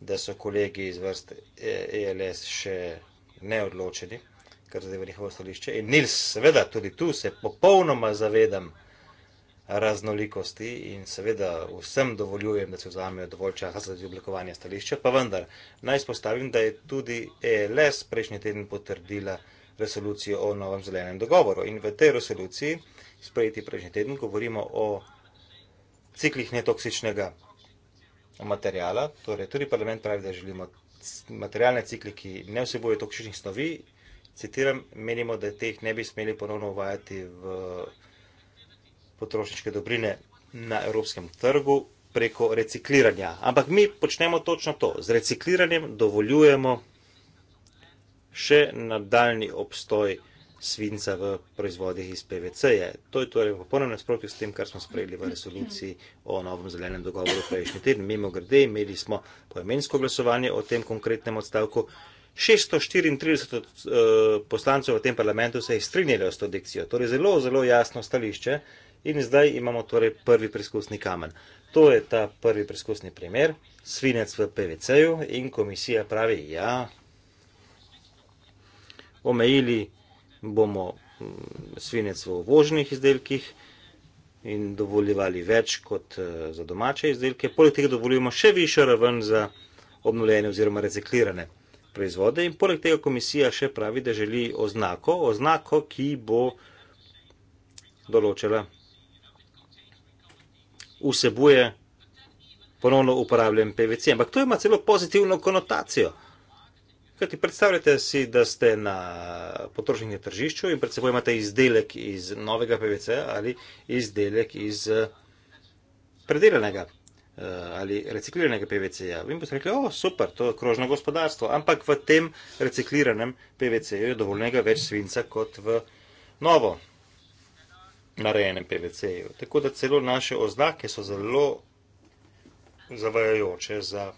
da so kolegi iz vrst ELS še neodločeni, kar zadeva njihovo stališče. In Nils, seveda, tudi tu se popolnoma zavedam, raznolikosti in seveda vsem dovoljujem, da se vzamejo dovolj časa za oblikovanje stališča, pa vendar naj spostavim, da je tudi ELS prejšnji teden potrdila resolucijo o novem zelenem dogovoru in v tej resoluciji, sprejeti prejšnji teden, govorimo o ciklih netoksičnega materijala, torej tudi parlament pravi, da želimo materialne cikle, ki ne vsebuje toksičnih snovi, citiram, menimo, da teh ne bi smeli ponovno uvajati v resoluciji potrošniške dobrine na evropskem trgu preko recikliranja. Ampak mi počnemo točno to. Z recikliranjem dovoljujemo še nadaljni obstoj svinca v proizvodih iz PVC. -je. To je torej popolno nasprotje s tem, kar smo sprejeli v resoluciji o novem zelenem dogovoru prejšnji teden. Mimo grede imeli smo poemensko glasovanje o tem konkretnem odstavku. 634 eh, poslancev v tem parlamentu se je strinjali s to dikcijo. Torej zelo, zelo jasno stališče in zdaj imamo torej prvi preizkusni kamen. To je ta prvi preizkusni primer, svinec v PVC-ju in komisija pravi, ja, omejili bomo mm, svinec v uvoženih izdelkih in dovoljevali več kot eh, za domače izdelke. Poleg tega dovoljujemo še višjo raven za obnovljene oziroma reciklirane proizvode in poleg tega komisija še pravi, da želi oznako, oznako, ki bo določila vsebuje, ponovno uporabljam PVC. Ampak to ima celo pozitivno konotacijo. Kajti predstavljate si, da ste na potrošnjem tržišču in pred seboj imate izdelek iz novega PVC ali izdelek iz eh, predelanega eh, ali recikliranega PVC-ja. Vi boste rekli, o, oh, super, to je krožno gospodarstvo, ampak v tem recikliranem PVC-ju je dovoljnega več svinca kot v novo narejenem PVC-ju. Tako da celo naše oznake so zelo zavajajoče za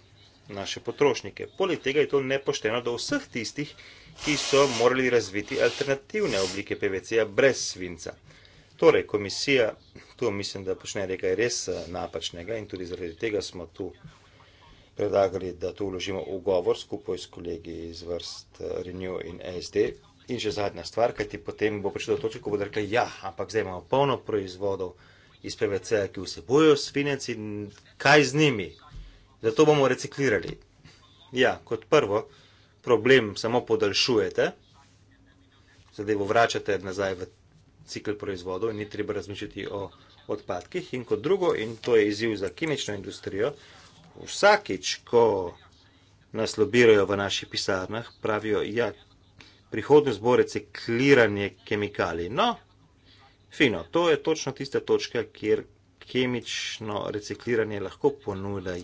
naše potrošnike. Poleg tega je to nepošteno do vseh tistih, ki so morali razviti alternativne oblike PVC-ja brez svinca. Torej, komisija tu mislim, da počne nekaj res eh, napačnega in tudi zaradi tega smo tu predlagali, da tu uložimo ugovor skupaj s kolegi iz vrst eh, Renew in ASD, In še zadnja stvar, kaj ti potem bo prišlo do točke, ko bodo rekli, ja, ampak zdaj imamo polno proizvodov iz PVC, ki vsebujo svinec in kaj z njimi. Zato bomo reciklirali. Ja, kot prvo, problem samo podaljšujete, zadevo vračate nazaj v cikl proizvodov in ni treba razmišljati o odpadkih. In kot drugo, in to je izziv za kemično industrijo, vsakič, ko nas lobirajo v naših pisarnah, pravijo, ja, prihodnost bo recikliranje kemikalij. No, fino, to je točno tista točka, kjer kemično recikliranje lahko ponuda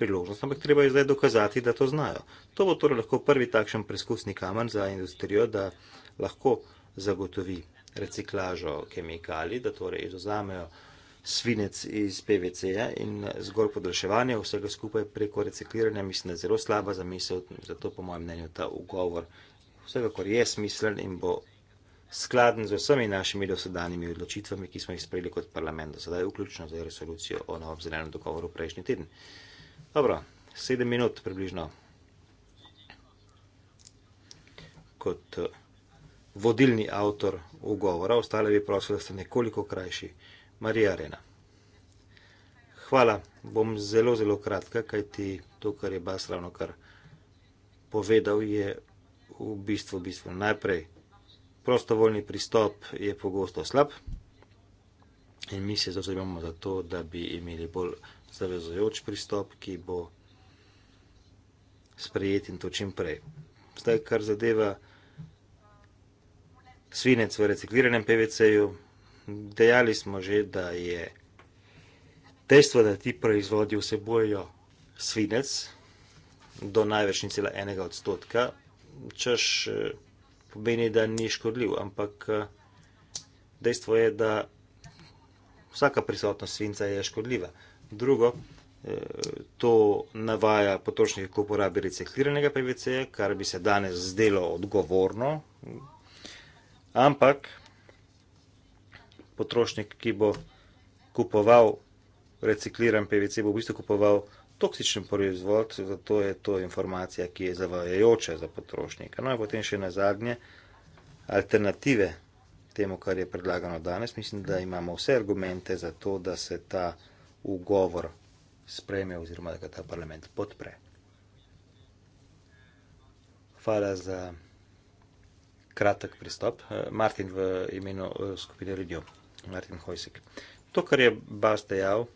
priložnost, ampak treba je zdaj dokazati, da to znajo. To bo torej lahko prvi takšen preskusni kamen za industrijo, da lahko zagotovi reciklažo kemikalij, da torej izozamejo svinec iz PVC-ja in zgolj podaljševanje vsega skupaj preko recikliranja, mislim, da je zelo slaba zamisel, zato po mojem mnenju ta ugovor vsekakor je smiseln in bo skladen z vsemi našimi dosedanimi odločitvami, ki smo jih sprejeli kot parlament do sedaj, vključno z resolucijo o novem zelenem dogovoru prejšnji teden. Dobro, sedem minut približno kot eh, vodilni avtor ugovora, ostale bi prosil, da ste nekoliko krajši, Marija Arena. Hvala, bom zelo, zelo kratka, kajti to, kar je Bas ravno kar povedal, je v bistvu, v bistvu najprej prostovoljni pristop je pogosto slab in mi se zazemamo za to, da bi imeli bolj zavezojoč pristop, ki bo sprejet in to čim prej. Zdaj, kar zadeva svinec v recikliranem PVC-ju, dejali smo že, da je dejstvo, da ti proizvodi vsebojo svinec do največ ni cela enega odstotka, češ eh, pomeni, da ni škodljiv, ampak eh, dejstvo je, da vsaka prisotnost svinca je škodljiva. Drugo, eh, to navaja potrošnike k uporabi recikliranega PVC-ja, kar bi se danes zdelo odgovorno, ampak potrošnik, ki bo kupoval recikliran PVC, bo v bistvu kupoval toksičen proizvod, zato je to informacija, ki je zavajajoča za potrošnika. No in potem še na zadnje, alternative temu, kar je predlagano danes. Mislim, da imamo vse argumente za to, da se ta ugovor spreme oziroma da ga ta parlament podpre. Hvala za kratek pristop. Eh, Martin v imenu eh, skupine Radio, Martin Hojsek. To, kar je Bas dejal,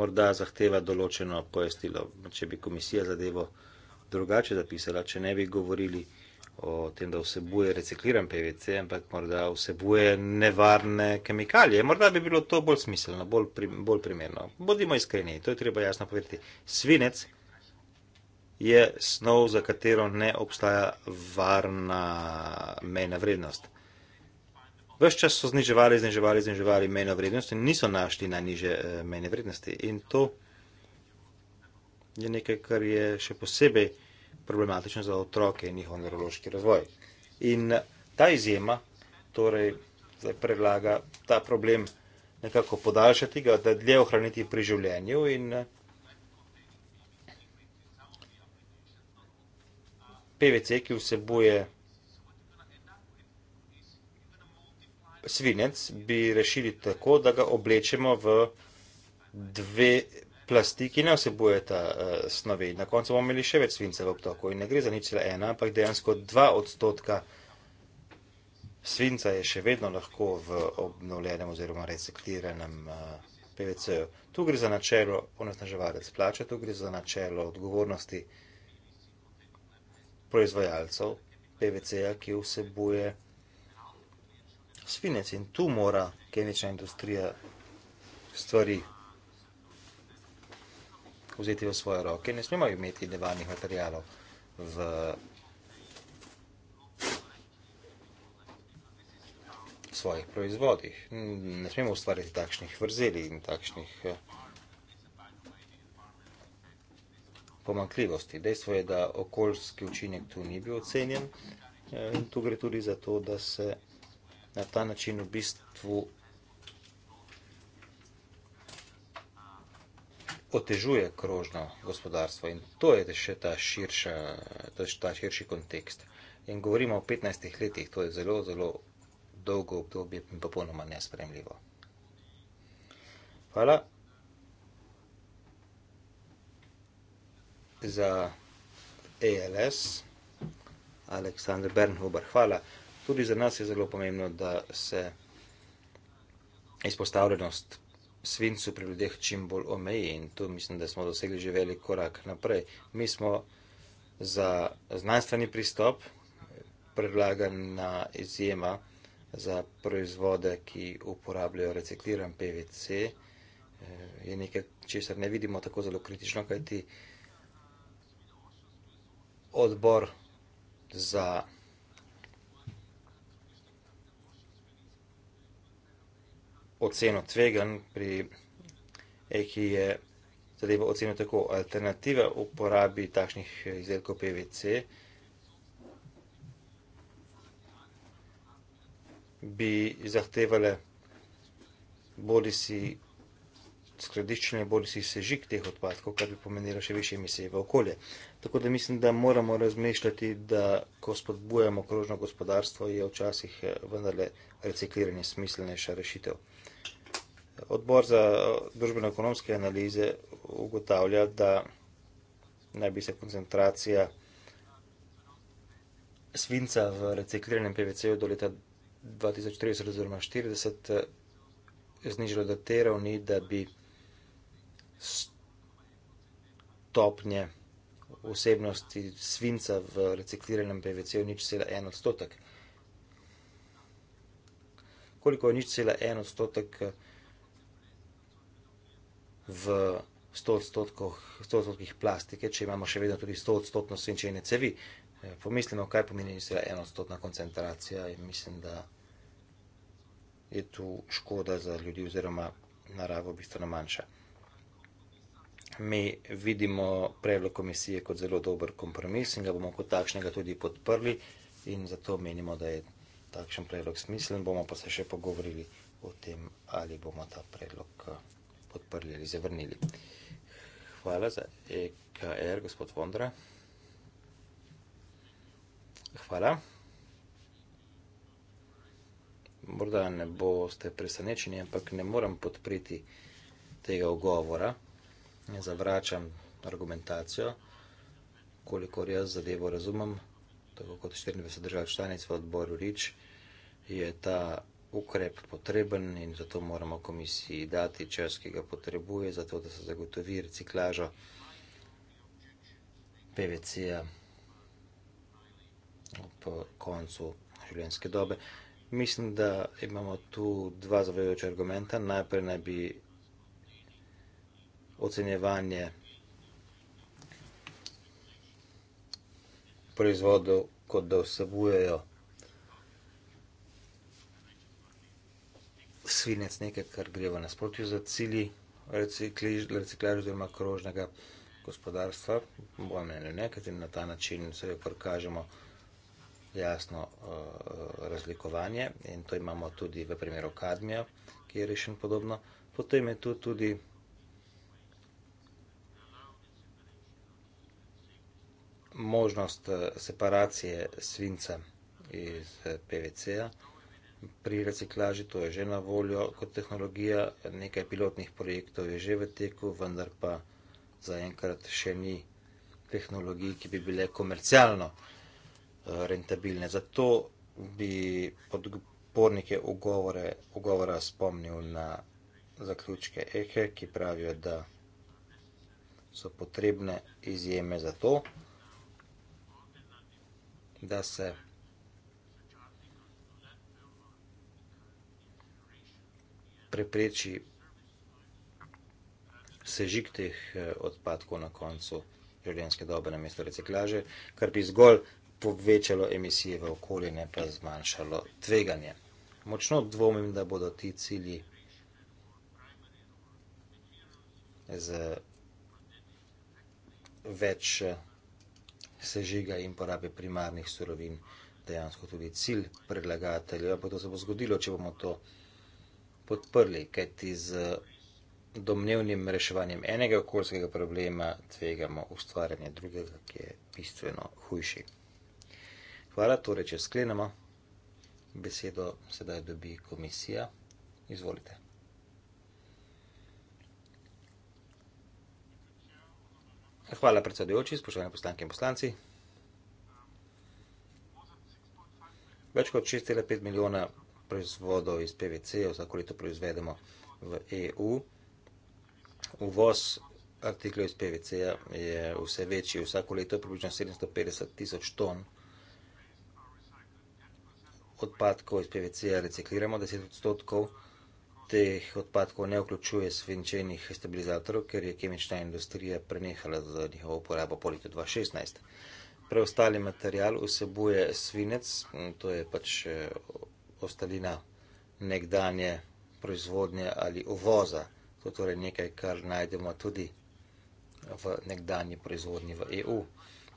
morda zahteva določeno pojasnilo. Če bi komisija zadevo drugače zapisala, če ne bi govorili o tem, da vsebuje recikliran PVC, ampak morda vsebuje nevarne kemikalije. Morda bi bilo to bolj smiselno, bolj, pri, bolj primerno. Bodimo iskreni, to je treba jasno povedati. Svinec je snov, za katero ne obstaja varna mejna vrednost. Ves čas so zniževali, zniževali, zniževali mejno vrednost in niso našli najniže eh, mejne vrednosti. In to je nekaj, kar je še posebej problematično za otroke in njihov nevrološki razvoj. In eh, ta izjema torej zdaj predlaga ta problem nekako podaljšati ga, da dlje ohraniti pri življenju in eh, PVC, ki vsebuje svinec bi rešili tako, da ga oblečemo v dve plasti, ki ne vsebujeta uh, snovi. Na koncu bomo imeli še več svinca v obtoku in ne gre za nič le ena, ampak dejansko dva odstotka svinca je še vedno lahko v obnovljenem oziroma recikliranem uh, eh, PVC-ju. Tu gre za načelo onesnaževalec plače, tu gre za načelo odgovornosti proizvajalcev PVC-ja, ki vsebuje svinec in tu mora kemična industrija stvari vzeti v svoje roke. Ne smemo imeti nevarnih materijalov v svojih proizvodih. Ne smemo ustvariti takšnih vrzeli in takšnih eh, pomankljivosti. Dejstvo je, da okoljski učinek tu ni bil ocenjen. Eh, in tu gre tudi za to, da se na ta način v bistvu otežuje krožno gospodarstvo in to je še ta, širša, to je ta širši kontekst. In govorimo o 15 letih, to je zelo, zelo dolgo obdobje in popolnoma nespremljivo. Hvala za ALS, e Aleksandr Bernhuber. Hvala tudi za nas je zelo pomembno, da se izpostavljenost svincu pri ljudeh čim bolj omeji in tu mislim, da smo dosegli že velik korak naprej. Mi smo za znanstveni pristop predlagana izjema za proizvode, ki uporabljajo recikliran PVC, eh, je nekaj, česar ne vidimo tako zelo kritično, kajti odbor za proizvode, oceno tveganj, pri Eki je zadevo oceno tako alternativa uporabi takšnih izdelkov PVC, bi zahtevale bodi si skladiščenje bolj si sežik teh odpadkov, kar bi pomenilo še više emisije v okolje. Tako da mislim, da moramo razmišljati, da ko spodbujamo krožno gospodarstvo, je včasih eh, vendarle recikliranje smiselnejša rešitev. Odbor za eh, družbeno-ekonomske analize ugotavlja, da naj bi se koncentracija svinca v recikliranem PVC-ju do leta 2030 oziroma 2040 eh, znižala do te ravni, da bi stopnje osebnosti svinca v recikliranem PVC-u nič cela en odstotek. Koliko je nič cela en odstotek v 100 odstotkih, 100 odstotkih plastike, če imamo še vedno tudi 100 odstotno svinčene cevi? E, pomislimo, kaj pomeni nič cela en odstotna koncentracija in mislim, da je tu škoda za ljudi oziroma naravo bistveno manjša mi vidimo predlog komisije kot zelo dober kompromis in ga bomo kot takšnega tudi podprli in zato menimo, da je takšen predlog smiseln. Bomo pa se še pogovorili o tem, ali bomo ta predlog eh, podprli ali zavrnili. Hvala za EKR, gospod Vondra. Hvala. Morda ne boste presenečeni, ampak ne moram podpreti tega ogovora. Jaz zavračam argumentacijo, kolikor jaz zadevo razumem, tako kot 24 držav članic v odboru Rič, je ta ukrep potreben in zato moramo komisiji dati čas, ki ga potrebuje, zato da se zagotovi reciklažo PVC-ja po koncu življenjske dobe. Mislim, da imamo tu dva zavajajoča argumenta. Najprej naj bi ocenjevanje proizvodov, kot da vsebujejo svinec nekaj, kar gre v nasprotju za cilji reciklaža oziroma krožnega gospodarstva. Bojem ne, ne, kajti na ta način se jo prikažemo jasno eh, razlikovanje in to imamo tudi v primeru kadmija, ki je rešen podobno. Potem je tu tudi možnost eh, separacije svinca iz eh, PVC-a pri reciklaži, to je že na voljo kot tehnologija, nekaj pilotnih projektov je že v teku, vendar pa zaenkrat še ni tehnologij, ki bi bile komercialno eh, rentabilne. Zato bi podpornike ugovora spomnil na zaključke EHE, ki pravijo, da so potrebne izjeme za to da se prepreči sežig teh eh, odpadkov na koncu življenjske dobe na mesto reciklaže, kar bi zgolj povečalo emisije v okolje, ne pa zmanjšalo tveganje. Močno dvomim, da bodo ti cilji z več eh, sežiga in porabe primarnih surovin dejansko tudi cilj predlagateljev. Pa to se bo zgodilo, če bomo to podprli, kajti z domnevnim reševanjem enega okoljskega problema tvegamo ustvarjanje drugega, ki je bistveno hujši. Hvala, torej, če sklenemo, besedo sedaj dobi komisija. Izvolite. Hvala predsedujoči, spoštovane poslanke in poslanci. Več kot 6,5 milijona proizvodov iz PVC vsako leto proizvedemo v EU. Uvoz artiklov iz PVC je vse večji, vsako leto je približno 750 tisoč ton odpadkov iz PVC recikliramo, 10 odstotkov teh odpadkov ne vključuje svinčenih stabilizatorov, ker je kemična industrija prenehala z njihovo uporabo po letu 2016. Preostali material vsebuje svinec, to je pač eh, ostalina nekdanje proizvodnje ali uvoza. To je torej nekaj, kar najdemo tudi v nekdanji proizvodnji v EU.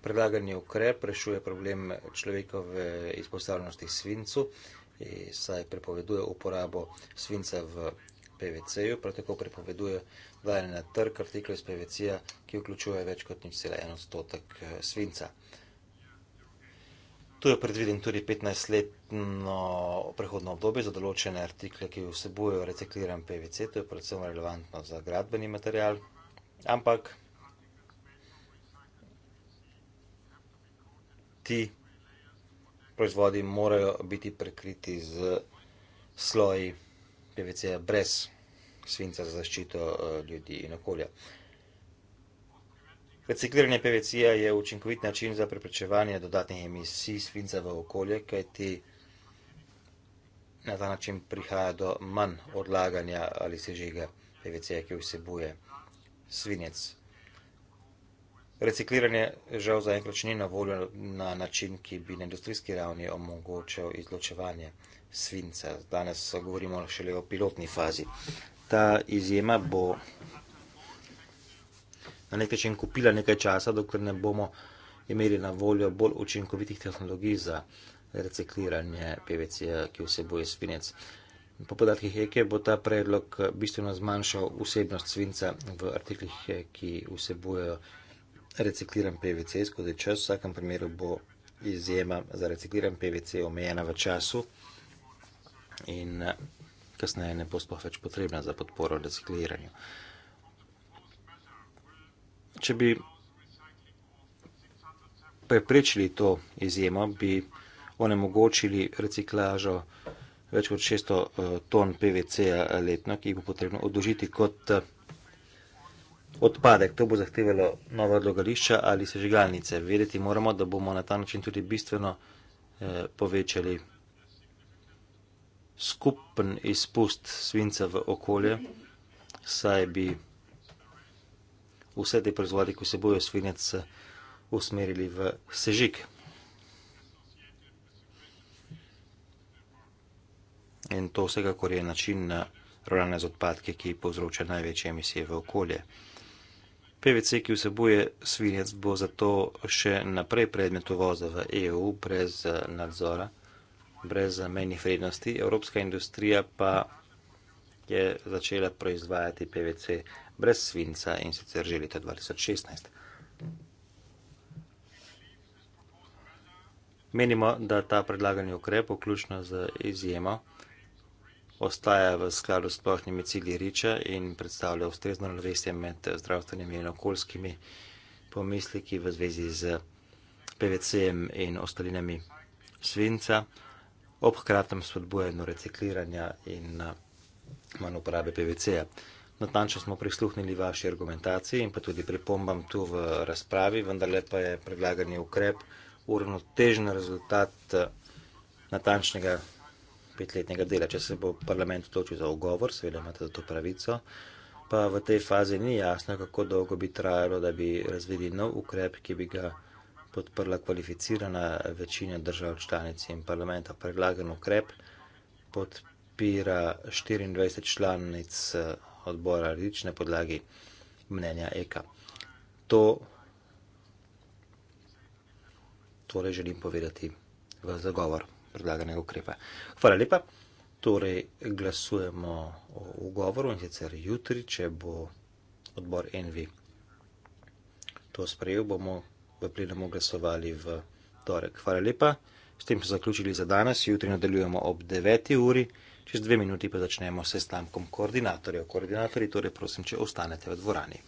Predlagani ukrep rešuje problem človekove izpostavljenosti svincu. E, saj prepoveduje uporabo svinca v PVC-ju, prav tako prepoveduje dajanje na trg artiklov iz PVC-ja, ki vključuje več kot nič cela en odstotek e, svinca. Tu je predviden tudi 15-letno prehodno obdobje za določene artikle, ki vsebujejo recikliran PVC, to je predvsem relevantno za gradbeni material, ampak ti proizvodi morajo biti prekriti z sloji PVC-ja brez svinca za zaščito e, ljudi in okolja. Recikliranje PVC-ja je učinkovit način za preprečevanje dodatnih emisij svinca v okolje, kajti na ta način prihaja do manj odlaganja ali sežiga PVC-ja, ki vsebuje svinec. Recikliranje žal zaenkrat ni na voljo na način, ki bi na industrijski ravni omogočal izločevanje svinca. Danes govorimo šele o pilotni fazi. Ta izjema bo na nek način kupila nekaj časa, dokler ne bomo imeli na voljo bolj učinkovitih tehnologij za recikliranje PVC, ki vseboje svinec. Po podatkih EKE bo ta predlog bistveno zmanjšal vsebnost svinca v artiklih, ki vsebojejo svinec recikliran PVC, skozi čas, v vsakem primeru bo izjema za recikliran PVC omejena v času in eh, kasneje ne bo sploh več potrebna za podporo recikliranju. Če bi preprečili to izjemo, bi onemogočili reciklažo več kot 600 eh, ton PVC-ja letno, ki jih bo potrebno odložiti kot eh, odpadek. To bo zahtevalo nove odlogališča ali sežigalnice. Vedeti moramo, da bomo na ta način tudi bistveno eh, povečali skupen izpust svinca v okolje, saj bi vse te proizvode, ki se bojo svinec, usmerili v sežik. In to vsekakor je način eh, ravnanja z odpadki, ki povzroča največje emisije v okolje. PVC, ki vsebuje svinec, bo zato še naprej predmet uvoza v EU brez eh, nadzora, brez menjih vrednosti. Evropska industrija pa je začela proizvajati PVC brez svinca in sicer že leta 2016. Menimo, da ta predlagani ukrep, vključno z izjemo, ostaja v skladu s splošnimi cilji Riča in predstavlja ustrezno ravnovesje med zdravstvenimi in okoljskimi pomisliki v zvezi z PVC-jem in ostalinami svinca, ob hkratnem spodbujanju recikliranja in eh, manj uporabe PVC-ja. Natančno smo prisluhnili vaši argumentaciji in pa tudi pripombam tu v razpravi, vendar lepa je predlagani ukrep uravnotežen rezultat eh, natančnega petletnega dela. Če se bo parlament odločil za ogovor, seveda imate to pravico. Pa v tej fazi ni jasno, kako dolgo bi trajalo, da bi razvili nov ukrep, ki bi ga podprla kvalificirana večina držav članic in parlamenta. Predlagan ukrep podpira 24 članic eh, odbora Rič na podlagi mnenja EKA. To torej želim povedati v zagovor predlaganega ukrepa. Hvala lepa. Torej, glasujemo o ugovoru in sicer jutri, če bo odbor NV to sprejel, bomo v plenumu glasovali v torek. Hvala lepa. S tem smo zaključili za danes. Jutri nadaljujemo ob 9. uri, čez dve minuti pa začnemo s sestankom koordinatorjev. Koordinatorji, torej prosim, če ostanete v dvorani.